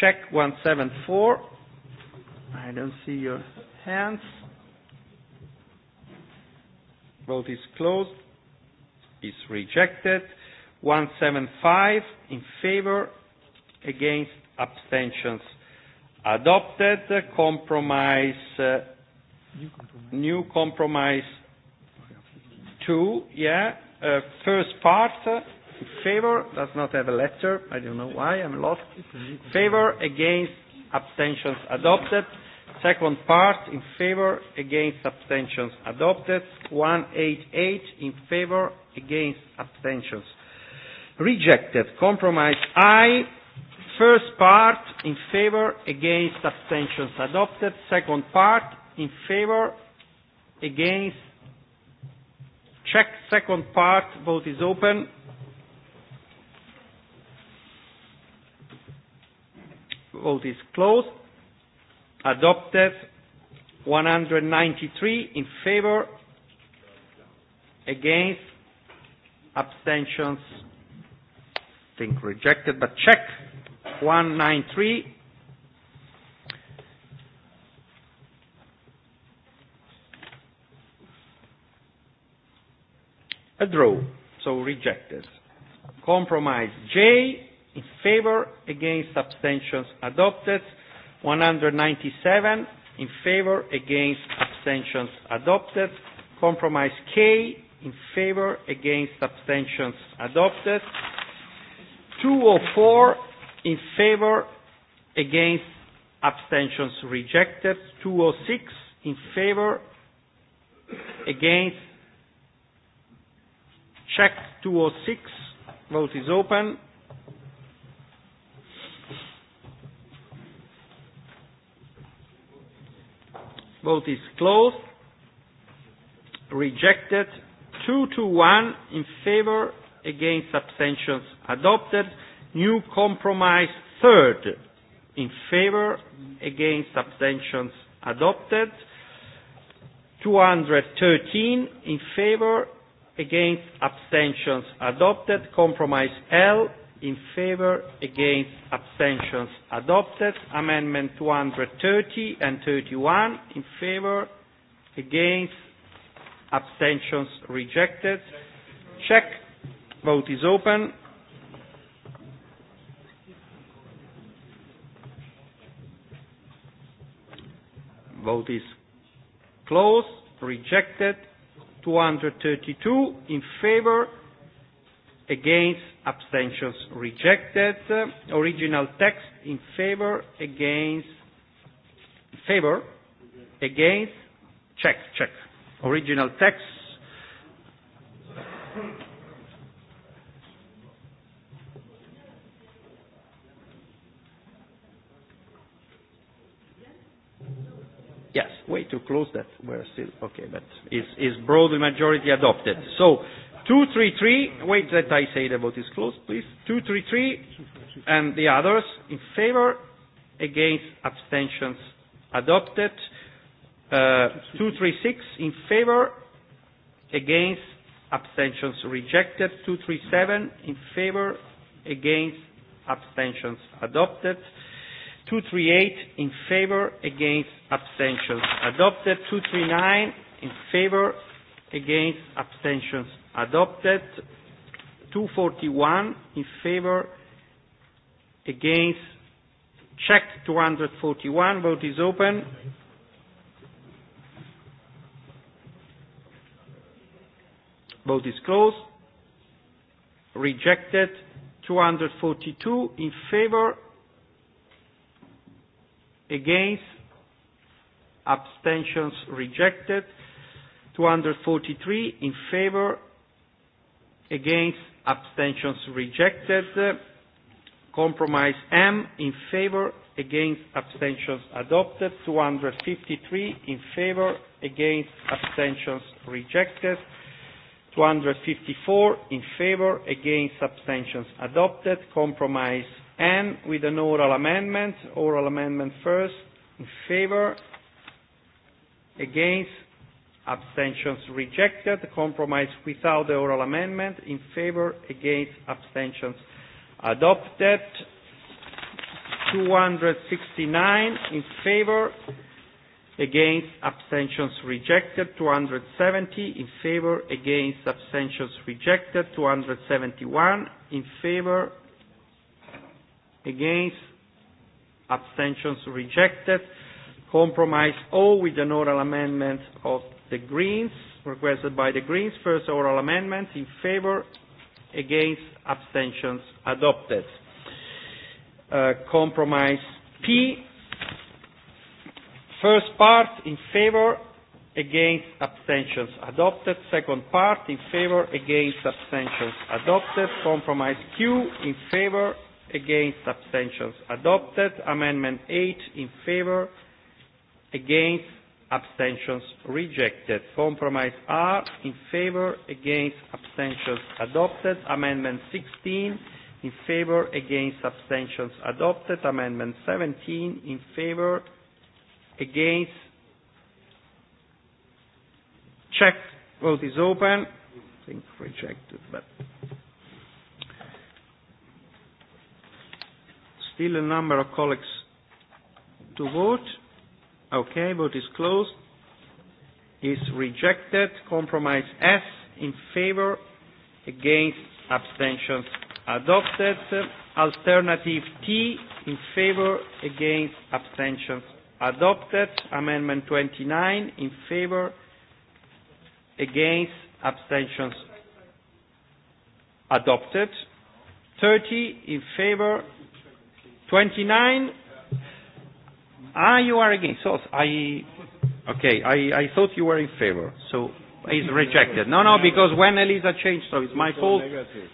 check 174 I don't see your hands vote is closed is rejected 175 in favor against abstentions adopted. Compromise, uh, new compromise two, yeah. Uh, first part, in favor, does not have a letter, I don't know why, I'm lost. Favor, against, abstentions adopted. Second part, in favor, against, abstentions adopted. 188, in favor, against, abstentions rejected. Compromise I, First part, in favor, against, abstentions adopted. Second part, in favor, against, check. Second part, vote is open. Vote is closed. Adopted. 193 in favor, against, abstentions, think rejected, but check. 193. A draw, so rejected. Compromise J, in favor, against abstentions adopted. 197, in favor, against abstentions adopted. Compromise K, in favor, against abstentions adopted. 204, in favor against abstentions rejected 206 in favor against check 206 vote is open vote is closed rejected 2 to 1 in favor against abstentions adopted New compromise third in favor against abstentions adopted. 213 in favor against abstentions adopted. Compromise L in favor against abstentions adopted. Amendment 230 and 31 in favor against abstentions rejected. Check. Vote is open. Vote is closed. Rejected. 232 in favor. Against. Abstentions rejected. Original text in favor. Against. Favor. Against. Check. Check. Original text. way too close that we're still okay, but is is broadly majority adopted. So two three three wait that I say the vote is closed, please. Two three three and the others in favor against abstentions adopted. Uh, two three six in favor against abstentions rejected. Two three seven in favor against abstentions adopted. 238 in favor against abstentions adopted 239 in favor against abstentions adopted 241 in favor against check 241 vote is open vote is closed rejected 242 in favor against, abstentions rejected. 243 in favor, against, abstentions rejected. Compromise M in favor, against, abstentions adopted. 253 in favor, against, abstentions rejected. 254 in favor, against, abstentions adopted. Compromise and with an oral amendment. Oral amendment first, in favor, against, abstentions rejected. Compromise without the oral amendment, in favor, against, abstentions adopted. 269 in favor, against, abstentions rejected. 270 in favor, against, abstentions rejected. 271 in favor, against, abstentions rejected. Compromise O with an oral amendment of the Greens, requested by the Greens. First oral amendment in favor, against, abstentions adopted. Uh, compromise P. First part in favor, against, abstentions adopted. Second part in favor, against, abstentions adopted. Compromise Q in favor, against abstentions adopted amendment 8 in favor against abstentions rejected compromise r in favor against abstentions adopted amendment 16 in favor against abstentions adopted amendment 17 in favor against check vote is open I think rejected but Still a number of colleagues to vote. Okay, vote is closed. Is rejected. Compromise S in favor, against, abstentions adopted. Alternative T in favor, against, abstentions adopted. Amendment 29 in favor, against, abstentions adopted. 30 in favor, 29. Ah, you are against. So I, okay, I, I thought you were in favor. So it's rejected. No, no, because when Elisa changed, so it's my fault,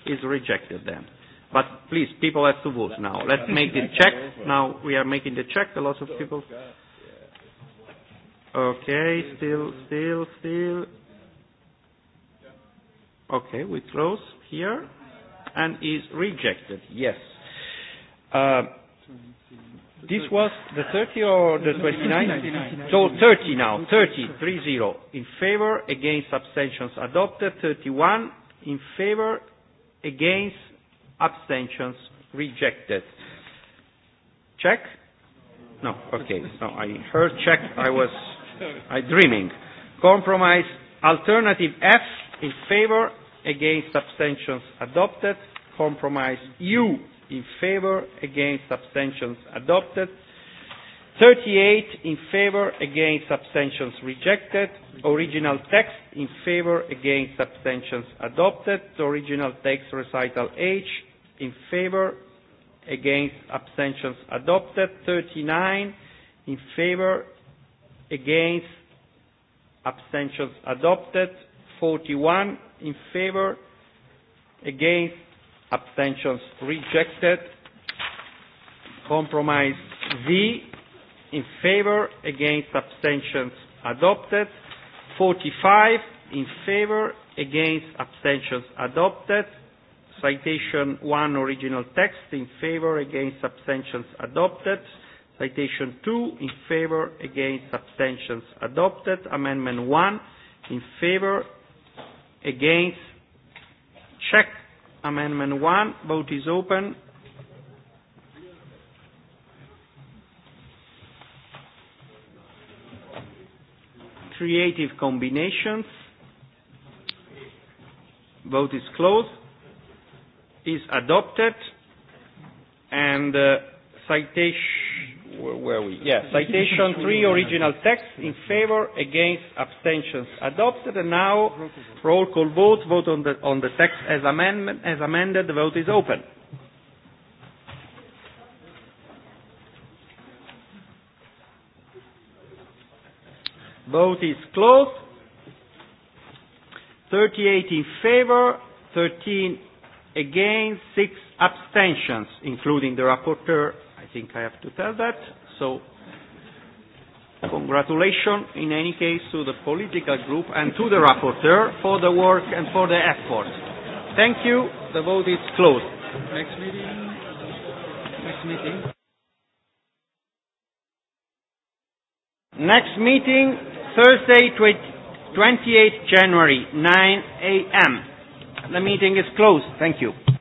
it's rejected then. But please, people have to vote now. Let's make the check. Now we are making the check. A lot of people. Okay, still, still, still. Okay, we close here. And is rejected. Yes. Uh, This was the 30 or the 29? So 30 now, 30, 3 0. In favor, against abstentions adopted. 31 in favor, against abstentions rejected. Check? No, okay. No, I heard check. I was I dreaming. Compromise alternative F in favor, against abstentions adopted. Compromise U in favor against abstentions adopted 38 in favor against abstentions rejected original text in favor against abstentions adopted original text recital h in favor against abstentions adopted 39 in favor against abstentions adopted 41 in favor against abstentions rejected. Compromise V in favor, against abstentions adopted. 45 in favor, against abstentions adopted. Citation 1 original text in favor, against abstentions adopted. Citation 2 in favor, against abstentions adopted. Amendment 1 in favor, against Checked. Amendment 1. Vote is open. Creative combinations. Vote is closed. Is adopted. And uh, citation where we? Yeah, citation three, original text, in favor, against, abstentions, adopted. And now, roll call vote, vote on the, on the text as, amendment, as amended, the vote is open. Vote is closed. 38 in favor, 13 against, 6 abstentions, including the rapporteur i think I have to tell that. So congratulations in any case to the political group and to the rapporteur for the work and for the effort. Thank you. The vote is closed. Next meeting. Next meeting. Next meeting, Thursday, 28th January, 9 a.m. The meeting is closed. Thank you.